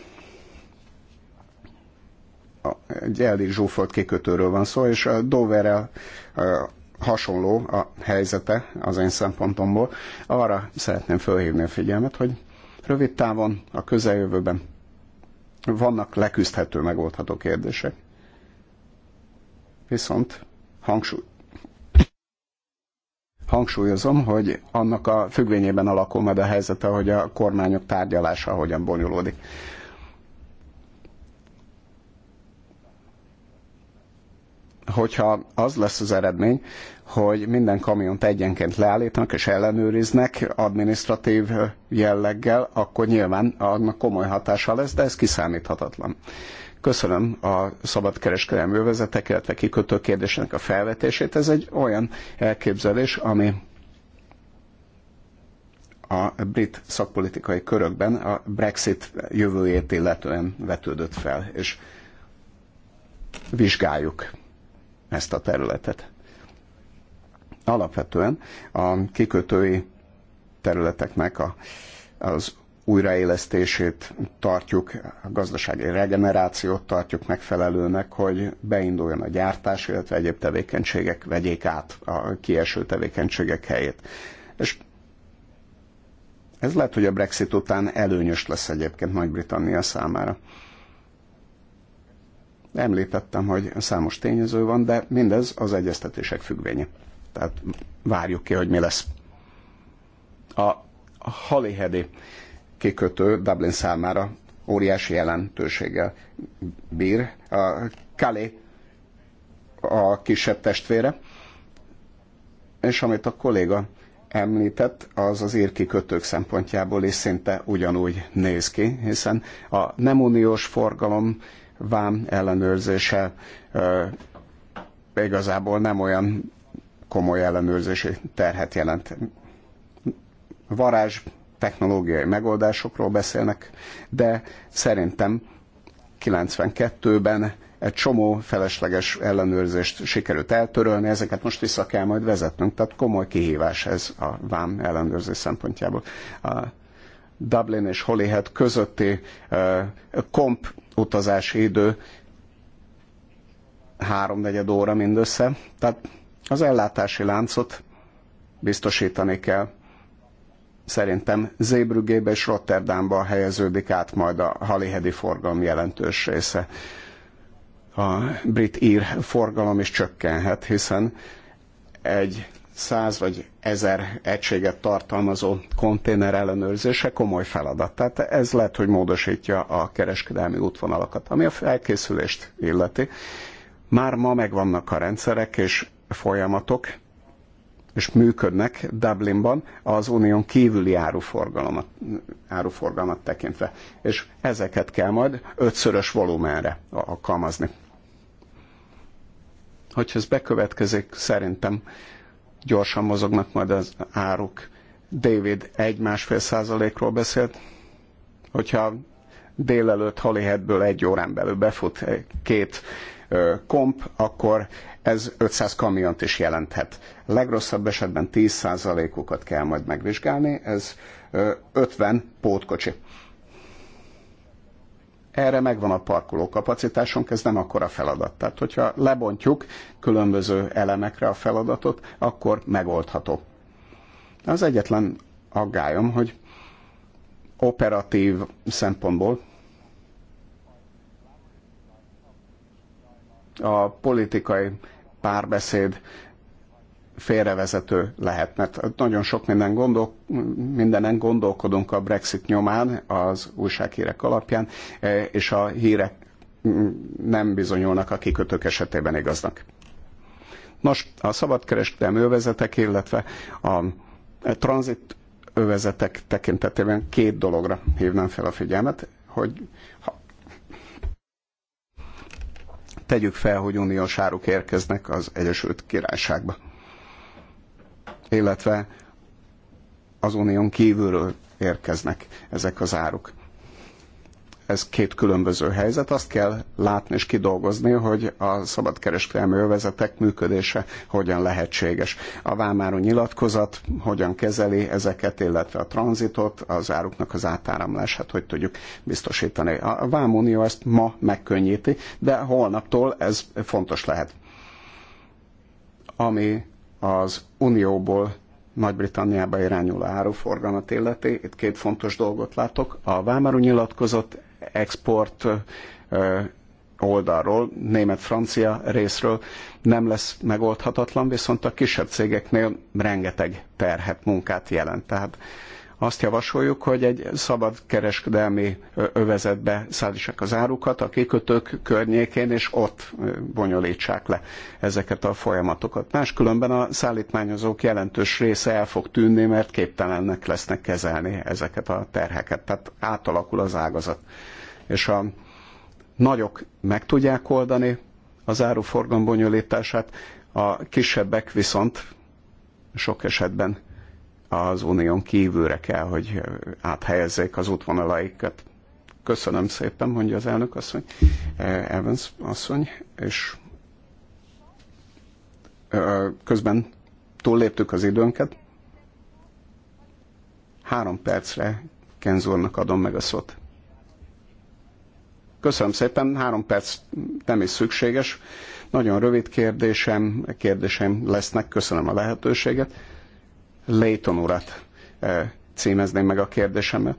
egy elég zsúfolt kikötőről van szó, és a Doverrel e, hasonló a helyzete az én szempontomból. Arra szeretném fölhívni a figyelmet, hogy rövid távon, a közeljövőben vannak leküzdhető, megoldható kérdések viszont hangsúly, hangsúlyozom, hogy annak a függvényében alakul majd a helyzete, hogy a kormányok tárgyalása hogyan bonyolódik. Hogyha az lesz az eredmény, hogy minden kamiont egyenként leállítanak és ellenőriznek administratív jelleggel, akkor nyilván annak komoly hatása lesz, de ez kiszámíthatatlan. Köszönöm a kereskedelmi övezetek, illetve kikötő kérdésének a felvetését. Ez egy olyan elképzelés, ami a brit szakpolitikai körökben a Brexit jövőjét illetően vetődött fel, és vizsgáljuk ezt a területet. Alapvetően a kikötői területeknek a, az újraélesztését tartjuk, a gazdasági regenerációt tartjuk megfelelőnek, hogy beinduljon a gyártás, illetve egyéb tevékenységek vegyék át a kieső tevékenységek helyét. És ez lehet, hogy a Brexit után előnyös lesz egyébként Nagy-Britannia számára. Említettem, hogy számos tényező van, de mindez az egyeztetések függvénye. Tehát várjuk ki, hogy mi lesz. A Halihedi kikötő Dublin számára óriási jelentőséggel bír. A Kali a kisebb testvére, és amit a kolléga említett, az az írkikötők szempontjából is szinte ugyanúgy néz ki, hiszen a nem uniós forgalom vám ellenőrzése e, igazából nem olyan komoly ellenőrzési terhet jelent. Varázs technológiai megoldásokról beszélnek, de szerintem 92-ben egy csomó felesleges ellenőrzést sikerült eltörölni, ezeket most vissza kell majd vezetnünk, tehát komoly kihívás ez a vám ellenőrzés szempontjából. A Dublin és Holyhead közötti komp utazási idő háromnegyed óra mindössze, tehát az ellátási láncot biztosítani kell szerintem Zébrügébe és Rotterdamba helyeződik át majd a halihedi forgalom jelentős része. A brit-ír forgalom is csökkenhet, hiszen egy száz vagy ezer egységet tartalmazó konténer ellenőrzése komoly feladat. Tehát ez lehet, hogy módosítja a kereskedelmi útvonalakat, ami a felkészülést illeti. Már ma megvannak a rendszerek és folyamatok, és működnek Dublinban az unión kívüli áruforgalmat, áruforgalmat tekintve. És ezeket kell majd ötszörös volumenre alkalmazni. Hogyha ez bekövetkezik, szerintem gyorsan mozognak majd az áruk. David egy másfél százalékról beszélt. Hogyha délelőtt Haliheadből egy órán belül befut két komp, akkor ez 500 kamiont is jelenthet. Legrosszabb esetben 10 százalékukat kell majd megvizsgálni, ez 50 pótkocsi. Erre megvan a parkoló kapacitásunk, ez nem akkora feladat. Tehát, hogyha lebontjuk különböző elemekre a feladatot, akkor megoldható. Az egyetlen aggályom, hogy operatív szempontból a politikai párbeszéd félrevezető lehet, mert nagyon sok minden gondol, mindenen gondolkodunk a Brexit nyomán, az újsághírek alapján, és a hírek nem bizonyulnak a kikötők esetében igaznak. Nos, a szabadkereskedelmi övezetek, illetve a tranzit övezetek tekintetében két dologra hívnám fel a figyelmet, hogy Tegyük fel, hogy uniós áruk érkeznek az Egyesült Királyságba. Illetve az unión kívülről érkeznek ezek az áruk. Ez két különböző helyzet. Azt kell látni és kidolgozni, hogy a szabadkereskedelmi övezetek működése hogyan lehetséges. A vámáró nyilatkozat hogyan kezeli ezeket, illetve a tranzitot, az áruknak az átáramlását, hogy tudjuk biztosítani. A vámunió ezt ma megkönnyíti, de holnaptól ez fontos lehet. Ami az Unióból nagy-Britanniába irányuló áruforgalmat illeti. Itt két fontos dolgot látok. A Vámáru nyilatkozott export oldalról, német-francia részről nem lesz megoldhatatlan, viszont a kisebb cégeknél rengeteg terhet, munkát jelent. Tehát azt javasoljuk, hogy egy szabad kereskedelmi övezetbe szállítsák az árukat, a kikötők környékén, és ott bonyolítsák le ezeket a folyamatokat. Máskülönben a szállítmányozók jelentős része el fog tűnni, mert képtelennek lesznek kezelni ezeket a terheket. Tehát átalakul az ágazat és a nagyok meg tudják oldani az áruforgalom bonyolítását, a kisebbek viszont sok esetben az unión kívülre kell, hogy áthelyezzék az útvonalaikat. Köszönöm szépen, mondja az elnök asszony, eh, Evans asszony, és eh, közben túlléptük az időnket. Három percre Kenzornak adom meg a szót. Köszönöm szépen, három perc nem is szükséges. Nagyon rövid kérdésem, kérdésem lesznek, köszönöm a lehetőséget. Layton urat eh, címezném meg a kérdésemmel.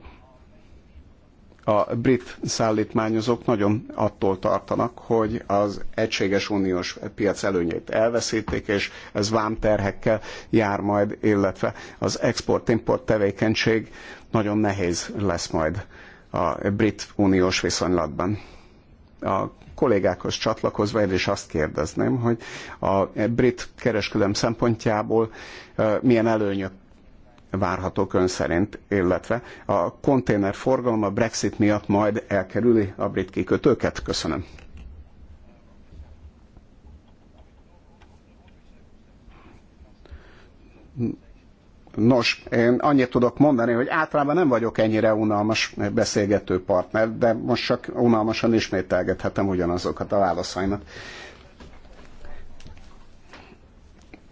A brit szállítmányozók nagyon attól tartanak, hogy az egységes uniós piac előnyét elveszítik, és ez vámterhekkel jár majd, illetve az export-import tevékenység nagyon nehéz lesz majd a brit uniós viszonylatban. A kollégákhoz csatlakozva én is azt kérdezném, hogy a brit kereskedelem szempontjából milyen előnyök várhatók ön szerint, illetve a konténer a Brexit miatt majd elkerüli a brit kikötőket? Köszönöm. Nos, én annyit tudok mondani, hogy általában nem vagyok ennyire unalmas beszélgető partner, de most csak unalmasan ismételgethetem ugyanazokat a válaszaimat.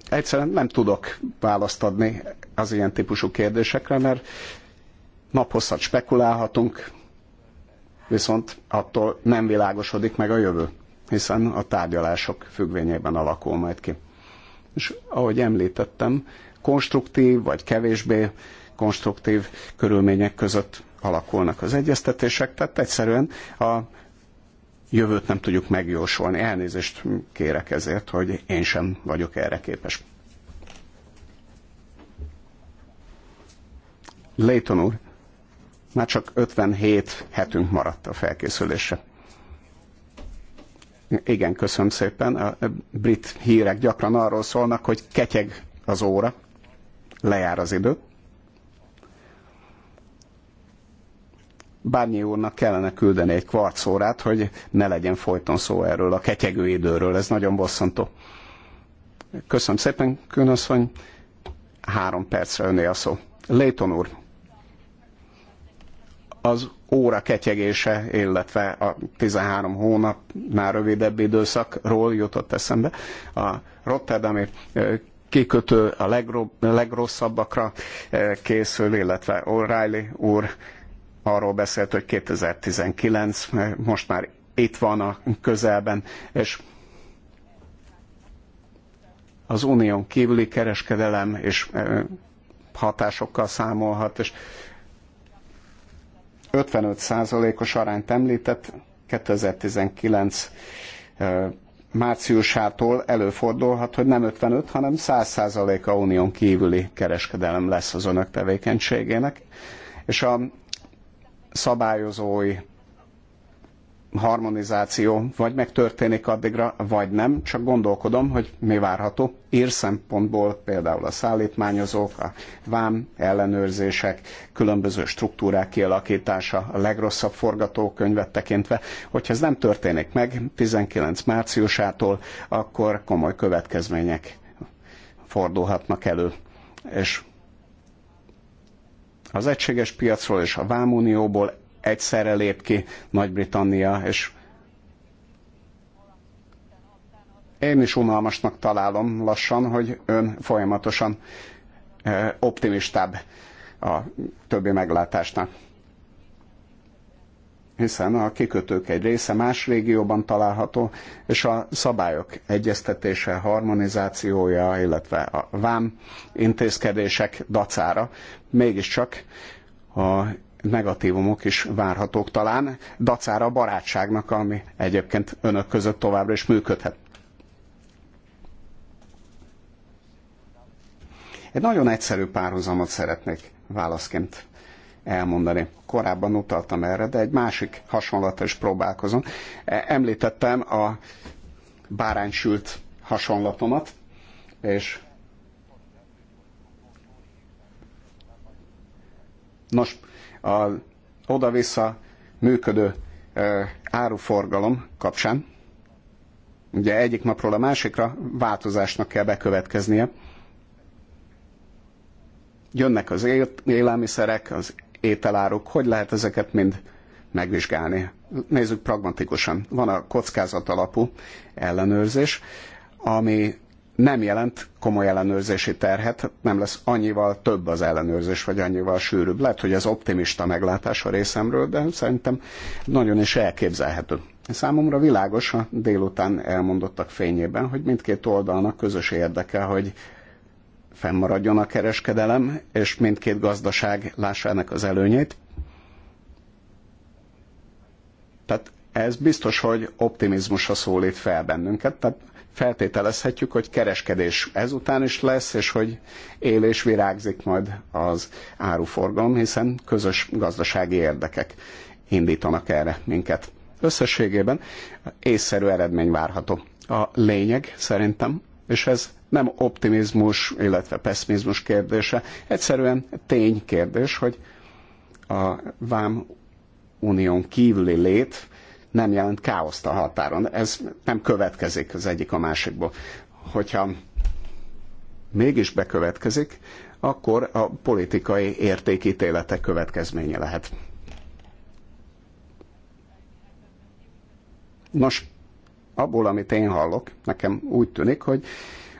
Egyszerűen nem tudok választ adni az ilyen típusú kérdésekre, mert naphosszat spekulálhatunk, viszont attól nem világosodik meg a jövő, hiszen a tárgyalások függvényében alakul majd ki. És ahogy említettem, konstruktív vagy kevésbé konstruktív körülmények között alakulnak az egyeztetések, tehát egyszerűen a jövőt nem tudjuk megjósolni. Elnézést kérek ezért, hogy én sem vagyok erre képes. Layton úr, már csak 57 hetünk maradt a felkészülésre. Igen, köszönöm szépen. A brit hírek gyakran arról szólnak, hogy ketyeg az óra lejár az idő. Bárnyi úrnak kellene küldeni egy kvarcórát, hogy ne legyen folyton szó erről a ketyegő időről, ez nagyon bosszantó. Köszönöm szépen, Különösszony. Három percre önné a szó. Léton úr, az óra ketyegése, illetve a 13 hónapnál rövidebb időszakról jutott eszembe. A Rotterdami kikötő a legrosszabbakra eh, készül, illetve O'Reilly úr arról beszélt, hogy 2019 eh, most már itt van a közelben, és az unión kívüli kereskedelem és eh, hatásokkal számolhat, és 55%-os arányt említett 2019 márciusától előfordulhat, hogy nem 55, hanem 100% a unión kívüli kereskedelem lesz az önök tevékenységének, és a szabályozói harmonizáció vagy megtörténik addigra, vagy nem, csak gondolkodom, hogy mi várható. Ír szempontból például a szállítmányozók, a vám ellenőrzések, különböző struktúrák kialakítása, a legrosszabb forgatókönyvet tekintve. Hogyha ez nem történik meg 19 márciusától, akkor komoly következmények fordulhatnak elő. És az egységes piacról és a vámunióból egyszerre lép ki Nagy-Britannia, és én is unalmasnak találom lassan, hogy ön folyamatosan eh, optimistább a többi meglátásnál. Hiszen a kikötők egy része más régióban található, és a szabályok egyeztetése, harmonizációja, illetve a vám intézkedések dacára mégiscsak a negatívumok is várhatók talán, dacára a barátságnak, ami egyébként önök között továbbra is működhet. Egy nagyon egyszerű párhuzamot szeretnék válaszként elmondani. Korábban utaltam erre, de egy másik hasonlata is próbálkozom. E, említettem a báránysült hasonlatomat, és nos, a oda-vissza működő áruforgalom kapcsán, ugye egyik napról a másikra változásnak kell bekövetkeznie. Jönnek az élelmiszerek, az ételáruk, hogy lehet ezeket mind megvizsgálni? Nézzük pragmatikusan. Van a kockázat alapú ellenőrzés, ami nem jelent komoly ellenőrzési terhet, nem lesz annyival több az ellenőrzés, vagy annyival sűrűbb. Lehet, hogy ez optimista meglátás a részemről, de szerintem nagyon is elképzelhető. Számomra világos a délután elmondottak fényében, hogy mindkét oldalnak közös érdeke, hogy fennmaradjon a kereskedelem, és mindkét gazdaság lássa ennek az előnyét. Tehát ez biztos, hogy optimizmusra szólít fel bennünket, tehát feltételezhetjük, hogy kereskedés ezután is lesz, és hogy él és virágzik majd az áruforgalom, hiszen közös gazdasági érdekek indítanak erre minket. Összességében észszerű eredmény várható. A lényeg szerintem, és ez nem optimizmus, illetve pessimizmus kérdése, egyszerűen tény kérdés, hogy a vám unión kívüli lét nem jelent káoszt a határon. Ez nem következik az egyik a másikból. Hogyha mégis bekövetkezik, akkor a politikai értékítélete következménye lehet. Nos, abból, amit én hallok, nekem úgy tűnik, hogy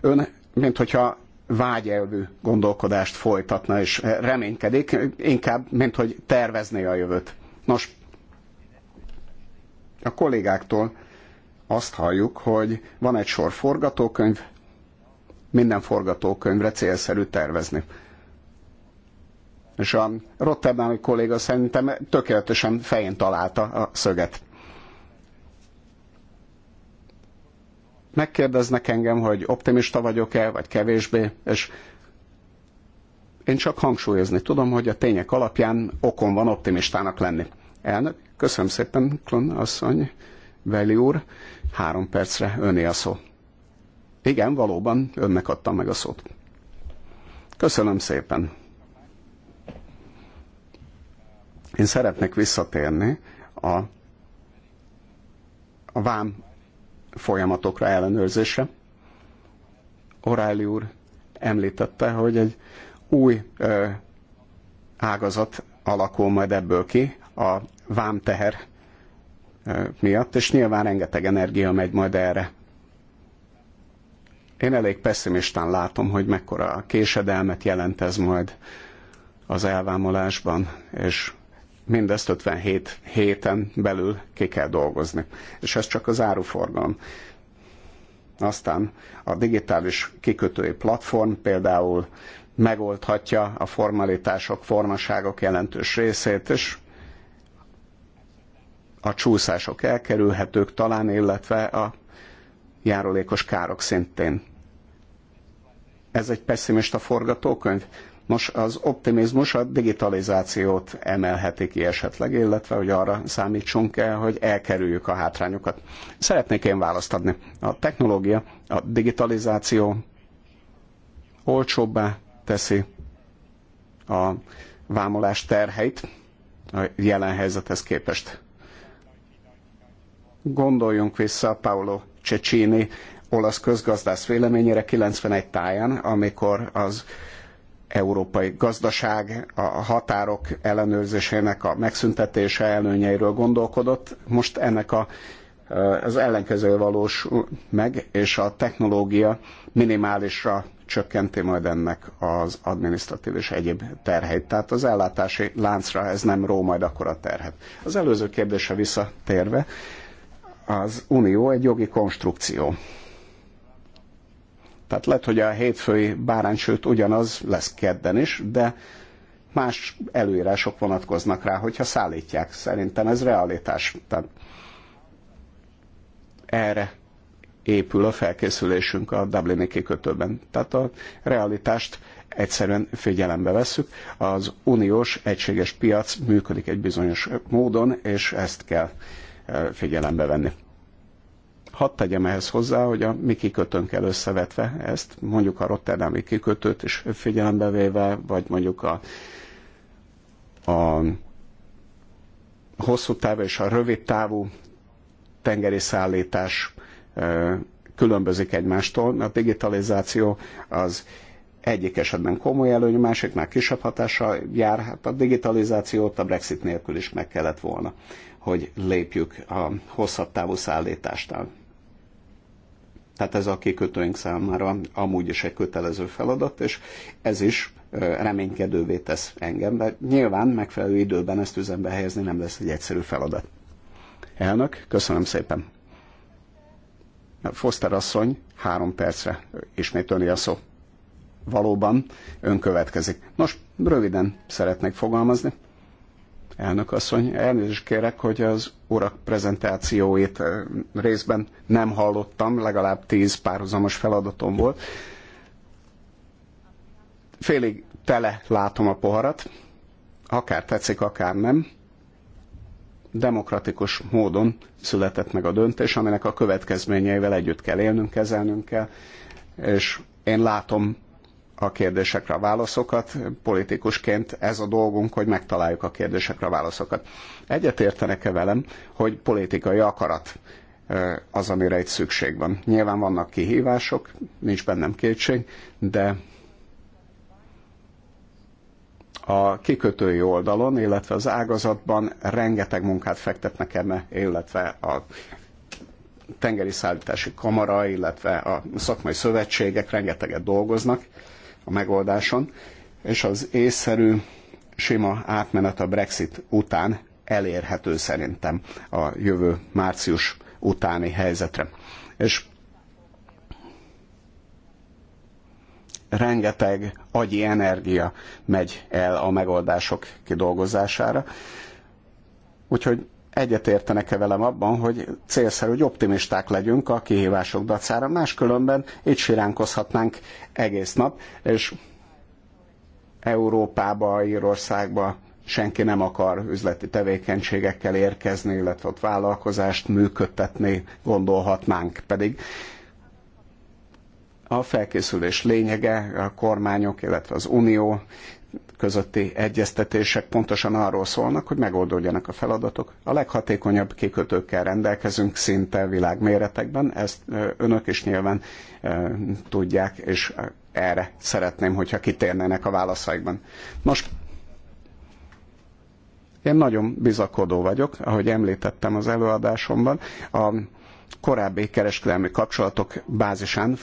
ön, mint hogyha vágyelvű gondolkodást folytatna és reménykedik, inkább, mint hogy tervezné a jövőt. Nos, a kollégáktól azt halljuk, hogy van egy sor forgatókönyv, minden forgatókönyvre célszerű tervezni. És a rotterdami kolléga szerintem tökéletesen fején találta a szöget. Megkérdeznek engem, hogy optimista vagyok-e, vagy kevésbé, és én csak hangsúlyozni tudom, hogy a tények alapján okon van optimistának lenni. Elnök, Köszönöm szépen, Klon asszony, Veli úr. Három percre öné a szó. Igen, valóban önnek adtam meg a szót. Köszönöm szépen. Én szeretnék visszatérni a, a vám folyamatokra, ellenőrzésre. Oráli úr említette, hogy egy új ö, ágazat alakul majd ebből ki, a vámteher miatt, és nyilván rengeteg energia megy majd erre. Én elég pessimistán látom, hogy mekkora késedelmet jelent ez majd az elvámolásban, és mindezt 57 héten belül ki kell dolgozni. És ez csak az áruforgalom. Aztán a digitális kikötői platform például megoldhatja a formalitások, formaságok jelentős részét, és a csúszások elkerülhetők talán, illetve a járulékos károk szintén. Ez egy pessimista forgatókönyv? Nos, az optimizmus a digitalizációt emelheti ki esetleg, illetve hogy arra számítsunk el, hogy elkerüljük a hátrányokat. Szeretnék én választ adni. A technológia, a digitalizáció olcsóbbá teszi a vámolás terheit a jelen helyzethez képest. Gondoljunk vissza a Paolo Cecchini olasz közgazdász véleményére 91 táján, amikor az európai gazdaság a határok ellenőrzésének a megszüntetése előnyeiről gondolkodott. Most ennek a, eh, az ellenkező valósul meg, és a technológia minimálisra csökkenti majd ennek az administratív és egyéb terheit. Tehát az ellátási láncra ez nem ró majd akkora terhet. Az előző kérdésre visszatérve, az unió egy jogi konstrukció. Tehát lehet, hogy a hétfői báránysőt ugyanaz lesz kedden is, de más előírások vonatkoznak rá, hogyha szállítják. Szerintem ez realitás. Tehát erre épül a felkészülésünk a Dublini kikötőben. Tehát a realitást egyszerűen figyelembe vesszük. Az uniós egységes piac működik egy bizonyos módon, és ezt kell Eh, figyelembe venni. Hadd tegyem ehhez hozzá, hogy a mi kikötőnkkel összevetve ezt, mondjuk a Rotterdami kikötőt is figyelembe véve, vagy mondjuk a, a hosszú távú és a rövid távú tengeri szállítás eh, különbözik egymástól. A digitalizáció az egyik esetben komoly előny, másiknál kisebb hatása jár. Hát a digitalizációt a Brexit nélkül is meg kellett volna, hogy lépjük a hosszabb távú szállítástán. Tehát ez a kikötőink számára amúgy is egy kötelező feladat, és ez is reménykedővé tesz engem, de nyilván megfelelő időben ezt üzembe helyezni nem lesz egy egyszerű feladat. Elnök, köszönöm szépen. Foster asszony, három percre ismét öni a szó valóban önkövetkezik. Nos, röviden szeretnék fogalmazni. Elnök asszony, elnézést kérek, hogy az urak prezentációit részben nem hallottam, legalább tíz párhuzamos feladatom volt. Félig tele látom a poharat, akár tetszik, akár nem, demokratikus módon született meg a döntés, aminek a következményeivel együtt kell élnünk, kezelnünk kell, és én látom a kérdésekre a válaszokat. Politikusként ez a dolgunk, hogy megtaláljuk a kérdésekre a válaszokat. Egyet értenek-e velem, hogy politikai akarat az, amire itt szükség van. Nyilván vannak kihívások, nincs bennem kétség, de a kikötői oldalon, illetve az ágazatban rengeteg munkát fektetnek ebbe, illetve a tengeri szállítási kamara, illetve a szakmai szövetségek rengeteget dolgoznak, a megoldáson, és az észszerű, sima átmenet a Brexit után elérhető szerintem a jövő március utáni helyzetre. És rengeteg agyi energia megy el a megoldások kidolgozására. Úgyhogy egyetértenek-e velem abban, hogy célszerű, hogy optimisták legyünk a kihívások dacára, máskülönben itt siránkozhatnánk egész nap, és Európába, Írországba senki nem akar üzleti tevékenységekkel érkezni, illetve ott vállalkozást működtetni gondolhatnánk. Pedig a felkészülés lényege a kormányok, illetve az unió közötti egyeztetések pontosan arról szólnak, hogy megoldódjanak a feladatok. A leghatékonyabb kikötőkkel rendelkezünk szinte világméretekben, ezt önök is nyilván tudják, és erre szeretném, hogyha kitérnének a válaszaikban. Most én nagyon bizakodó vagyok, ahogy említettem az előadásomban. A korábbi kereskedelmi kapcsolatok bázisán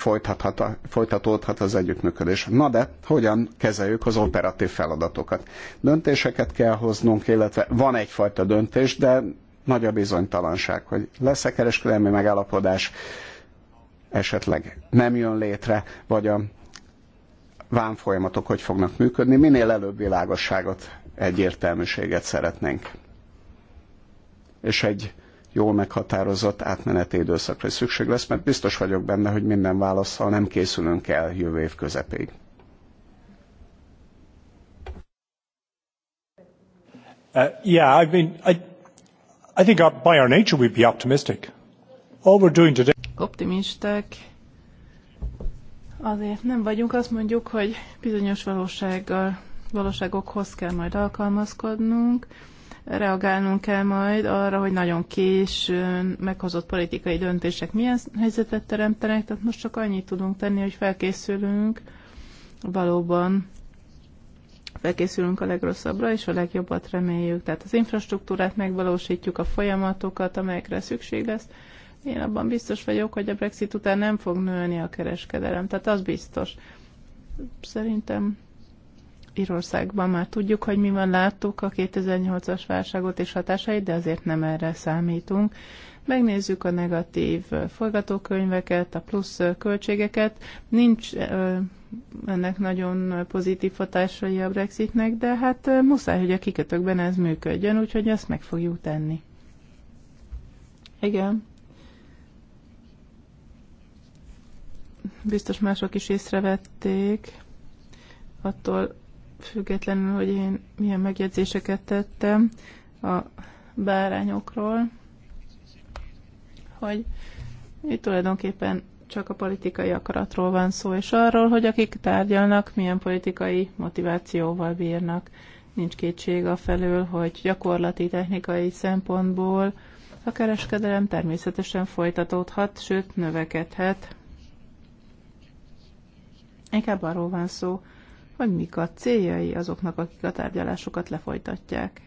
folytatódhat az együttműködés. Na de, hogyan kezeljük az operatív feladatokat? Döntéseket kell hoznunk, illetve van egyfajta döntés, de nagy a bizonytalanság, hogy lesz-e kereskedelmi megállapodás, esetleg nem jön létre, vagy a vámfolyamatok hogy fognak működni. Minél előbb világosságot, egyértelműséget szeretnénk. És egy jól meghatározott átmeneti időszakra szükség lesz, mert biztos vagyok benne, hogy minden válaszsal nem készülünk el jövő év közepéig. Uh, yeah, I mean, I, I think by our nature we'd be optimistic. All we're doing today. Optimisták. Azért nem vagyunk, azt mondjuk, hogy bizonyos valósággal, valóságokhoz kell majd alkalmazkodnunk reagálnunk kell majd arra, hogy nagyon későn meghozott politikai döntések milyen helyzetet teremtenek, tehát most csak annyit tudunk tenni, hogy felkészülünk valóban felkészülünk a legrosszabbra, és a legjobbat reméljük. Tehát az infrastruktúrát megvalósítjuk, a folyamatokat, amelyekre szükség lesz. Én abban biztos vagyok, hogy a Brexit után nem fog nőni a kereskedelem. Tehát az biztos. Szerintem Írországban már tudjuk, hogy mi van, láttuk a 2008-as válságot és hatásait, de azért nem erre számítunk. Megnézzük a negatív forgatókönyveket, a plusz költségeket. Nincs ennek nagyon pozitív hatásai a Brexitnek, de hát muszáj, hogy a kikötőkben ez működjön, úgyhogy ezt meg fogjuk tenni. Igen. Biztos mások is észrevették attól függetlenül, hogy én milyen megjegyzéseket tettem a bárányokról, hogy itt tulajdonképpen csak a politikai akaratról van szó, és arról, hogy akik tárgyalnak, milyen politikai motivációval bírnak. Nincs kétség a felől, hogy gyakorlati, technikai szempontból a kereskedelem természetesen folytatódhat, sőt növekedhet. Inkább arról van szó, vagy mik a céljai azoknak, akik a tárgyalásokat lefolytatják.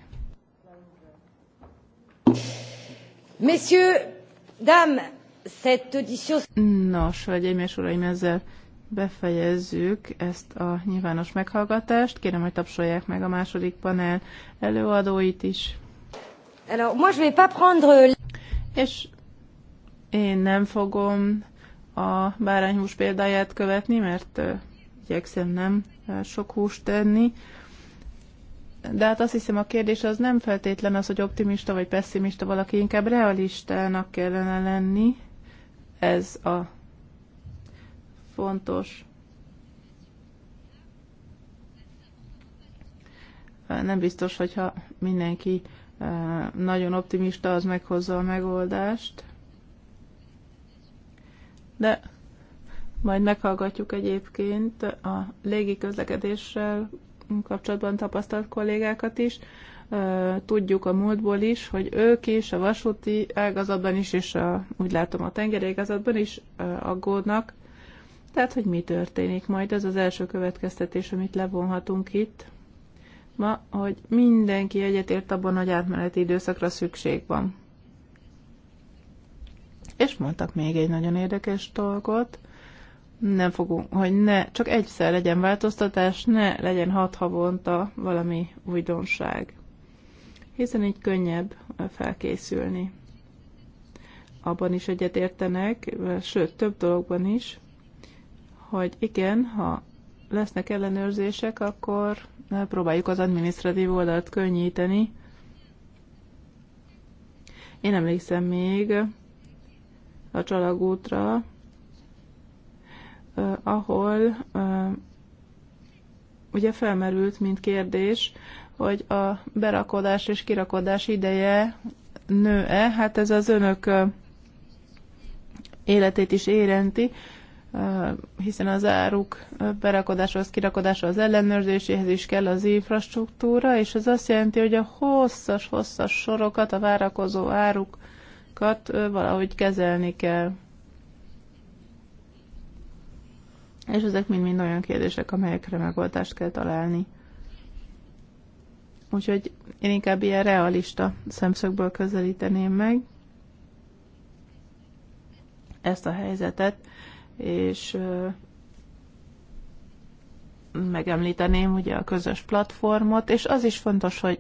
Messieurs, dames, cette audition... Nos, hölgyeim és uraim, ezzel befejezzük ezt a nyilvános meghallgatást. Kérem, hogy tapsolják meg a második panel előadóit is. Alors, moi, je vais pas prendre... És én nem fogom a bárányhús példáját követni, mert igyekszem nem sok húst tenni. De hát azt hiszem a kérdés az nem feltétlen az, hogy optimista vagy pessimista valaki, inkább realistának kellene lenni. Ez a fontos. Nem biztos, hogyha mindenki eh, nagyon optimista, az meghozza a megoldást. De majd meghallgatjuk egyébként a légi közlekedéssel kapcsolatban tapasztalt kollégákat is. Tudjuk a múltból is, hogy ők is a vasúti ágazatban is, és a, úgy látom a tengerégazatban is aggódnak. Tehát, hogy mi történik majd, ez az első következtetés, amit levonhatunk itt ma, hogy mindenki egyetért abban, hogy átmeneti időszakra szükség van. És mondtak még egy nagyon érdekes dolgot, nem fogunk, hogy ne, csak egyszer legyen változtatás, ne legyen hat havonta valami újdonság. Hiszen így könnyebb felkészülni. Abban is egyetértenek, sőt, több dologban is, hogy igen, ha lesznek ellenőrzések, akkor próbáljuk az adminisztratív oldalt könnyíteni. Én emlékszem még a csalagútra, ahol ugye felmerült, mint kérdés, hogy a berakodás és kirakodás ideje nő-e? Hát ez az önök életét is érenti, hiszen az áruk berakodáshoz, kirakodása az ellenőrzéséhez is kell az infrastruktúra, és ez azt jelenti, hogy a hosszas-hosszas sorokat, a várakozó árukat valahogy kezelni kell. És ezek mind-mind olyan kérdések, amelyekre megoldást kell találni. Úgyhogy én inkább ilyen realista szemszögből közelíteném meg ezt a helyzetet, és megemlíteném ugye a közös platformot, és az is fontos, hogy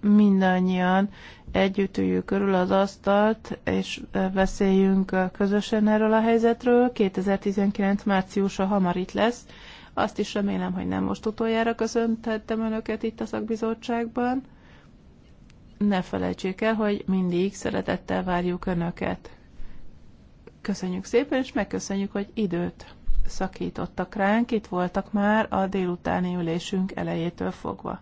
mindannyian együtt üljük körül az asztalt, és beszéljünk közösen erről a helyzetről. 2019 márciusa hamar itt lesz. Azt is remélem, hogy nem most utoljára köszöntettem Önöket itt a szakbizottságban. Ne felejtsék el, hogy mindig szeretettel várjuk Önöket. Köszönjük szépen, és megköszönjük, hogy időt szakítottak ránk, itt voltak már a délutáni ülésünk elejétől fogva.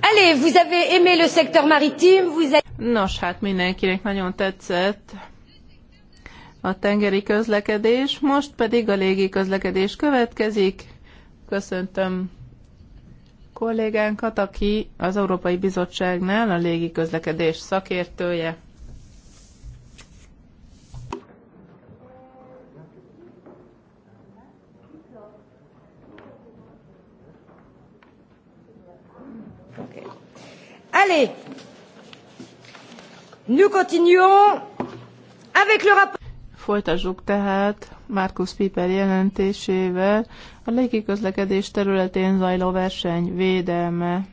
Allez, vous avez aimé le secteur maritime, vous avez... Nos, hát mindenkinek nagyon tetszett a tengeri közlekedés, most pedig a légi közlekedés következik. Köszöntöm kollégánkat, aki az Európai Bizottságnál a légi közlekedés szakértője. Allez, nous continuons avec le rapport. Folytassuk tehát Markus Piper jelentésével a légiközlekedés területén zajló verseny védelme.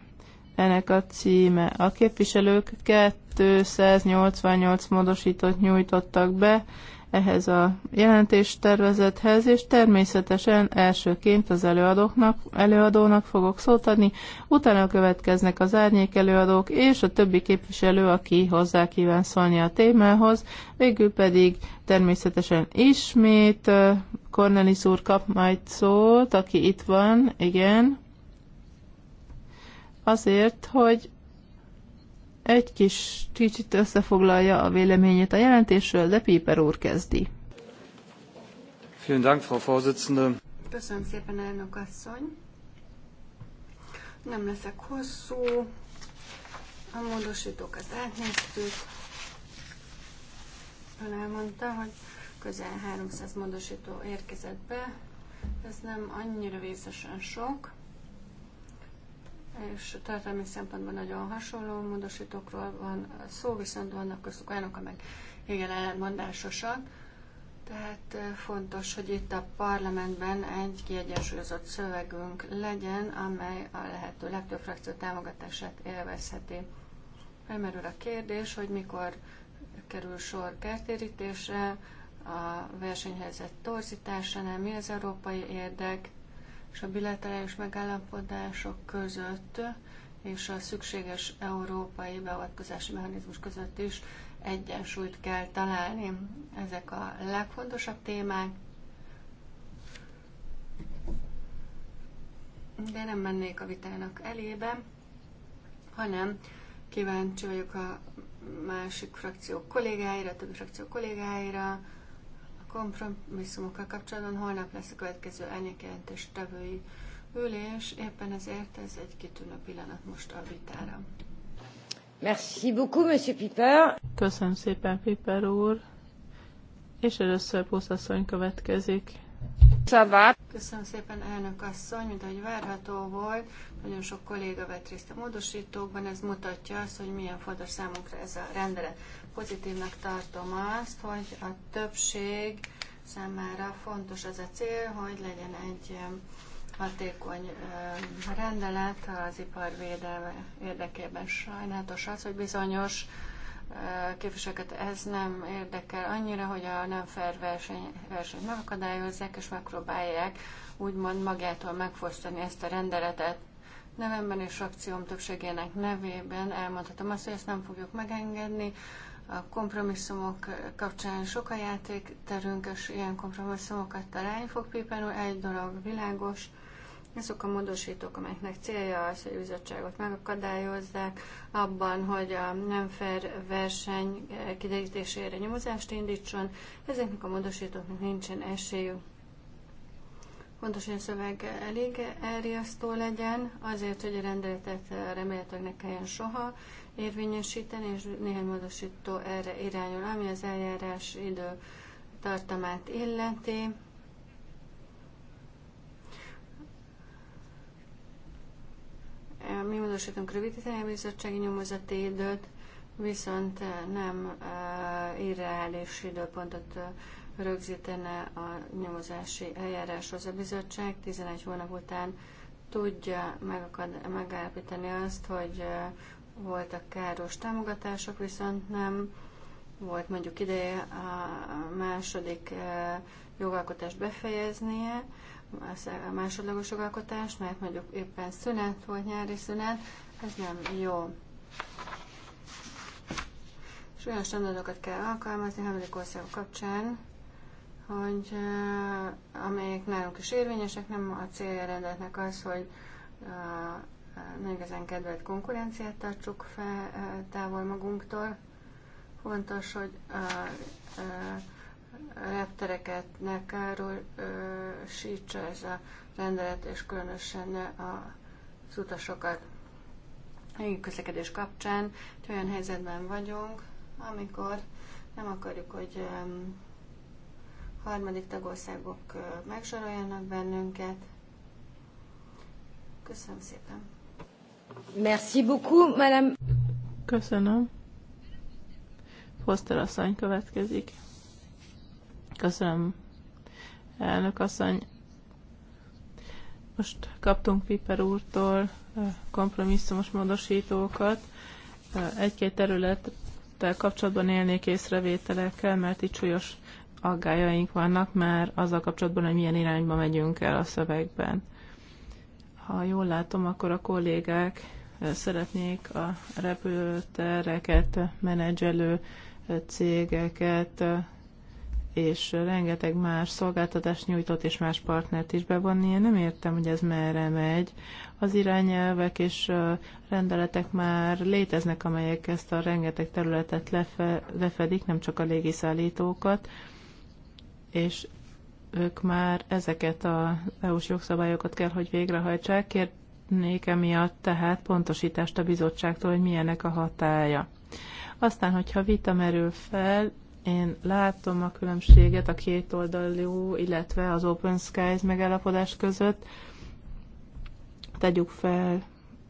Ennek a címe. A képviselők 288 módosítót nyújtottak be, ehhez a jelentéstervezethez, és természetesen elsőként az előadóknak, előadónak fogok szót adni, utána következnek az árnyék előadók, és a többi képviselő, aki hozzá kíván szólni a témához, végül pedig természetesen ismét Cornelis úr kap majd szót, aki itt van, igen, azért, hogy egy kis kicsit összefoglalja a véleményét a jelentésről, de Piper úr kezdi. Köszönöm szépen, elnök asszony. Nem leszek hosszú. A módosítókat átnéztük. Ön elmondta, hogy közel 300 módosító érkezett be. Ez nem annyira vészesen sok és tartalmi szempontból nagyon hasonló módosítókról van szó, viszont vannak köztük olyanok, amelyek igen ellentmondásosak. Tehát eh, fontos, hogy itt a parlamentben egy kiegyensúlyozott szövegünk legyen, amely a lehető legtöbb frakció támogatását élvezheti. Felmerül a kérdés, hogy mikor kerül sor kertérítésre, a versenyhelyzet torzításánál mi az európai érdek, és a bilaterális megállapodások között és a szükséges európai beavatkozási mechanizmus között is egyensúlyt kell találni. Ezek a legfontosabb témák. De nem mennék a vitának elébe, hanem kíváncsi vagyok a másik frakció kollégáira, a többi frakció kollégáira, kompromisszumokkal kapcsolatban holnap lesz a következő elnyekjelentés tevői ülés, éppen ezért ez egy kitűnő pillanat most a vitára. Merci beaucoup, Monsieur Piper. Köszönöm szépen, Piper úr. És először Puszasszony következik. Köszönöm szépen, elnök asszony, mint ahogy várható volt, nagyon sok kolléga vett részt a módosítókban, ez mutatja azt, hogy milyen fontos számunkra ez a rendelet pozitívnak tartom azt, hogy a többség számára fontos az a cél, hogy legyen egy hatékony rendelet az iparvédelme érdekében. Sajnálatos az, hogy bizonyos képviselőket ez nem érdekel annyira, hogy a nem fair verseny, versenyt megakadályozzák, és megpróbálják úgymond magától megfosztani ezt a rendeletet. Nevemben és frakcióm többségének nevében elmondhatom azt, hogy ezt nem fogjuk megengedni a kompromisszumok kapcsán sok a terünk, és ilyen kompromisszumokat találni fog Piper Egy dolog világos, azok a módosítók, amelyeknek célja az, hogy a bizottságot megakadályozzák abban, hogy a nem fair verseny kiderítésére nyomozást indítson, ezeknek a módosítóknak nincsen esélyük. Fontos, hogy a szöveg elég elriasztó legyen, azért, hogy a rendeletet remélhetőleg ne kelljen soha érvényesíteni, és néhány módosító erre irányul, ami az eljárás idő tartamát illeti. Mi módosítunk rövidíteni a bizottsági nyomozati időt, viszont eh, nem uh, irreális időpontot uh, rögzítene a nyomozási eljáráshoz. A bizottság 11 hónap után tudja megállapítani azt, hogy voltak káros támogatások, viszont nem volt mondjuk ideje a második eh, jogalkotást befejeznie, a másodlagos jogalkotás, mert mondjuk éppen szünet volt, nyári szünet, ez nem jó. És olyan standardokat kell alkalmazni harmadik ország kapcsán, hogy eh, amelyek nálunk is érvényesek, nem a célja rendetnek az, hogy eh, nem igazán kedvelt konkurenciát tartsuk fel távol magunktól. Fontos, hogy a, reptereket ne károsítsa ez a rendelet, és különösen az utasokat. A közlekedés kapcsán egy olyan helyzetben vagyunk, amikor nem akarjuk, hogy harmadik tagországok megsoroljanak bennünket. Köszönöm szépen! Merci beaucoup, madame. Köszönöm. Foster asszony következik. Köszönöm, elnök asszony. Most kaptunk Piper úrtól kompromisszumos módosítókat. Egy-két területtel kapcsolatban élnék észrevételekkel, mert itt súlyos aggájaink vannak már azzal kapcsolatban, hogy milyen irányba megyünk el a szövegben. Ha jól látom, akkor a kollégák szeretnék a repülőtereket, menedzselő cégeket és rengeteg más szolgáltatást nyújtott és más partnert is bevonni. Én nem értem, hogy ez merre megy. Az irányelvek és rendeletek már léteznek, amelyek ezt a rengeteg területet lefe, lefedik, nem csak a légiszállítókat, és ők már ezeket a EU-s jogszabályokat kell, hogy végrehajtsák. Kérnék emiatt tehát pontosítást a bizottságtól, hogy milyenek a hatája. Aztán, hogyha vita merül fel, én látom a különbséget a két oldalú, illetve az Open Skies megállapodás között. Tegyük fel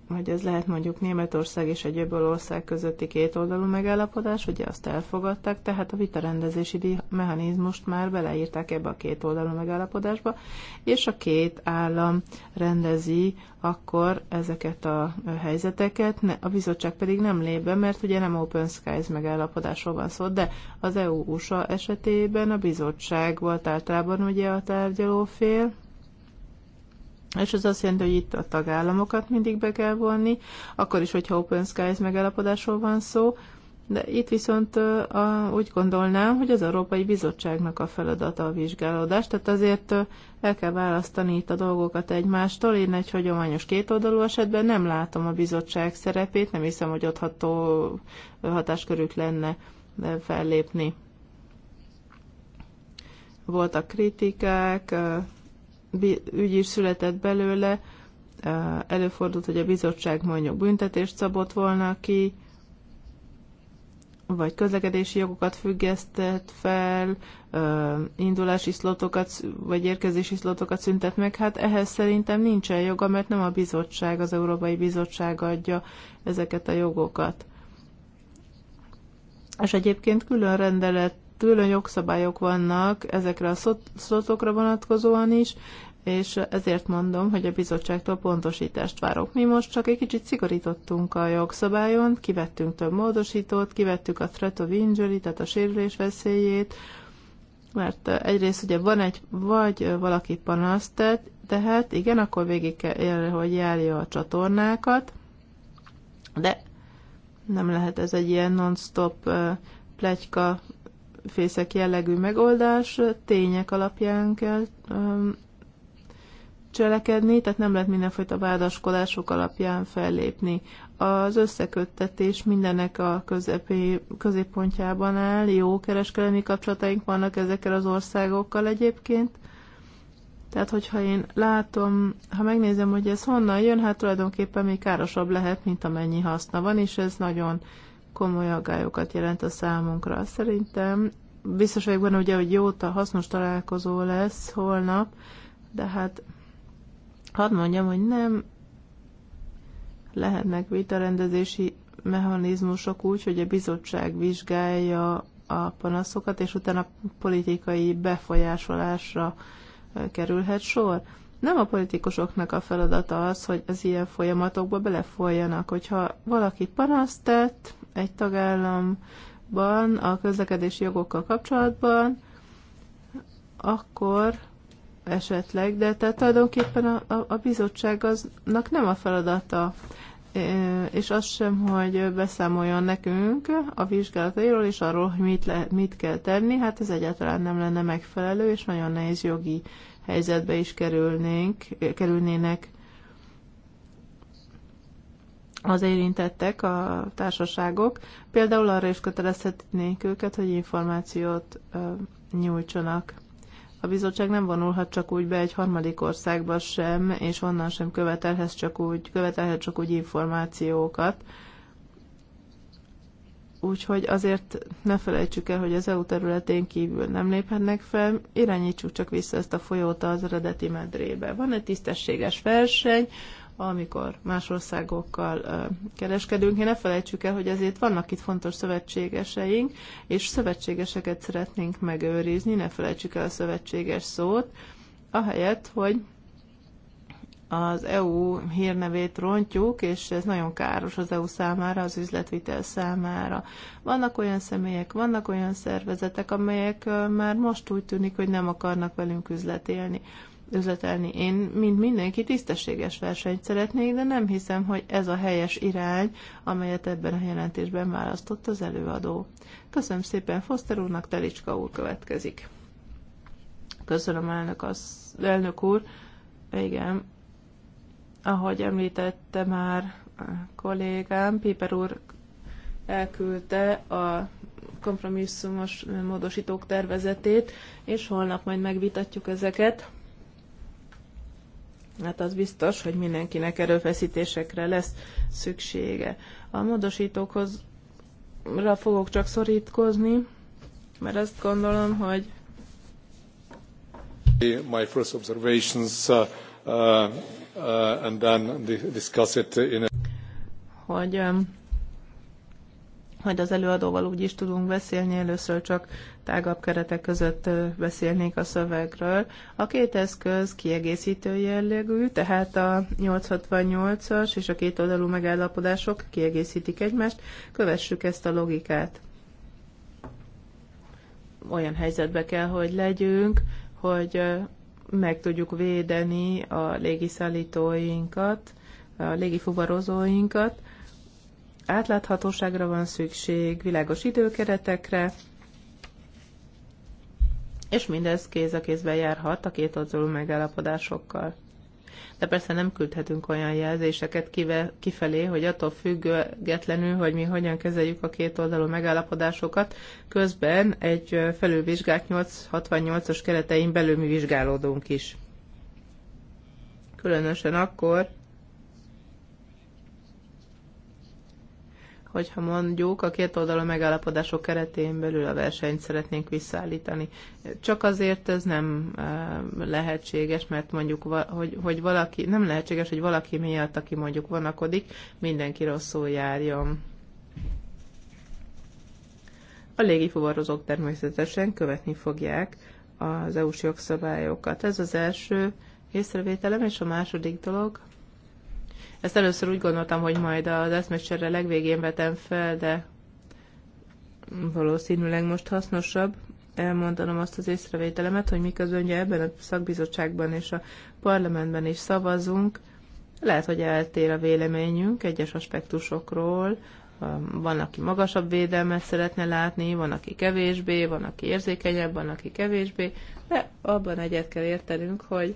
hogy ez lehet mondjuk Németország és egy öböl ország közötti kétoldalú megállapodás, ugye azt elfogadták, tehát a vitarendezési mechanizmust már beleírták ebbe a kétoldalú megállapodásba, és a két állam rendezi akkor ezeket a helyzeteket, a bizottság pedig nem lép be, mert ugye nem Open Skies megállapodásról van szó, de az EU-USA esetében a bizottság volt általában ugye a tárgyalófél, és ez azt jelenti, hogy itt a tagállamokat mindig be kell vonni, akkor is, hogyha Open Skies megállapodásról van szó, de itt viszont a, úgy gondolnám, hogy az Európai Bizottságnak a feladata a vizsgálódás, tehát azért el kell választani itt a dolgokat egymástól. Én egy hagyományos kétoldalú esetben nem látom a bizottság szerepét, nem hiszem, hogy ott ható hatáskörük lenne fellépni. Voltak kritikák, ügy is született belőle, előfordult, hogy a bizottság mondjuk büntetést szabott volna ki, vagy közlekedési jogokat függesztett fel, indulási szlotokat, vagy érkezési szlotokat szüntet meg. Hát ehhez szerintem nincsen joga, mert nem a bizottság, az Európai Bizottság adja ezeket a jogokat. És egyébként külön rendelet külön jogszabályok vannak ezekre a szlotokra vonatkozóan is, és ezért mondom, hogy a bizottságtól pontosítást várok. Mi most csak egy kicsit szigorítottunk a jogszabályon, kivettünk több módosítót, kivettük a threat of injury, tehát a sérülés veszélyét, mert egyrészt ugye van egy, vagy valaki panaszt tett, tehát igen, akkor végig kell, hogy járja a csatornákat, de nem lehet ez egy ilyen non-stop plegyka fészek jellegű megoldás, tények alapján kell cselekedni, tehát nem lehet mindenfajta vádaskodások alapján fellépni. Az összeköttetés mindenek a közepé, középpontjában áll, jó kereskedelmi kapcsolataink vannak ezekkel az országokkal egyébként. Tehát, hogyha én látom, ha megnézem, hogy ez honnan jön, hát tulajdonképpen még károsabb lehet, mint amennyi haszna van, és ez nagyon komoly aggályokat jelent a számunkra. Szerintem biztos vagyok benne, ugye, hogy jóta hasznos találkozó lesz holnap, de hát Hadd mondjam, hogy nem lehetnek vitarendezési mechanizmusok úgy, hogy a bizottság vizsgálja a panaszokat, és utána politikai befolyásolásra kerülhet sor. Nem a politikusoknak a feladata az, hogy az ilyen folyamatokba belefoljanak. Hogyha valaki panaszt tett egy tagállamban a közlekedési jogokkal kapcsolatban, akkor esetleg, de tehát tulajdonképpen a, a, a bizottság aznak nem a feladata, e, és az sem, hogy beszámoljon nekünk a vizsgálatairól és arról, hogy mit, le, mit kell tenni, hát ez egyáltalán nem lenne megfelelő, és nagyon nehéz jogi helyzetbe is kerülnénk, kerülnének az érintettek, a társaságok. Például arra is kötelezhetnénk őket, hogy információt nyújtsanak a bizottság nem vonulhat csak úgy be egy harmadik országba sem, és onnan sem követelhet csak úgy, követelhet csak úgy információkat. Úgyhogy azért ne felejtsük el, hogy az EU területén kívül nem léphetnek fel, irányítsuk csak vissza ezt a folyót az eredeti medrébe. Van egy tisztességes verseny, amikor más országokkal kereskedünk. Én ne felejtsük el, hogy ezért vannak itt fontos szövetségeseink, és szövetségeseket szeretnénk megőrizni, ne felejtsük el a szövetséges szót, ahelyett, hogy az EU hírnevét rontjuk, és ez nagyon káros az EU számára, az üzletvitel számára. Vannak olyan személyek, vannak olyan szervezetek, amelyek már most úgy tűnik, hogy nem akarnak velünk üzletélni üzletelni. Én, mint mindenki, tisztességes versenyt szeretnék, de nem hiszem, hogy ez a helyes irány, amelyet ebben a jelentésben választott az előadó. Köszönöm szépen Foster úrnak, Telicska úr következik. Köszönöm, elnök, az, elnök úr. Igen, ahogy említette már a kollégám, Piper úr elküldte a kompromisszumos módosítók tervezetét, és holnap majd megvitatjuk ezeket. Hát az biztos, hogy mindenkinek erőfeszítésekre lesz szüksége. A módosítókhoz fogok csak szorítkozni, mert azt gondolom, hogy my first observations uh, uh, uh and then discuss it in a... hogy um, majd az előadóval úgy is tudunk beszélni, először csak tágabb keretek között beszélnék a szövegről. A két eszköz kiegészítő jellegű, tehát a 868-as és a két oldalú megállapodások kiegészítik egymást, kövessük ezt a logikát. Olyan helyzetbe kell, hogy legyünk, hogy meg tudjuk védeni a légiszállítóinkat, a légifuvarozóinkat, átláthatóságra van szükség, világos időkeretekre, és mindez kéz a kézben járhat a két oldalú megállapodásokkal. De persze nem küldhetünk olyan jelzéseket kifelé, hogy attól függetlenül, hogy mi hogyan kezeljük a két oldalú megállapodásokat, közben egy felülvizsgált 868-as keretein belül mi vizsgálódunk is. Különösen akkor, hogyha mondjuk a két oldalú megállapodások keretén belül a versenyt szeretnénk visszaállítani. Csak azért ez nem lehetséges, mert mondjuk, hogy, hogy valaki, nem lehetséges, hogy valaki miatt, aki mondjuk vonakodik, mindenki rosszul járjon. A légifuvarozók természetesen követni fogják az EU-s jogszabályokat. Ez az első észrevételem, és a második dolog, ezt először úgy gondoltam, hogy majd az eszmecserre legvégén vetem fel, de valószínűleg most hasznosabb elmondanom azt az észrevételemet, hogy miközben ugye ebben a szakbizottságban és a parlamentben is szavazunk, lehet, hogy eltér a véleményünk egyes aspektusokról, van, aki magasabb védelmet szeretne látni, van, aki kevésbé, van, aki érzékenyebb, van, aki kevésbé, de abban egyet kell értenünk, hogy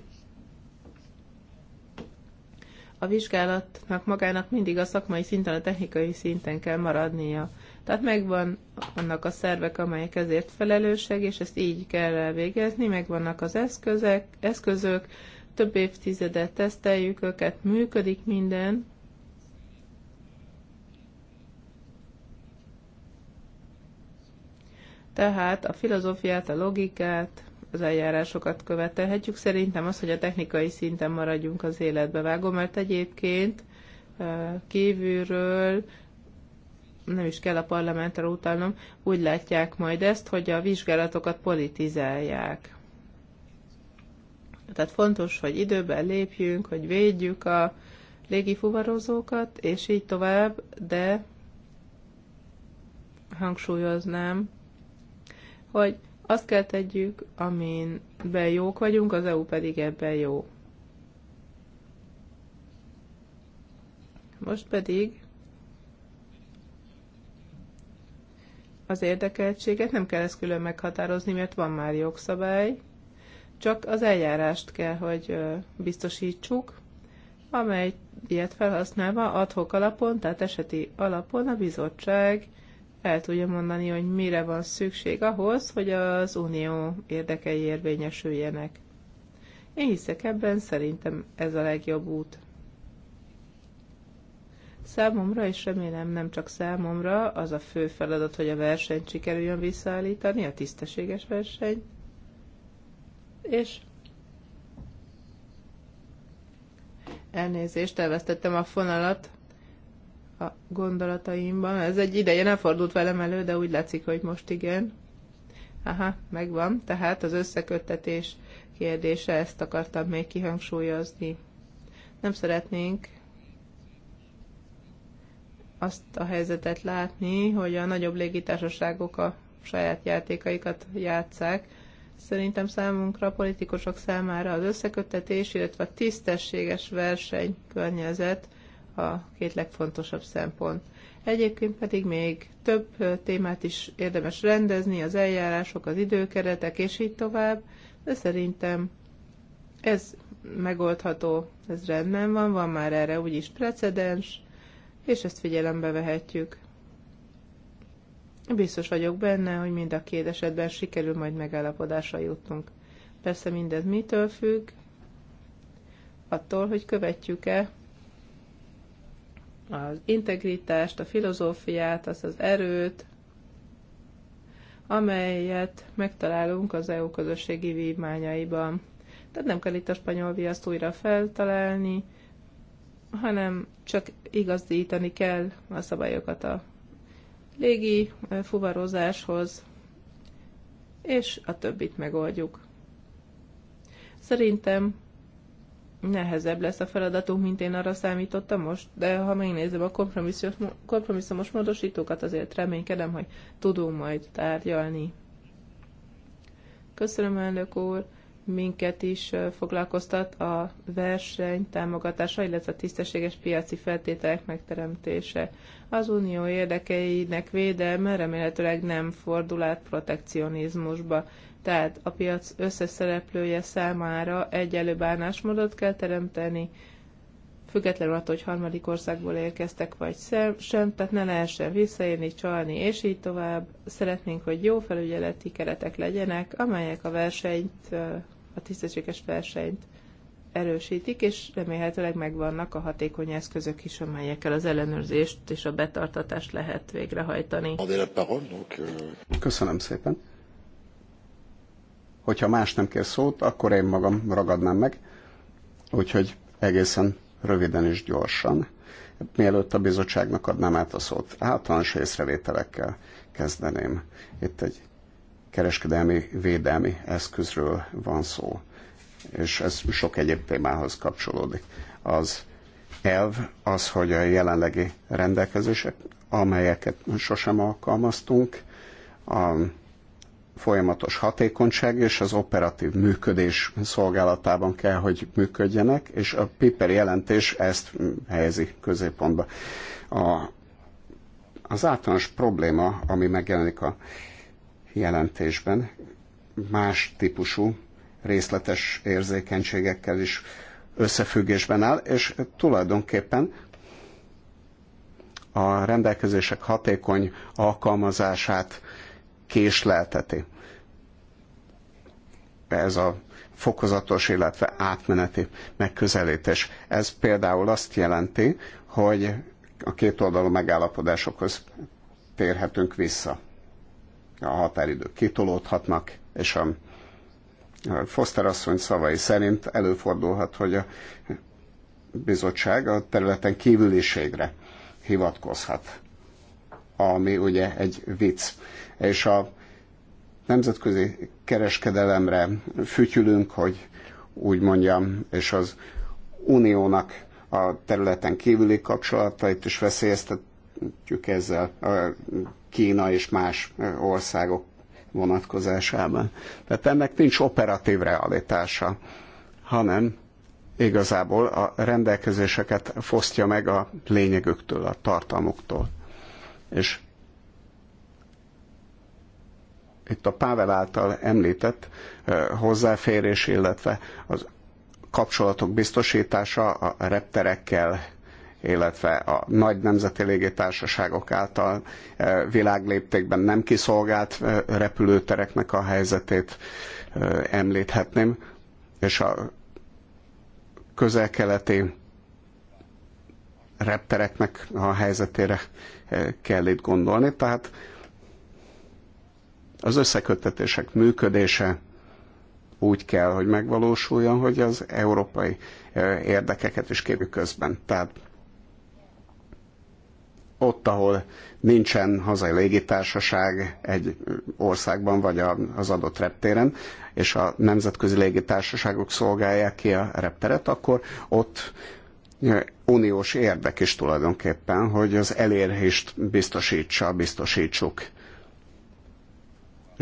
a vizsgálatnak magának mindig a szakmai szinten, a technikai szinten kell maradnia. Tehát megvan annak a szervek, amelyek ezért felelősek, és ezt így kell elvégezni, megvannak az eszközök, eszközök több évtizedet teszteljük őket, működik minden. Tehát a filozófiát, a logikát, az eljárásokat követelhetjük. Szerintem az, hogy a technikai szinten maradjunk az életbe vágó, mert egyébként kívülről nem is kell a parlamentre utalnom, úgy látják majd ezt, hogy a vizsgálatokat politizálják. Tehát fontos, hogy időben lépjünk, hogy védjük a légifuvarozókat, és így tovább, de hangsúlyoznám, hogy azt kell tegyük, be jók vagyunk, az EU pedig ebben jó. Most pedig az érdekeltséget nem kell ezt külön meghatározni, mert van már jogszabály, csak az eljárást kell, hogy biztosítsuk, amely ilyet felhasználva adhok alapon, tehát eseti alapon a bizottság el tudja mondani, hogy mire van szükség ahhoz, hogy az unió érdekei érvényesüljenek. Én hiszek ebben, szerintem ez a legjobb út. Számomra, és remélem nem csak számomra, az a fő feladat, hogy a versenyt sikerüljön visszaállítani, a tisztességes verseny. És elnézést, elvesztettem a fonalat a gondolataimban. Ez egy ideje nem fordult velem elő, de úgy látszik, hogy most igen. Aha, megvan. Tehát az összeköttetés kérdése, ezt akartam még kihangsúlyozni. Nem szeretnénk azt a helyzetet látni, hogy a nagyobb légitársaságok a saját játékaikat játszák. Szerintem számunkra, a politikusok számára az összeköttetés, illetve a tisztességes versenykörnyezet a két legfontosabb szempont. Egyébként pedig még több témát is érdemes rendezni, az eljárások, az időkeretek, és így tovább, de szerintem ez megoldható, ez rendben van, van már erre úgyis precedens, és ezt figyelembe vehetjük. Biztos vagyok benne, hogy mind a két esetben sikerül majd megállapodásra jutnunk. Persze mindez mitől függ? Attól, hogy követjük-e az integritást, a filozófiát, azt az erőt, amelyet megtalálunk az EU közösségi vívmányaiban. Tehát nem kell itt a spanyol viaszt újra feltalálni, hanem csak igazdítani kell a szabályokat a légi eh, fuvarozáshoz, és a többit megoldjuk. Szerintem nehezebb lesz a feladatunk, mint én arra számítottam most, de ha megnézem a kompromisszumos módosítókat, azért reménykedem, hogy tudunk majd tárgyalni. Köszönöm, elnök úr! Minket is foglalkoztat a verseny támogatása, illetve a tisztességes piaci feltételek megteremtése. Az unió érdekeinek védelme remélhetőleg nem fordul át protekcionizmusba. Tehát a piac összes szereplője számára egyenlő bánásmódot kell teremteni, függetlenül attól, hogy harmadik országból érkeztek vagy sem, tehát ne lehessen visszaérni, csalni, és így tovább. Szeretnénk, hogy jó felügyeleti keretek legyenek, amelyek a versenyt, a tisztességes versenyt erősítik, és remélhetőleg megvannak a hatékony eszközök is, amelyekkel az ellenőrzést és a betartatást lehet végrehajtani. Euh. Köszönöm szépen. Hogyha más nem kér szót, akkor én magam ragadnám meg, úgyhogy egészen röviden és gyorsan. Mielőtt a bizottságnak adnám át a szót, általános észrevételekkel kezdeném. Itt egy kereskedelmi védelmi eszközről van szó, és ez sok egyéb témához kapcsolódik. Az elv az, hogy a jelenlegi rendelkezések, amelyeket sosem alkalmaztunk, a folyamatos hatékonyság és az operatív működés szolgálatában kell, hogy működjenek, és a PIPER jelentés ezt helyezi középpontba. A, az általános probléma, ami megjelenik a jelentésben, más típusú részletes érzékenységekkel is összefüggésben áll, és tulajdonképpen a rendelkezések hatékony alkalmazását késlelteti ez a fokozatos, illetve átmeneti megközelítés. Ez például azt jelenti, hogy a két oldalú megállapodásokhoz térhetünk vissza. A határidők kitolódhatnak, és a Foster asszony szavai szerint előfordulhat, hogy a bizottság a területen kívüliségre hivatkozhat, ami ugye egy vicc. És a nemzetközi kereskedelemre fütyülünk, hogy úgy mondjam, és az uniónak a területen kívüli kapcsolatait is veszélyeztetjük ezzel a Kína és más országok vonatkozásában. Tehát ennek nincs operatív realitása, hanem igazából a rendelkezéseket fosztja meg a lényegüktől, a tartalmuktól. És itt a Pável által említett hozzáférés, illetve az kapcsolatok biztosítása a repterekkel, illetve a nagy nemzeti légitársaságok által világléptékben nem kiszolgált repülőtereknek a helyzetét említhetném, és a közel-keleti reptereknek a helyzetére kell itt gondolni. Tehát az összeköttetések működése úgy kell, hogy megvalósuljon, hogy az európai érdekeket is kérjük közben. Tehát ott, ahol nincsen hazai légitársaság egy országban vagy az adott reptéren, és a nemzetközi légitársaságok szolgálják ki a repteret, akkor ott uniós érdek is tulajdonképpen, hogy az elérést biztosítsa, biztosítsuk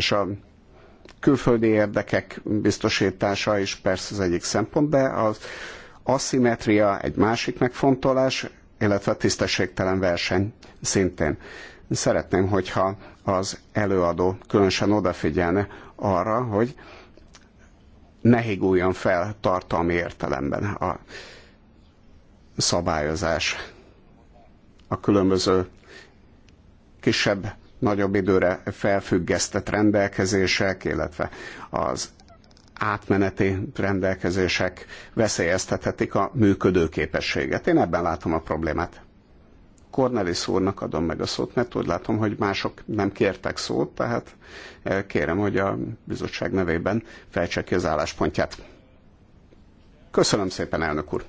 és a külföldi érdekek biztosítása is persze az egyik szempont, de az aszimetria egy másik megfontolás, illetve a tisztességtelen verseny szintén. Szeretném, hogyha az előadó különösen odafigyelne arra, hogy ne higuljon fel tartalmi értelemben a szabályozás a különböző kisebb nagyobb időre felfüggesztett rendelkezések, illetve az átmeneti rendelkezések veszélyeztethetik a működőképességet. Én ebben látom a problémát. Cornelis úrnak adom meg a szót, mert úgy látom, hogy mások nem kértek szót, tehát eh, kérem, hogy a bizottság nevében fejtse ki az álláspontját. Köszönöm szépen, elnök úr!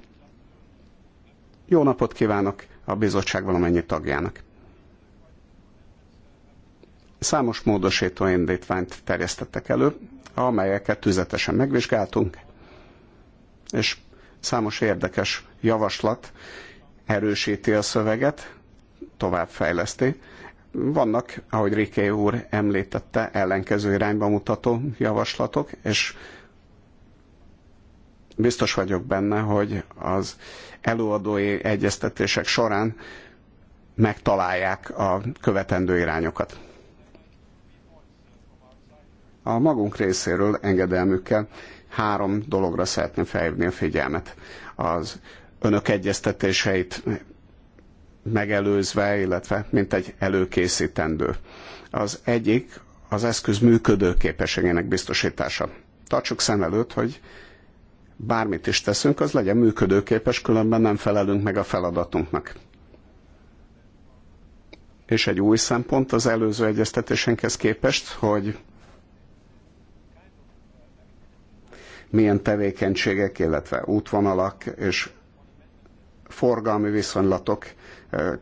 Jó napot kívánok a bizottság valamennyi tagjának! Számos módosító indítványt terjesztettek elő, amelyeket tüzetesen megvizsgáltunk, és számos érdekes javaslat erősíti a szöveget, továbbfejleszti. Vannak, ahogy Riké úr említette, ellenkező irányba mutató javaslatok, és biztos vagyok benne, hogy az előadói egyeztetések során megtalálják a követendő irányokat. A magunk részéről engedelmükkel három dologra szeretném felhívni a figyelmet. Az önök egyeztetéseit megelőzve, illetve mint egy előkészítendő. Az egyik az eszköz működő képességének biztosítása. Tartsuk szem előtt, hogy bármit is teszünk, az legyen működőképes, különben nem felelünk meg a feladatunknak. És egy új szempont az előző egyeztetésenkhez képest, hogy milyen tevékenységek, illetve útvonalak és forgalmi viszonylatok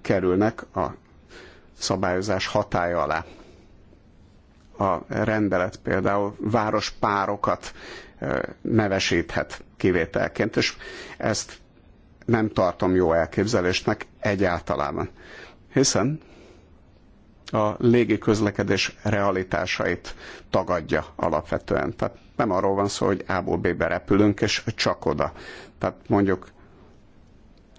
kerülnek a szabályozás hatája alá. A rendelet például várospárokat nevesíthet kivételként, és ezt nem tartom jó elképzelésnek egyáltalában. Hiszen a légi közlekedés realitásait tagadja alapvetően. Tehát nem arról van szó, hogy A-ból B-be repülünk, és csak oda. Tehát mondjuk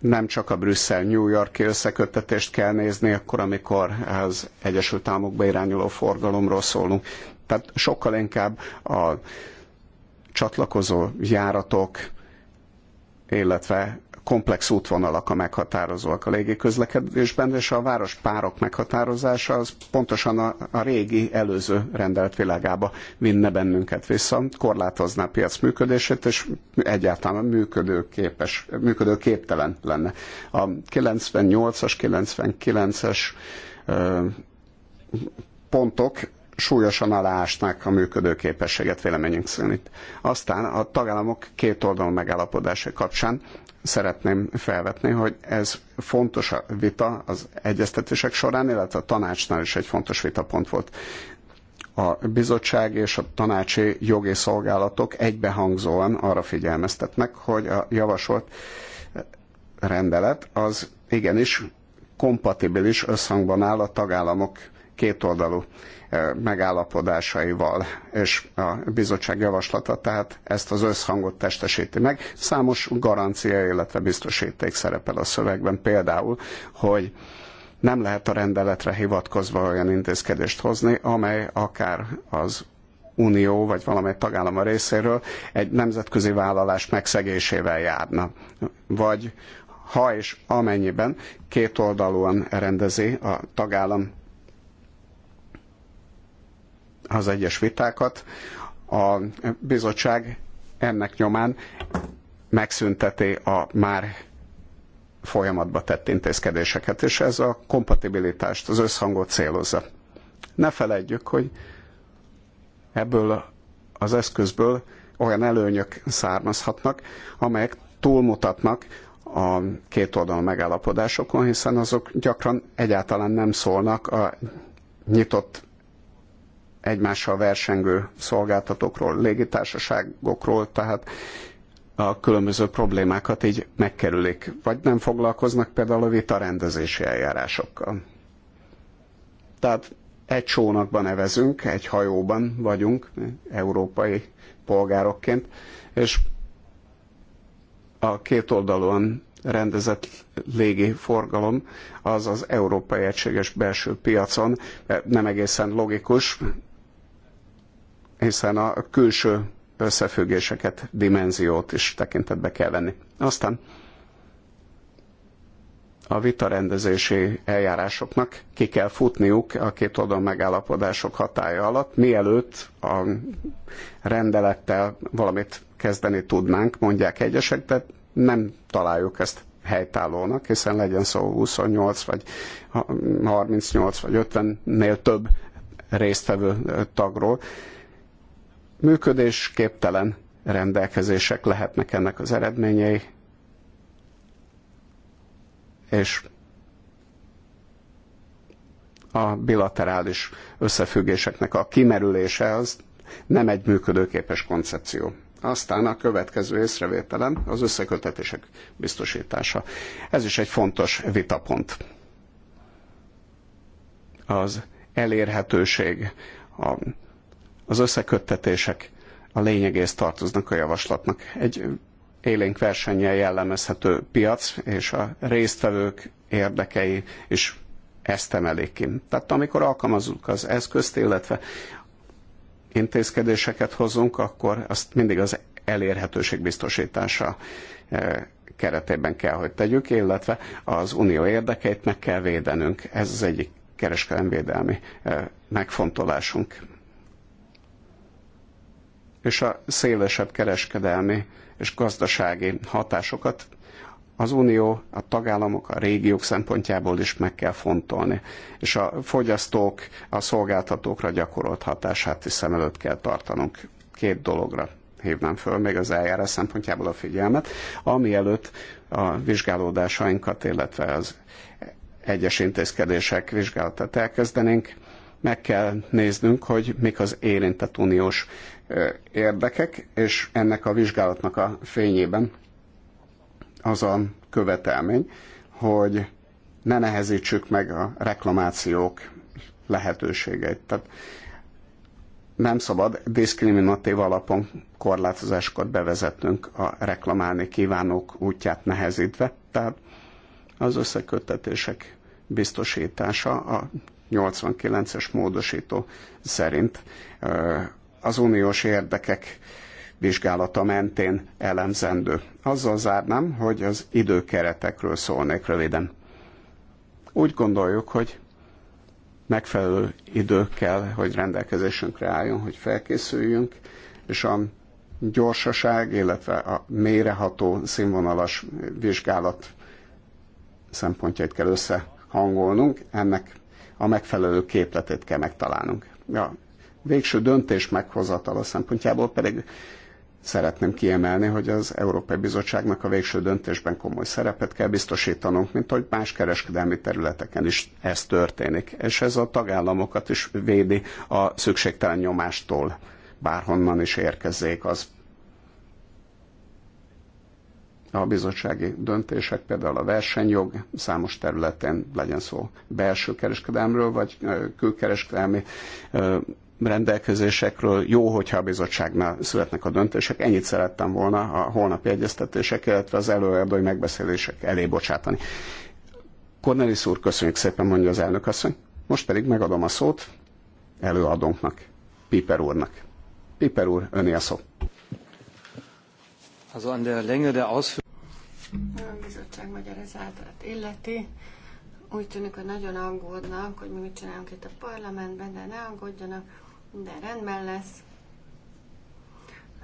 nem csak a Brüsszel-New Yorki összeköttetést kell nézni, akkor, amikor az Egyesült Államokba irányuló forgalomról szólunk. Tehát sokkal inkább a csatlakozó járatok, illetve komplex útvonalak a meghatározóak a légiközlekedésben, és a várospárok meghatározása az pontosan a, a régi előző rendelet világába vinne bennünket vissza, korlátozná a piac működését, és egyáltalán működőképes, működőképtelen lenne. A 98-as, 99-es pontok súlyosan aláásnák a működőképességet véleményünk szerint. Aztán a tagállamok két oldalon megállapodása kapcsán szeretném felvetni, hogy ez fontos a vita az egyeztetések során, illetve a tanácsnál is egy fontos vitapont volt. A bizottság és a tanácsi jogi szolgálatok egybehangzóan arra figyelmeztetnek, hogy a javasolt rendelet az igenis kompatibilis összhangban áll a tagállamok kétoldalú megállapodásaival, és a bizottság javaslata tehát ezt az összhangot testesíti meg. Számos garancia, illetve biztosíték szerepel a szövegben, például, hogy nem lehet a rendeletre hivatkozva olyan intézkedést hozni, amely akár az unió vagy valamely a részéről egy nemzetközi vállalás megszegésével járna. Vagy ha és amennyiben kétoldalúan rendezi a tagállam az egyes vitákat, a bizottság ennek nyomán megszünteti a már folyamatba tett intézkedéseket, és ez a kompatibilitást, az összhangot célozza. Ne felejtjük, hogy ebből az eszközből olyan előnyök származhatnak, amelyek túlmutatnak a két oldalon megállapodásokon, hiszen azok gyakran egyáltalán nem szólnak a nyitott egymással versengő szolgáltatókról, légitársaságokról, tehát a különböző problémákat így megkerülik, vagy nem foglalkoznak például a vita rendezési eljárásokkal. Tehát egy csónakban nevezünk, egy hajóban vagyunk, európai polgárokként, és a kétoldalúan rendezett légi forgalom az az európai egységes belső piacon nem egészen logikus, hiszen a külső összefüggéseket, dimenziót is tekintetbe kell venni. Aztán a vitarendezési eljárásoknak ki kell futniuk a két oldal megállapodások hatája alatt, mielőtt a rendelettel valamit kezdeni tudnánk, mondják egyesek, de nem találjuk ezt helytállónak, hiszen legyen szó 28 vagy 38 vagy 50-nél több résztvevő tagról működésképtelen rendelkezések lehetnek ennek az eredményei, és a bilaterális összefüggéseknek a kimerülése az nem egy működőképes koncepció. Aztán a következő észrevételem az összekötetések biztosítása. Ez is egy fontos vitapont. Az elérhetőség, a az összeköttetések a lényegész tartoznak a javaslatnak. Egy élénk versennyel jellemezhető piac, és a résztvevők érdekei is ezt emelik ki. Tehát amikor alkalmazzuk az eszközt, illetve intézkedéseket hozunk, akkor azt mindig az elérhetőség biztosítása eh, keretében kell, hogy tegyük, illetve az unió érdekeit meg kell védenünk. Ez az egyik kereskedelemvédelmi eh, megfontolásunk és a szélesebb kereskedelmi és gazdasági hatásokat az unió, a tagállamok, a régiók szempontjából is meg kell fontolni, és a fogyasztók, a szolgáltatókra gyakorolt hatását is szem előtt kell tartanunk. Két dologra hívnám föl még az eljárás szempontjából a figyelmet, ami előtt a vizsgálódásainkat, illetve az egyes intézkedések vizsgálatát elkezdenénk, meg kell néznünk, hogy mik az érintett uniós érdekek, és ennek a vizsgálatnak a fényében az a követelmény, hogy ne nehezítsük meg a reklamációk lehetőségeit. Tehát nem szabad diszkriminatív alapon korlátozásokat bevezetnünk a reklamálni kívánók útját nehezítve. Tehát az összeköttetések biztosítása a 89-es módosító szerint az uniós érdekek vizsgálata mentén elemzendő. Azzal zárnám, hogy az időkeretekről szólnék röviden. Úgy gondoljuk, hogy megfelelő idő kell, hogy rendelkezésünkre álljon, hogy felkészüljünk, és a gyorsaság, illetve a méreható színvonalas vizsgálat szempontjait kell összehangolnunk. Ennek a megfelelő képletét kell megtalálnunk. A végső döntés meghozatala szempontjából pedig szeretném kiemelni, hogy az Európai Bizottságnak a végső döntésben komoly szerepet kell biztosítanunk, mint hogy más kereskedelmi területeken is ez történik. És ez a tagállamokat is védi a szükségtelen nyomástól, bárhonnan is érkezzék az a bizottsági döntések, például a versenyjog számos területen legyen szó belső kereskedelmről, vagy külkereskedelmi rendelkezésekről. Jó, hogyha a bizottságnál születnek a döntések. Ennyit szerettem volna a holnapi egyeztetések, illetve az előadói megbeszélések elé bocsátani. Cornelis úr, köszönjük szépen, mondja az elnök asszony. Most pedig megadom a szót előadónknak, Piper úrnak. Piper úr, öné a szó. Also an der Länge der Ausführungen a bizottság magyarázatát illeti. Úgy tűnik, hogy nagyon aggódnak, hogy mi mit csinálunk itt a parlamentben, de ne aggódjanak, minden rendben lesz.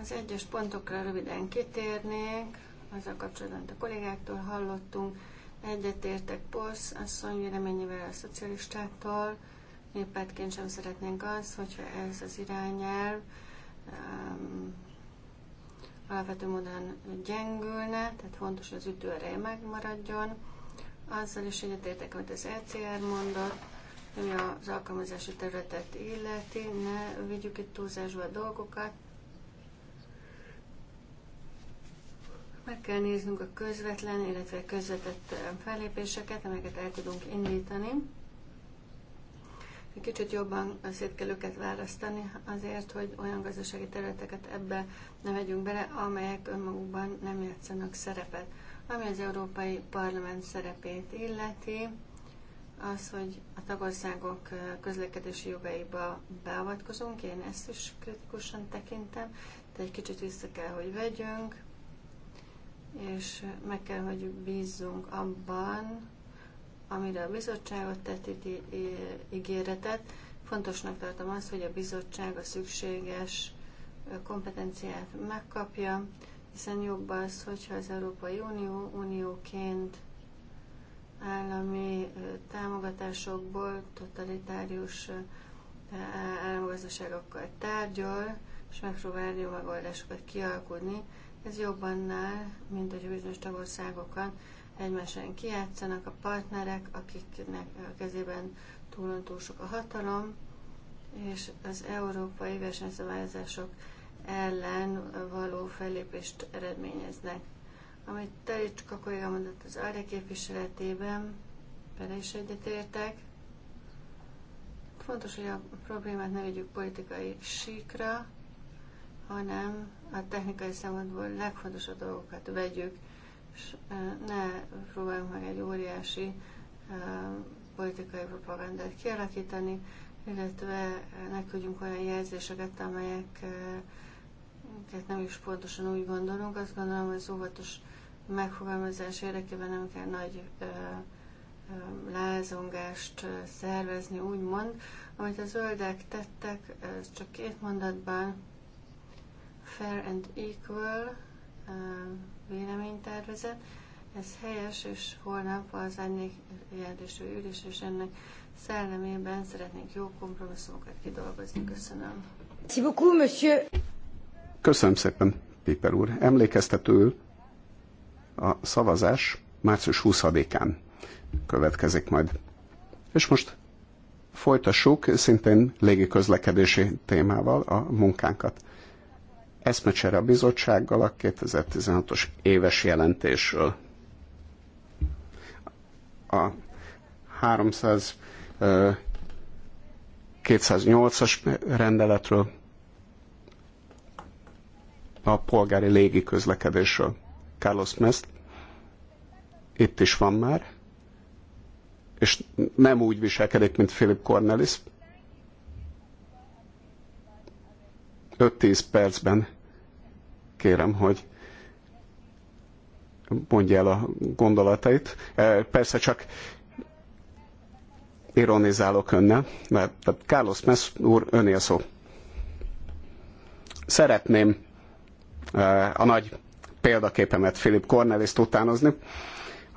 Az egyes pontokra röviden kitérnék, azzal kapcsolatban a kollégáktól hallottunk, egyetértek POSZ asszony véleményével a szocialistáktól, néppártként sem szeretnénk az, hogyha ez az irányelv um, alapvető módon gyengülne, tehát fontos, hogy az ütőereje megmaradjon. Azzal is egyetértek, amit az ECR mondott, ami az alkalmazási területet illeti, ne vigyük itt túlzásba a dolgokat. Meg kell néznünk a közvetlen, illetve közvetett fellépéseket, amelyeket el tudunk indítani egy kicsit jobban szét kell őket választani azért, hogy olyan gazdasági területeket ebbe ne vegyünk bele, amelyek önmagukban nem játszanak szerepet. Ami az Európai Parlament szerepét illeti, az, hogy a tagországok közlekedési jogaiba beavatkozunk, én ezt is kritikusan tekintem, de egy kicsit vissza kell, hogy vegyünk, és meg kell, hogy bízzunk abban, amire a bizottságot tett ígéretet. Fontosnak tartom azt, hogy a bizottság a szükséges kompetenciát megkapja, hiszen jobb az, hogyha az Európai Unió unióként állami támogatásokból, totalitárius államgazdaságokkal tárgyal, és megpróbálja megoldásokat kialkudni. Ez jobban annál, mint hogy bizonyos tagországokat egymáson kijátszanak a partnerek, akiknek a kezében túlon túl sok a hatalom, és az európai versenyszabályozások ellen való fellépést eredményeznek. Amit Telicska kolléga mondott az ARE képviseletében, vele is egyetértek. Fontos, hogy a problémát ne vegyük politikai síkra, hanem a technikai szempontból legfontosabb dolgokat vegyük és ne próbáljunk meg egy óriási politikai propagandát kialakítani, illetve ne küldjünk olyan jelzéseket, amelyeket nem is pontosan úgy gondolunk. Azt gondolom, hogy az óvatos megfogalmazás érdekében nem kell nagy lázongást szervezni, úgymond. Amit a zöldek tettek, ez csak két mondatban, fair and equal, véleménytervezet. Ez helyes, és holnap az árnyék jelentésű ülés, és ennek szellemében szeretnénk jó kompromisszumokat kidolgozni. Köszönöm. Köszönöm szépen, Piper úr. Emlékeztetőül a szavazás március 20-án következik majd. És most folytassuk szintén légiközlekedési témával a munkánkat eszmecsere a bizottsággal a 2016-os éves jelentésről. A 300 208-as rendeletről, a polgári légi közlekedésről. Carlos Mest itt is van már, és nem úgy viselkedik, mint Philip Cornelis. 5-10 percben kérem, hogy mondja el a gondolatait. E, persze csak ironizálok önnel, mert Carlos Mess úr önél szó. Szeretném e, a nagy példaképemet Philip Cornelis-t utánozni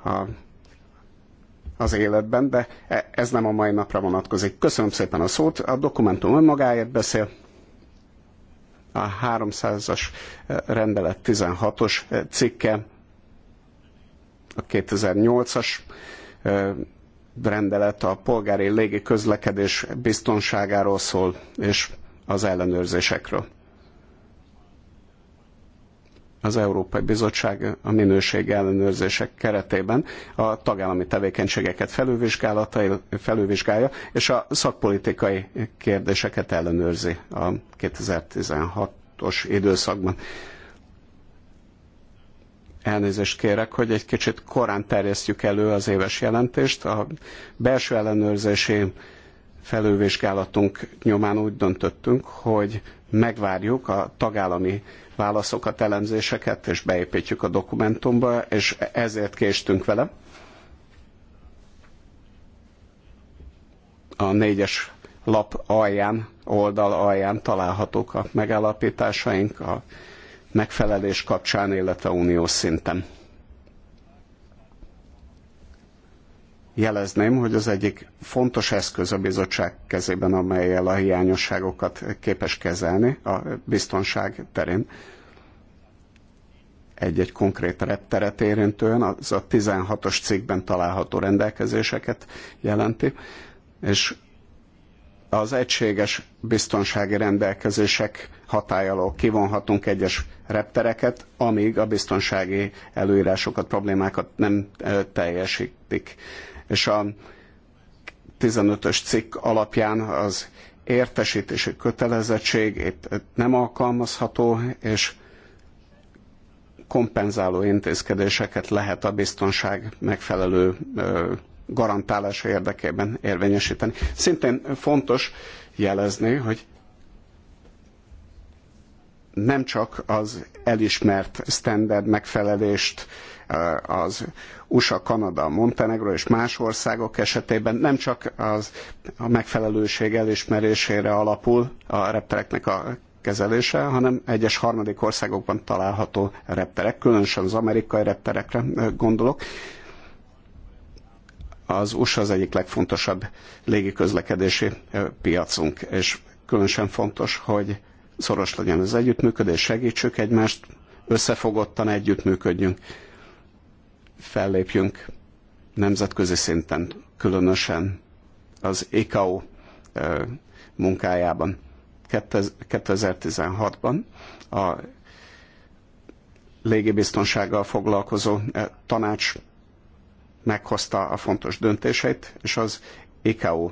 a, az életben, de e, ez nem a mai napra vonatkozik. Köszönöm szépen a szót, a dokumentum önmagáért beszél, a 300-as eh, rendelet 16-os eh, cikke, a 2008-as eh, rendelet a polgári légi közlekedés biztonságáról szól, és az ellenőrzésekről az Európai Bizottság a minőség ellenőrzések keretében a tagállami tevékenységeket felülvizsgálja, és a szakpolitikai kérdéseket ellenőrzi a 2016-os időszakban. Elnézést kérek, hogy egy kicsit korán terjesztjük elő az éves jelentést. A belső ellenőrzési felülvizsgálatunk nyomán úgy döntöttünk, hogy megvárjuk a tagállami válaszokat, elemzéseket, és beépítjük a dokumentumba, és ezért késtünk vele. A négyes lap alján, oldal alján találhatók a megállapításaink a megfelelés kapcsán, illetve uniós szinten. jelezném, hogy az egyik fontos eszköz a bizottság kezében, amelyel a hiányosságokat képes kezelni a biztonság terén, egy-egy konkrét repteret érintően, az a 16-os cikkben található rendelkezéseket jelenti, és az egységes biztonsági rendelkezések hatálya alól kivonhatunk egyes reptereket, amíg a biztonsági előírásokat, problémákat nem teljesítik és a 15-ös cikk alapján az értesítési kötelezettség itt nem alkalmazható, és kompenzáló intézkedéseket lehet a biztonság megfelelő garantálása érdekében érvényesíteni. Szintén fontos jelezni, hogy nem csak az elismert standard megfelelést az USA, Kanada, Montenegro és más országok esetében nem csak az, a megfelelőség elismerésére alapul a reptereknek a kezelése, hanem egyes harmadik országokban található repterek, különösen az amerikai repterekre gondolok. Az USA az egyik legfontosabb légiközlekedési piacunk, és különösen fontos, hogy szoros legyen az együttműködés, segítsük egymást, összefogottan együttműködjünk fellépjünk nemzetközi szinten, különösen az ICAO munkájában. 2016-ban a légibiztonsággal foglalkozó tanács meghozta a fontos döntéseit, és az ICAO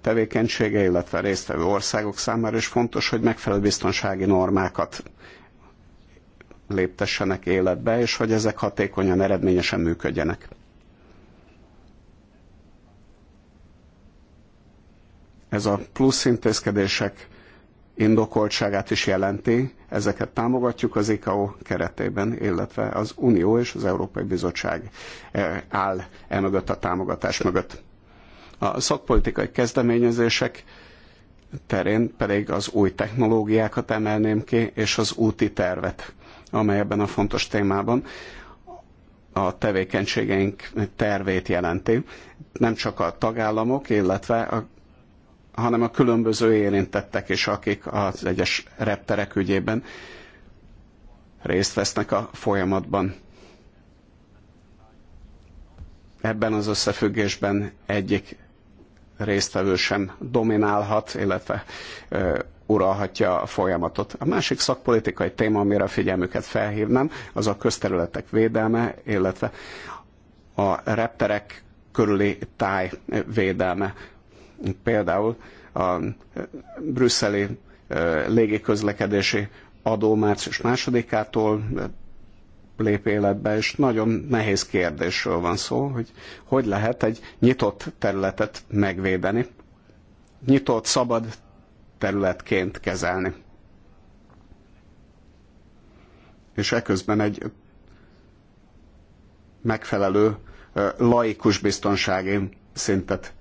tevékenysége, illetve a résztvevő országok számára is fontos, hogy megfelelő biztonsági normákat léptessenek életbe, és hogy ezek hatékonyan, eredményesen működjenek. Ez a plusz intézkedések indokoltságát is jelenti, ezeket támogatjuk az ICAO keretében, illetve az Unió és az Európai Bizottság eh, áll e mögött a támogatás mögött. A szakpolitikai kezdeményezések terén pedig az új technológiákat emelném ki, és az úti tervet amely ebben a fontos témában a tevékenységeink tervét jelenti. Nem csak a tagállamok, illetve a hanem a különböző érintettek és akik az egyes repterek ügyében részt vesznek a folyamatban. Ebben az összefüggésben egyik résztvevő sem dominálhat, illetve uralhatja a folyamatot. A másik szakpolitikai téma, amire a figyelmüket felhívnám, az a közterületek védelme, illetve a repterek körüli táj védelme. Például a brüsszeli légiközlekedési adó március másodikától lép életbe, és nagyon nehéz kérdésről van szó, hogy hogy lehet egy nyitott területet megvédeni. Nyitott, szabad területként kezelni. És eközben egy megfelelő laikus biztonsági szintet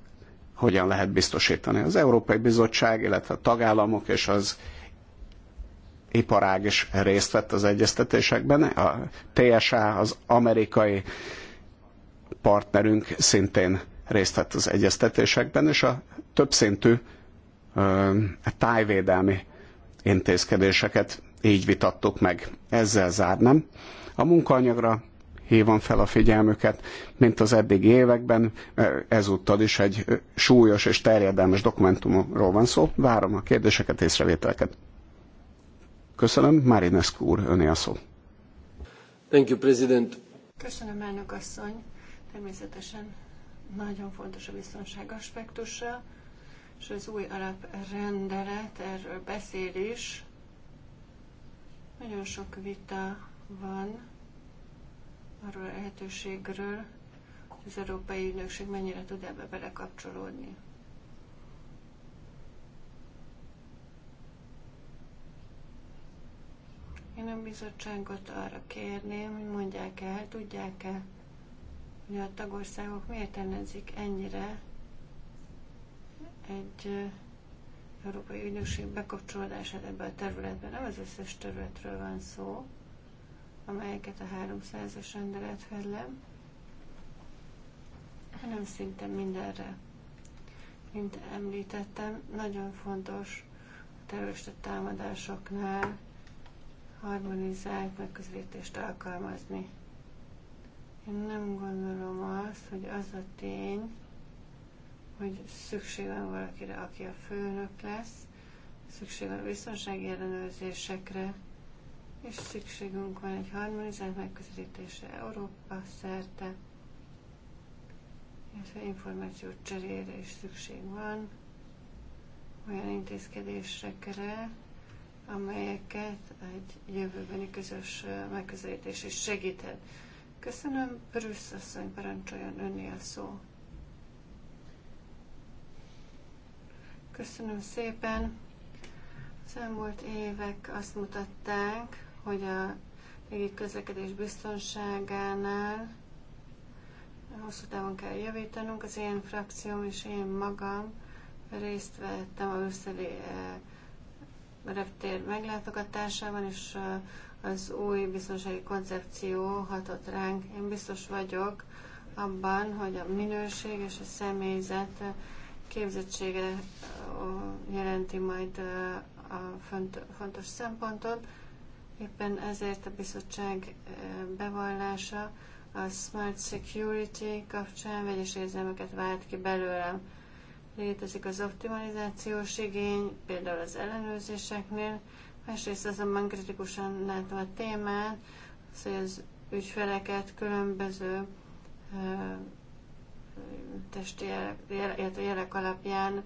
hogyan lehet biztosítani. Az Európai Bizottság, illetve a tagállamok és az iparág is részt vett az egyeztetésekben. A TSA, az amerikai partnerünk szintén részt vett az egyeztetésekben, és a többszintű E tájvédelmi intézkedéseket így vitattuk meg. Ezzel zárnám. A munkaanyagra hívom fel a figyelmüket, mint az eddigi években, ezúttal is egy súlyos és terjedelmes dokumentumról van szó. Várom a kérdéseket, észrevételeket. Köszönöm, Marinescu úr, öné a szó. Thank you, President. Köszönöm, elnök asszony. Természetesen nagyon fontos a biztonság aspektusa és az új alaprendelet erről beszél is. Nagyon sok vita van arról a lehetőségről, hogy az Európai Ügynökség mennyire tud ebbe belekapcsolódni. Én a bizottságot arra kérném, hogy mondják el, tudják-e, hogy a tagországok miért ellenzik ennyire egy Európai Ügynökség bekapcsolódását ebbe a területbe. Nem az összes területről van szó, amelyeket a 300-as rendelet fed le, hanem szinte mindenre. Mint említettem, nagyon fontos a terrorista támadásoknál harmonizált megközelítést alkalmazni. Én nem gondolom azt, hogy az a tény, hogy szükség van valakire, aki a főnök lesz, szükség van biztonsági ellenőrzésekre, és szükségünk van egy harmonizált megközelítésre Európa szerte, illetve információ cserére is szükség van, olyan intézkedésekre, amelyeket egy jövőbeni közös megközelítés is segíthet. Köszönöm, Brüssz asszony, parancsoljon önni a szó. Köszönöm szépen. Az elmúlt évek azt mutatták, hogy a légi közlekedés biztonságánál hosszú távon kell javítanunk. Az én frakcióm és én magam részt vettem a összeli eh, reptér meglátogatásában, és eh, az új biztonsági koncepció hatott ránk. Én biztos vagyok abban, hogy a minőség és a személyzet eh, képzettsége jelenti majd a fontos szempontot. Éppen ezért a bizottság bevallása a Smart Security kapcsán vegyes érzelmeket vált ki belőlem. Létezik az optimalizációs igény, például az ellenőrzéseknél, másrészt azonban kritikusan látom a témát, az, hogy az ügyfeleket különböző testi jelek, illetve jelek alapján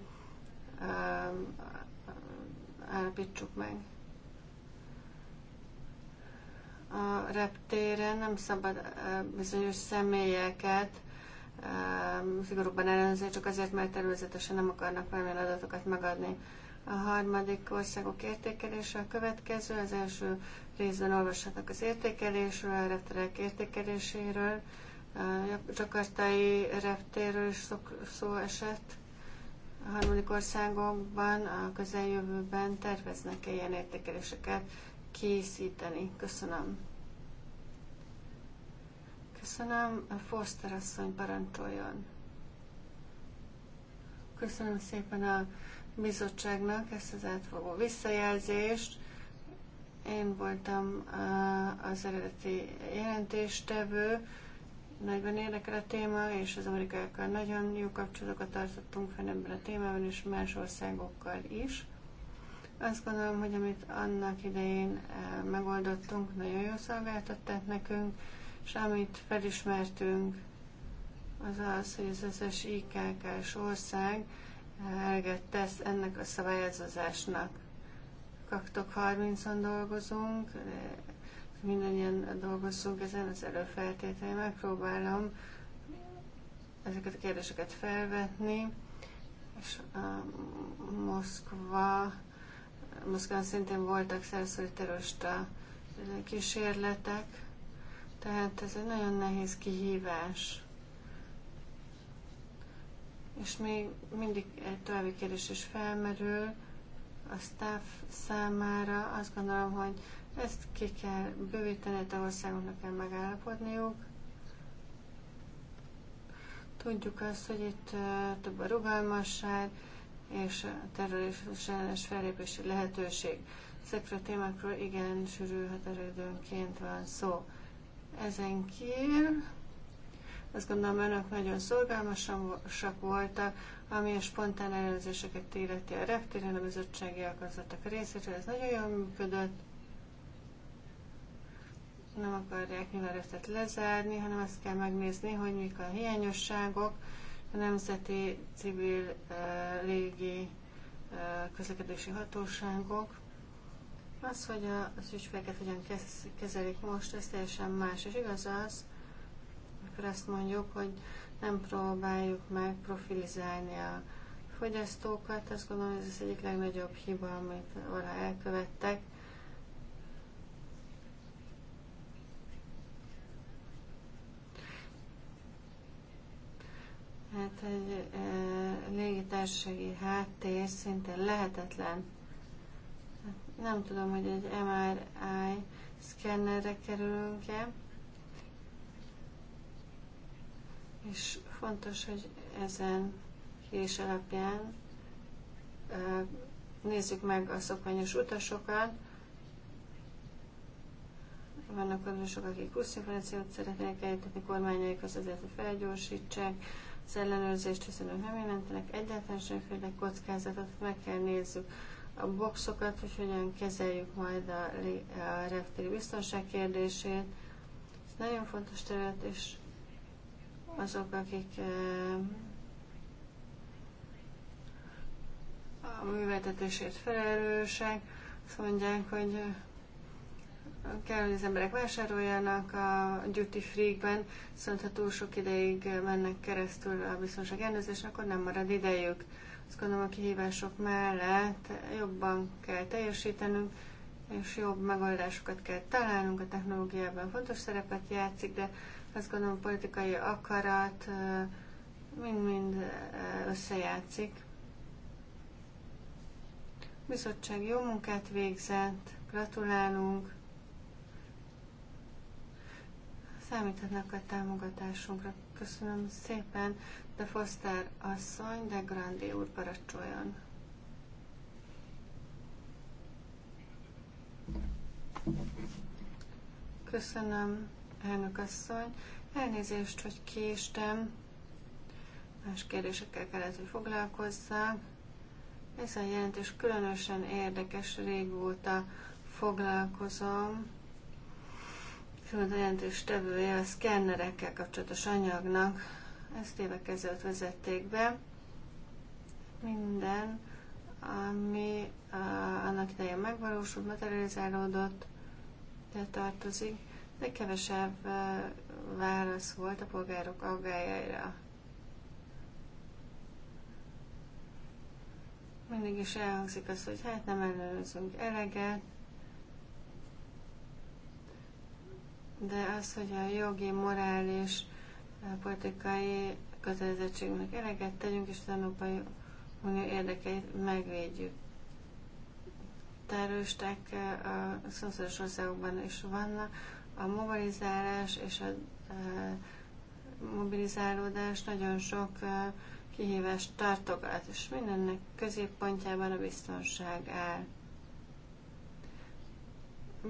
állapítsuk meg. A reptéren nem szabad bizonyos személyeket szigorúban ellenőrizni, csak azért, mert előzetesen nem akarnak valamilyen adatokat megadni. A harmadik országok értékelése a következő, az első részben olvashatnak az értékelésről, a repterek értékeléséről, Jakartai reptéről is szok, szó esett. A harmadik országokban a közeljövőben terveznek-e ilyen értékeléseket készíteni? Köszönöm. Köszönöm. A Foster asszony parancsoljon. Köszönöm szépen a bizottságnak ezt az átfogó visszajelzést. Én voltam az eredeti jelentéstevő, nagyon érdekel a téma, és az amerikaiakkal nagyon jó kapcsolatokat tartottunk fenn ebben a témában, és más országokkal is. Azt gondolom, hogy amit annak idején eh, megoldottunk, nagyon jó szolgáltatták nekünk, és amit felismertünk, az az, hogy az összes IKK-s ország eh, eleget tesz ennek a szabályozásnak. Kaktok 30-an dolgozunk, mindannyian dolgozzunk ezen az előfeltételen. Megpróbálom ezeket a kérdéseket felvetni, és a Moszkva, Moszkván szintén voltak szerszori terrorista kísérletek, tehát ez egy nagyon nehéz kihívás. És még mindig egy további kérdés is felmerül a staff számára. Azt gondolom, hogy ezt ki kell bővíteni, de országoknak kell megállapodniuk. Tudjuk azt, hogy itt több a rugalmasság és a terrorizmus ellenes fellépési lehetőség. Ezekről a témákról igen sűrű határidőnként van szó. Ezen kívül azt gondolom önök nagyon szorgalmasak voltak, ami a spontán előzéseket illeti a reptéren, a bizottsági alkalmazottak részéről, ez nagyon jól működött nem akarják minden részlet lezárni, hanem azt kell megnézni, hogy mik a hiányosságok a nemzeti civil eh, légi eh, közlekedési hatóságok. Az, hogy az ügyfeleket hogyan kezelik most, ez teljesen más. És igaz az, akkor azt mondjuk, hogy nem próbáljuk meg profilizálni a fogyasztókat, azt gondolom, hogy ez az egyik legnagyobb hiba, amit valaha elkövettek, Hát egy e, légitársasági háttér szintén lehetetlen. Hát nem tudom, hogy egy MRI szkennerre kerülünk-e. És fontos, hogy ezen kés alapján e, nézzük meg a szokványos utasokat. Vannak azok, akik plusz információt szeretnék eljutatni kormányaikhoz, azért, hogy felgyorsítsák az ellenőrzést, hiszen ők nem jelentenek egyáltalán semmiféle kockázatot, meg kell nézzük a boxokat, hogy hogyan kezeljük majd a, a reptéri biztonság kérdését. Ez nagyon fontos terület, és azok, akik a műveltetésért felelősek, azt mondják, hogy kell, hogy az emberek vásároljanak a duty free-ben, viszont ha túl sok ideig mennek keresztül a biztonság ellenőrzésnek, akkor nem marad idejük. Azt gondolom a kihívások mellett jobban kell teljesítenünk, és jobb megoldásokat kell találnunk, a technológiában fontos szerepet játszik, de azt gondolom a politikai akarat mind-mind összejátszik. A bizottság jó munkát végzett, gratulálunk! számíthatnak a támogatásunkra. Köszönöm szépen, de Foster asszony, de Grandi úr parancsoljon. Köszönöm, elnök asszony. Elnézést, hogy késtem. Más kérdésekkel kellett, hogy foglalkozzak. Ez a jelentés különösen érdekes, régóta foglalkozom Külön a jelentős tevője a szkennerekkel kapcsolatos anyagnak. Ezt évek ezelőtt vezették be. Minden, ami a, annak idején megvalósult, materializálódott, de tartozik, de kevesebb válasz volt a polgárok aggájaira. Mindig is elhangzik az, hogy hát nem előzünk eleget, de az, hogy a jogi, morális, eh, politikai kötelezettségnek eleget tegyünk, és az Európai Unió érdekeit megvédjük. Terroristák eh, a szomszédos országokban is vannak. A mobilizálás és a eh, mobilizálódás nagyon sok kihívást tartogat, és mindennek középpontjában a biztonság áll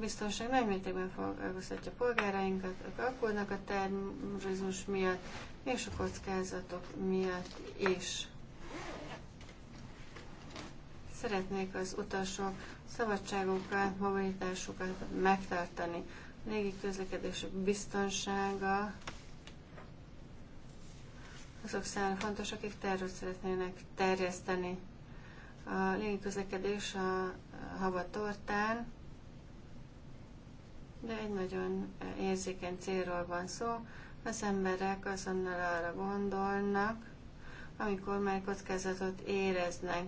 biztonság nagy mértékben foglalkoztatja polgárainkat, a aggódnak a terrorizmus miatt és a kockázatok miatt is. Szeretnék az utasok szabadságukat, mobilitásukat megtartani. A légi közlekedés biztonsága azok számára fontos, akik tervet szeretnének terjeszteni. A légi közlekedés a havatortán de egy nagyon érzékeny célról van szó. Az emberek azonnal arra gondolnak, amikor már kockázatot éreznek.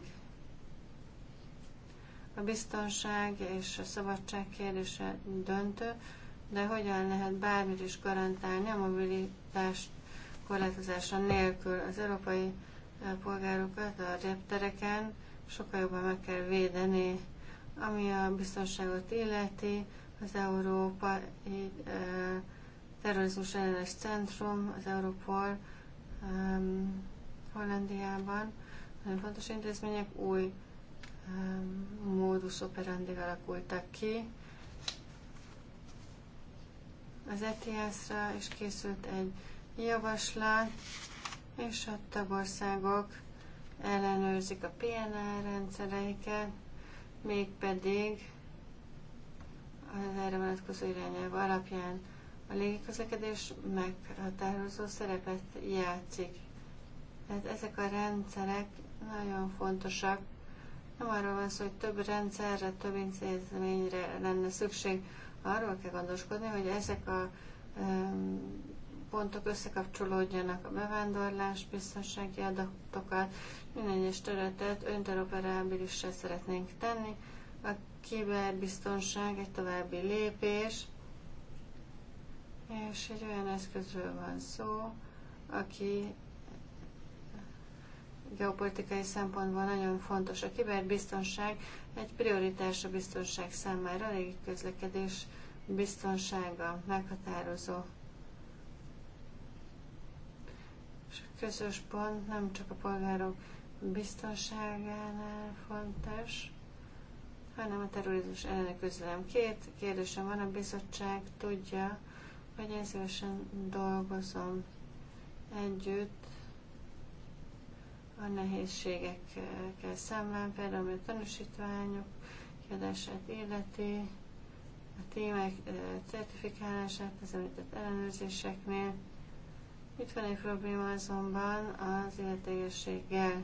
A biztonság és a szabadság kérdése döntő, de hogyan lehet bármit is garantálni a mobilitás korlátozása nélkül az európai eh, polgárokat a reptereken sokkal jobban meg kell védeni, ami a biztonságot illeti, az Európa Terrorizmus ellenes centrum, az Europol um, Hollandiában. Nagyon fontos intézmények új um, módus operandi alakultak ki. Az ETS-ra is készült egy javaslat, és a tagországok ellenőrzik a PNR rendszereiket, mégpedig az erre vonatkozó irányelv alapján a légiközlekedés meghatározó szerepet játszik. Tehát ezek a rendszerek nagyon fontosak. Nem arról van szó, hogy több rendszerre, több intézményre lenne szükség. Arról kell gondoskodni, hogy ezek a pontok összekapcsolódjanak a bevándorlás, biztonsági adatokat, minden egyes területet önteroperábilissá szeretnénk tenni. A kiberbiztonság egy további lépés, és egy olyan eszközről van szó, aki geopolitikai szempontból nagyon fontos. A kiberbiztonság egy prioritás a biztonság számára, a közlekedés biztonsága meghatározó. És a közös pont nem csak a polgárok biztonságánál fontos, hanem a terrorizmus elleni küzdelem. Két kérdésem van, a bizottság tudja, hogy én szívesen dolgozom együtt a nehézségekkel szemben, például a tanúsítványok kiadását illeti, a témák certifikálását az említett ellenőrzéseknél. Itt van egy probléma azonban az illetégességgel.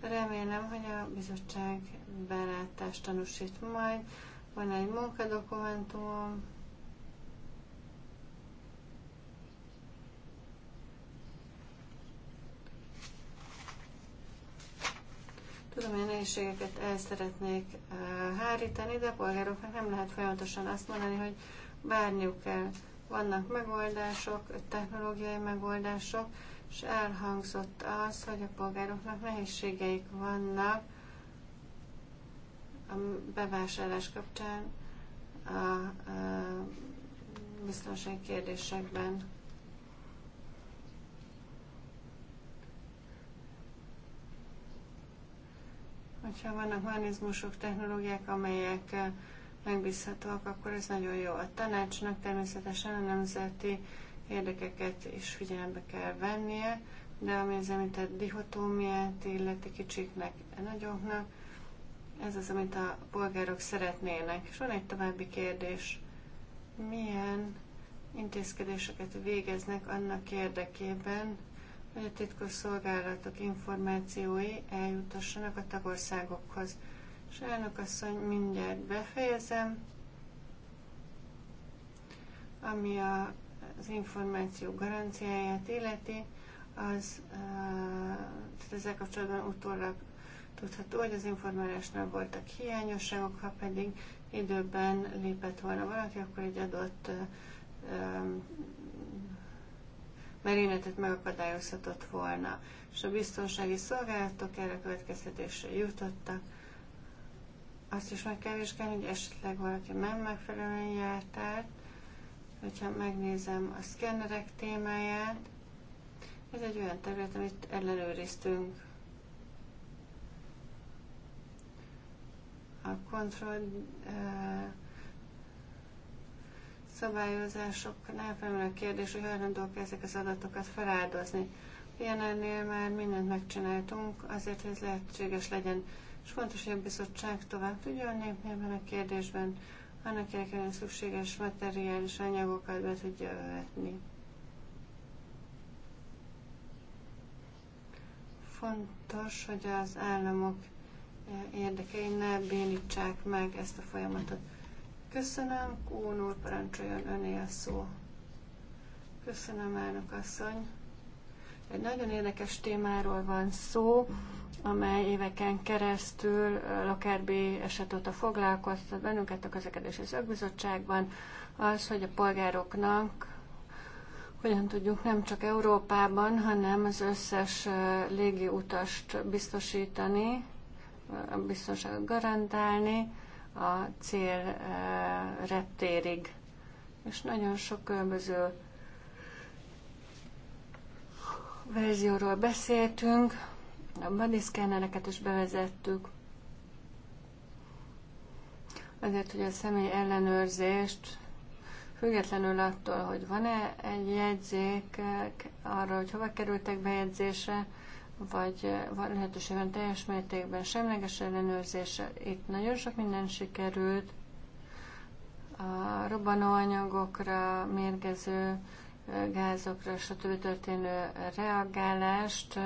Remélem, hogy a bizottság belátást tanúsít majd. Van egy munkadokumentum, Tudom, hogy a nehézségeket el szeretnék eh, hárítani, de a polgároknak nem lehet folyamatosan azt mondani, hogy várniuk kell. Vannak megoldások, technológiai megoldások, és elhangzott az, hogy a polgároknak nehézségeik vannak a bevásárlás kapcsán a, a biztonsági kérdésekben. Hogyha vannak mechanizmusok, technológiák, amelyek megbízhatóak, akkor ez nagyon jó a tanácsnak, természetesen a nemzeti uh, érdekeket is figyelembe kell vennie, de ami az említett dihotómiát illeti kicsiknek, nagyoknak, ez az, amit a polgárok szeretnének. És van egy további kérdés, milyen intézkedéseket végeznek annak érdekében, hogy a titkos szolgálatok információi eljutassanak a tagországokhoz. És elnök asszony, mindjárt befejezem, ami a az információ garanciáját illeti, az tehát ezzel kapcsolatban utólag tudható, hogy az informálásnál voltak hiányosságok, ha pedig időben lépett volna valaki, akkor egy adott merényletet megakadályozhatott volna. És a biztonsági szolgálatok erre következtetésre jutottak. Azt is meg kell vizsgálni, hogy esetleg valaki nem megfelelően járt át, Hogyha megnézem a szkennerek témáját, ez egy olyan terület, amit ellenőriztünk. A kontroll uh, szabályozásoknál felmerül a kérdés, hogy hajlandók ezek az adatokat feláldozni. Ilyenennél már mindent megcsináltunk azért, hogy ez lehetséges legyen. És fontos, hogy a bizottság tovább tudjon lépni ebben a kérdésben annak érdekében szükséges materiális anyagokat be tudja vetni. Fontos, hogy az államok e, érdekei ne bénítsák meg ezt a folyamatot. Köszönöm, Kún úr, parancsoljon öné a szó. Köszönöm, elnök asszony. Egy nagyon érdekes témáról van szó, amely éveken keresztül Lokárbi eset óta foglalkoztat bennünket a közlekedési szakbizottságban, az, hogy a polgároknak hogyan tudjuk nem csak Európában, hanem az összes légi utast biztosítani, a biztonságot garantálni a cél reptérig. És nagyon sok különböző verzióról beszéltünk, a scannereket is bevezettük, azért, hogy a személy ellenőrzést függetlenül attól, hogy van-e egy jegyzék arra, hogy hova kerültek bejegyzése, vagy van lehetőségben teljes mértékben semleges ellenőrzése. Itt nagyon sok minden sikerült. A robbanóanyagokra, mérgező gázokra, stb. történő reagálást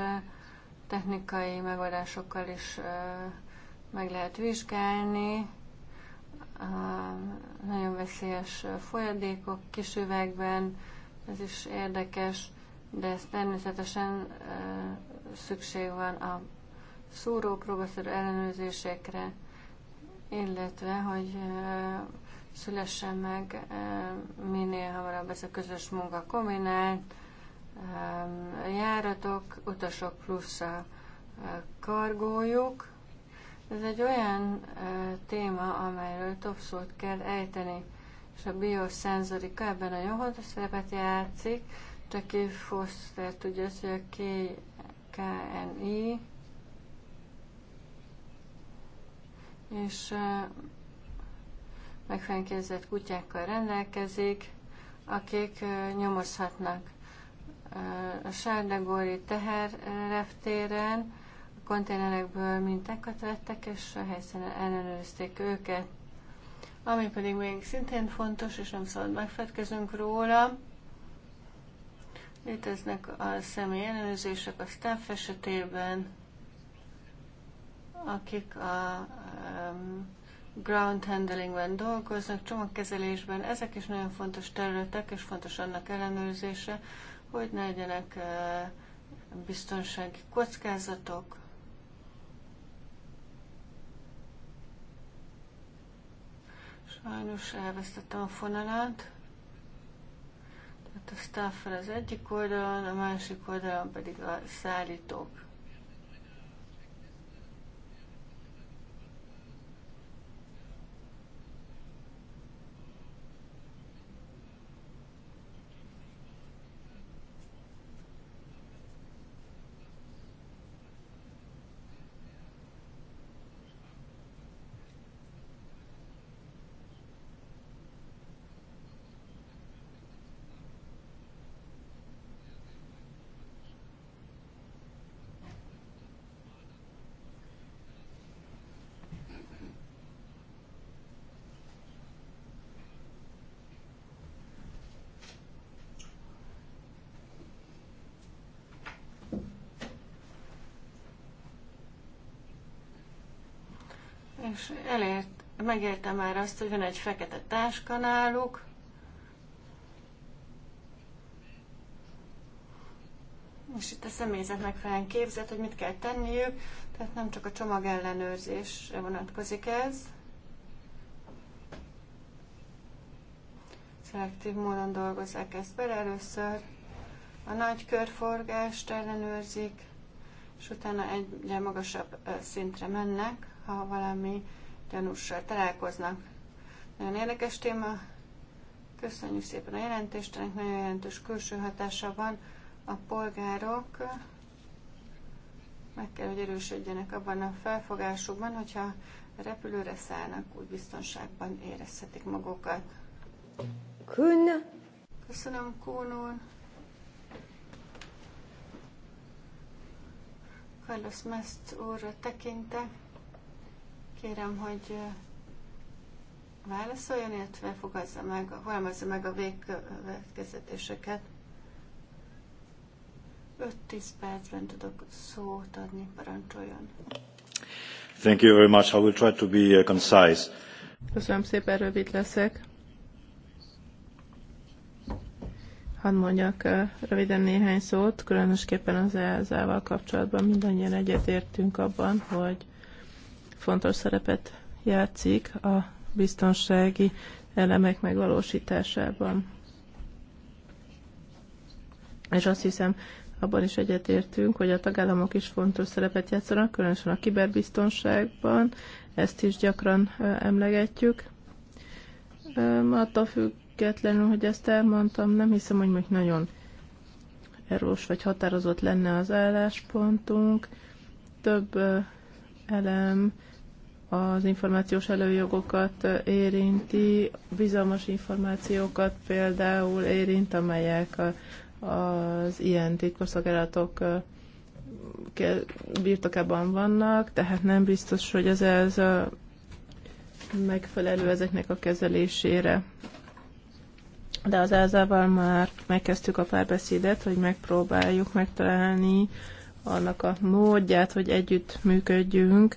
technikai megoldásokkal is meg lehet vizsgálni. Nagyon veszélyes folyadékok kis üvegben, ez is érdekes, de ez természetesen szükség van a szúró próbaszerű ellenőrzésekre, illetve, hogy szülessen meg minél hamarabb ez a közös munka kombinált a járatok, utasok plusz a kargójuk. Ez egy olyan téma, amelyről több szót kell ejteni, és a bioszenzorika ebben nagyon fontos szerepet játszik. Jackie Foster tudja hogy a KNI, és megfenkézett kutyákkal rendelkezik, akik nyomozhatnak a Sárdagóri teherreftéren eh, a konténerekből mintákat vettek, és a helyszínen ellenőrizték őket. Ami pedig még szintén fontos, és nem szabad megfetkezünk róla, léteznek a személy ellenőrzések a staff esetében, akik a um, ground handlingben dolgoznak, csomagkezelésben, ezek is nagyon fontos területek, és fontos annak ellenőrzése, hogy ne legyenek biztonsági kockázatok, Sajnos elvesztettem a fonalát. Tehát a staffel az egyik oldalon, a másik oldalon pedig a szállítók. és elért, megérte már azt, hogy van egy fekete táskanáluk, és itt a személyzet megfelelően képzett, hogy mit kell tenniük, tehát nem csak a csomag ellenőrzésre vonatkozik ez. Szelektív módon dolgozzák ezt bele először. A nagy körforgást ellenőrzik, és utána egyre magasabb szintre mennek ha valami gyanússal találkoznak. Nagyon érdekes téma. Köszönjük szépen a jelentést, ennek nagyon jelentős külső hatása van. A polgárok meg kell, hogy erősödjenek abban a felfogásukban, hogyha repülőre szállnak, úgy biztonságban érezhetik magukat. Kün. Köszönöm, Kónul. Carlos Mest úrra tekintek. Kérem, hogy válaszoljon, illetve fogazza meg, fogalmazza meg a végkövetkezetéseket. 5-10 percben tudok szót adni, parancsoljon. Thank you very much. I will try to be uh, concise. Köszönöm szépen, rövid leszek. Hadd mondjak röviden néhány szót, különösképpen az elz kapcsolatban mindannyian egyetértünk abban, hogy fontos szerepet játszik a biztonsági elemek megvalósításában. És azt hiszem, abban is egyetértünk, hogy a tagállamok is fontos szerepet játszanak, különösen a kiberbiztonságban, ezt is gyakran emlegetjük. Attól függetlenül, hogy ezt elmondtam, nem hiszem, hogy még nagyon erős vagy határozott lenne az álláspontunk. Több elem az információs előjogokat érinti, bizalmas információkat például érint, amelyek az ilyen titkosszolgálatok birtokában vannak, tehát nem biztos, hogy ez, ez a megfelelő ezeknek a kezelésére. De az Ázával már megkezdtük a párbeszédet, hogy megpróbáljuk megtalálni annak a módját, hogy együtt működjünk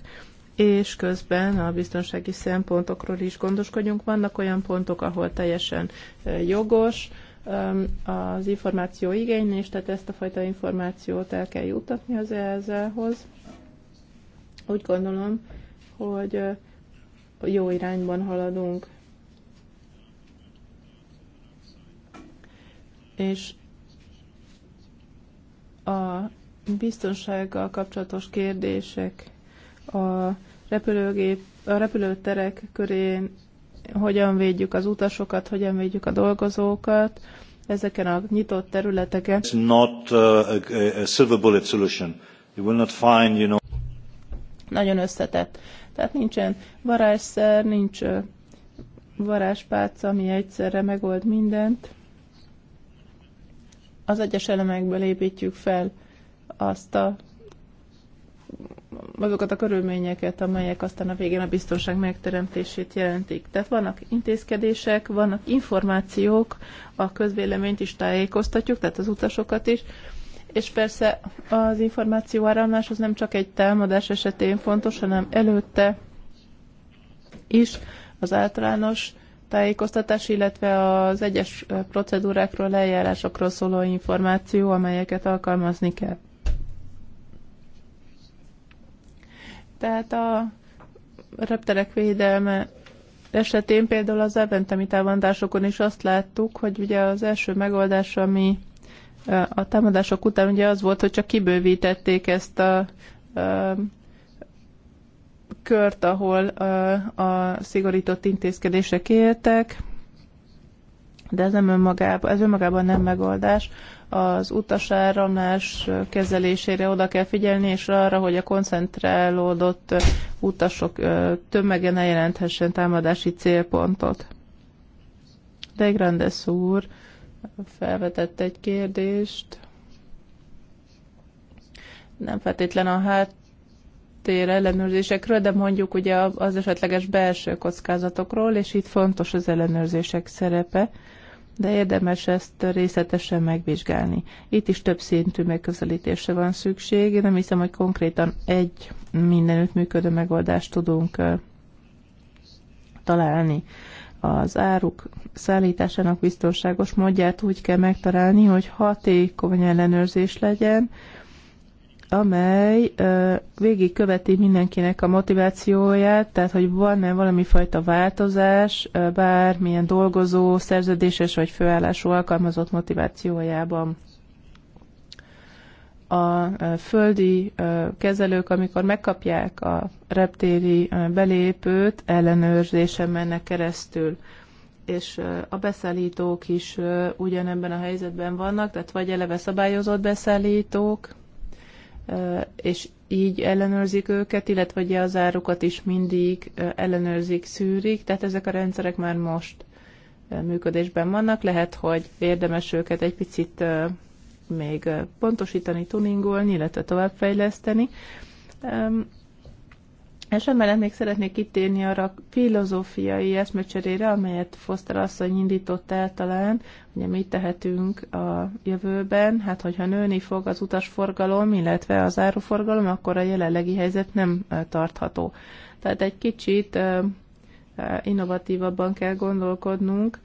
és közben a biztonsági szempontokról is gondoskodjunk. Vannak olyan pontok, ahol teljesen jogos az információ igénylés, tehát ezt a fajta információt el kell jutatni az ELZ-hoz. Úgy gondolom, hogy jó irányban haladunk. És a biztonsággal kapcsolatos kérdések a repülőgép, a repülőterek körén hogyan védjük az utasokat, hogyan védjük a dolgozókat, ezeken a nyitott területeken. It's not uh, a, a, a silver bullet solution. You will not find, you know... Nagyon összetett. Tehát nincsen varázsszer, nincs uh, varázspálca, ami egyszerre megold mindent. Az egyes elemekből építjük fel azt a azokat a körülményeket, amelyek aztán a végén a biztonság megteremtését jelentik. Tehát vannak intézkedések, vannak információk, a közvéleményt is tájékoztatjuk, tehát az utasokat is, és persze az információ áramlás az nem csak egy támadás esetén fontos, hanem előtte is az általános tájékoztatás, illetve az egyes procedúrákról, eljárásokról szóló információ, amelyeket alkalmazni kell. Tehát a repterek védelme esetén például az eventemi támadásokon is azt láttuk, hogy ugye az első megoldás, ami a támadások után ugye az volt, hogy csak kibővítették ezt a, a kört, ahol a, a szigorított intézkedések éltek, de ez, nem önmagában, ez önmagában nem megoldás az utasáramlás kezelésére oda kell figyelni, és arra, hogy a koncentrálódott utasok tömege ne jelenthessen támadási célpontot. De Grandes úr felvetett egy kérdést. Nem feltétlen a hát ellenőrzésekről, de mondjuk ugye az esetleges belső kockázatokról, és itt fontos az ellenőrzések szerepe de érdemes ezt részletesen megvizsgálni. Itt is több szintű megközelítésre van szükség. Én nem hiszem, hogy konkrétan egy mindenütt működő megoldást tudunk találni. Az áruk szállításának biztonságos módját úgy kell megtalálni, hogy hatékony ellenőrzés legyen, amely végigköveti mindenkinek a motivációját, tehát hogy van-e valami fajta változás bármilyen dolgozó, szerződéses vagy főállású alkalmazott motivációjában. A földi kezelők, amikor megkapják a reptéri belépőt, ellenőrzésen mennek keresztül és a beszállítók is ugyanebben a helyzetben vannak, tehát vagy eleve szabályozott beszállítók, és így ellenőrzik őket, illetve ugye az árukat is mindig ellenőrzik, szűrik, tehát ezek a rendszerek már most működésben vannak. Lehet, hogy érdemes őket egy picit még pontosítani, tuningolni, illetve továbbfejleszteni. És emellett még szeretnék kitérni arra a filozófiai eszmecserére, amelyet Foster asszony indított el talán, hogy mit tehetünk a jövőben, hát hogyha nőni fog az utasforgalom, illetve az áruforgalom, akkor a jelenlegi helyzet nem tartható. Tehát egy kicsit innovatívabban kell gondolkodnunk.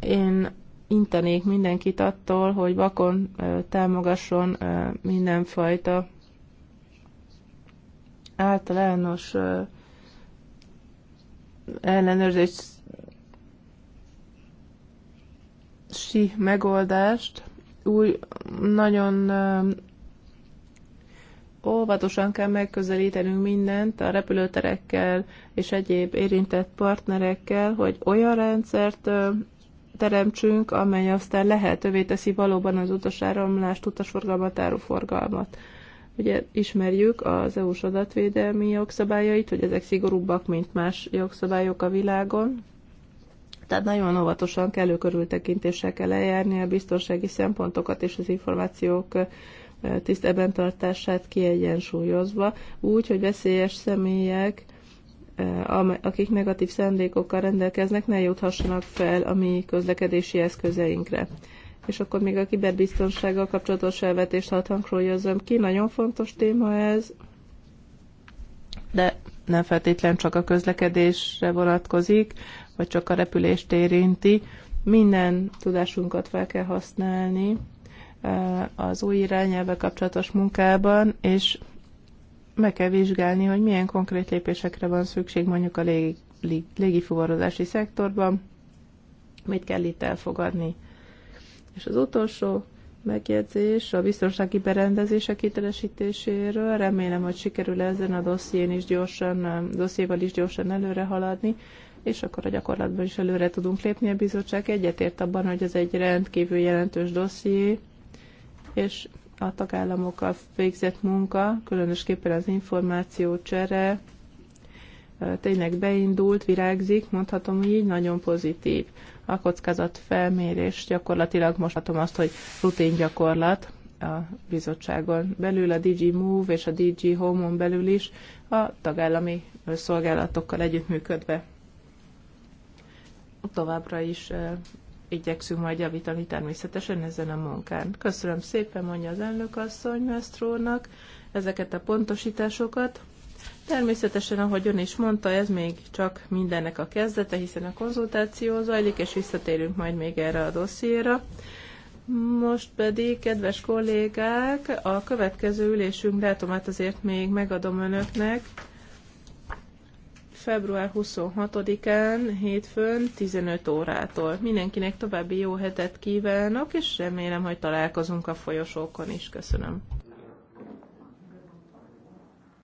Én intenék mindenkit attól, hogy vakon támogasson mindenfajta általános ellenőrzési megoldást úgy nagyon óvatosan kell megközelítenünk mindent a repülőterekkel és egyéb érintett partnerekkel, hogy olyan rendszert teremtsünk, amely aztán lehetővé teszi valóban az utasáramlást, utasforgalmat, áruforgalmat. Ugye ismerjük az EU-s adatvédelmi jogszabályait, hogy ezek szigorúbbak, mint más jogszabályok a világon. Tehát nagyon óvatosan, kellő körültekintéssel kell eljárni a biztonsági szempontokat és az információk tiszteben tartását kiegyensúlyozva, úgy, hogy veszélyes személyek, akik negatív szándékokkal rendelkeznek, ne juthassanak fel a mi közlekedési eszközeinkre és akkor még a kiberbiztonsággal kapcsolatos elvetést hadd hangsúlyozom ki. Nagyon fontos téma ez, de nem feltétlen csak a közlekedésre vonatkozik, vagy csak a repülést érinti. Minden tudásunkat fel kell használni az új irányelve kapcsolatos munkában, és meg kell vizsgálni, hogy milyen konkrét lépésekre van szükség mondjuk a légifuvarozási szektorban, mit kell itt elfogadni. És az utolsó megjegyzés a biztonsági berendezések hitelesítéséről. Remélem, hogy sikerül ezen a dosszién is gyorsan, dossziéval is gyorsan előre haladni, és akkor a gyakorlatban is előre tudunk lépni. A bizottság egyetért abban, hogy ez egy rendkívül jelentős dosszié, és a tagállamokkal végzett munka, különösképpen az információ csere, tényleg beindult, virágzik, mondhatom így, nagyon pozitív. A felmérés. gyakorlatilag most hatom azt, hogy rutin gyakorlat a bizottságon belül, a DG Move és a DG Home-on belül is a tagállami szolgálatokkal együttműködve. Továbbra is igyekszünk majd javítani természetesen ezen a munkán. Köszönöm szépen, mondja az elnök asszony Mestrónak ezeket a pontosításokat. Természetesen, ahogy ön is mondta, ez még csak mindennek a kezdete, hiszen a konzultáció zajlik, és visszatérünk majd még erre a dossziéra. Most pedig, kedves kollégák, a következő ülésünk dátumát hát azért még megadom önöknek. Február 26-án, hétfőn, 15 órától. Mindenkinek további jó hetet kívánok, és remélem, hogy találkozunk a folyosókon is. Köszönöm.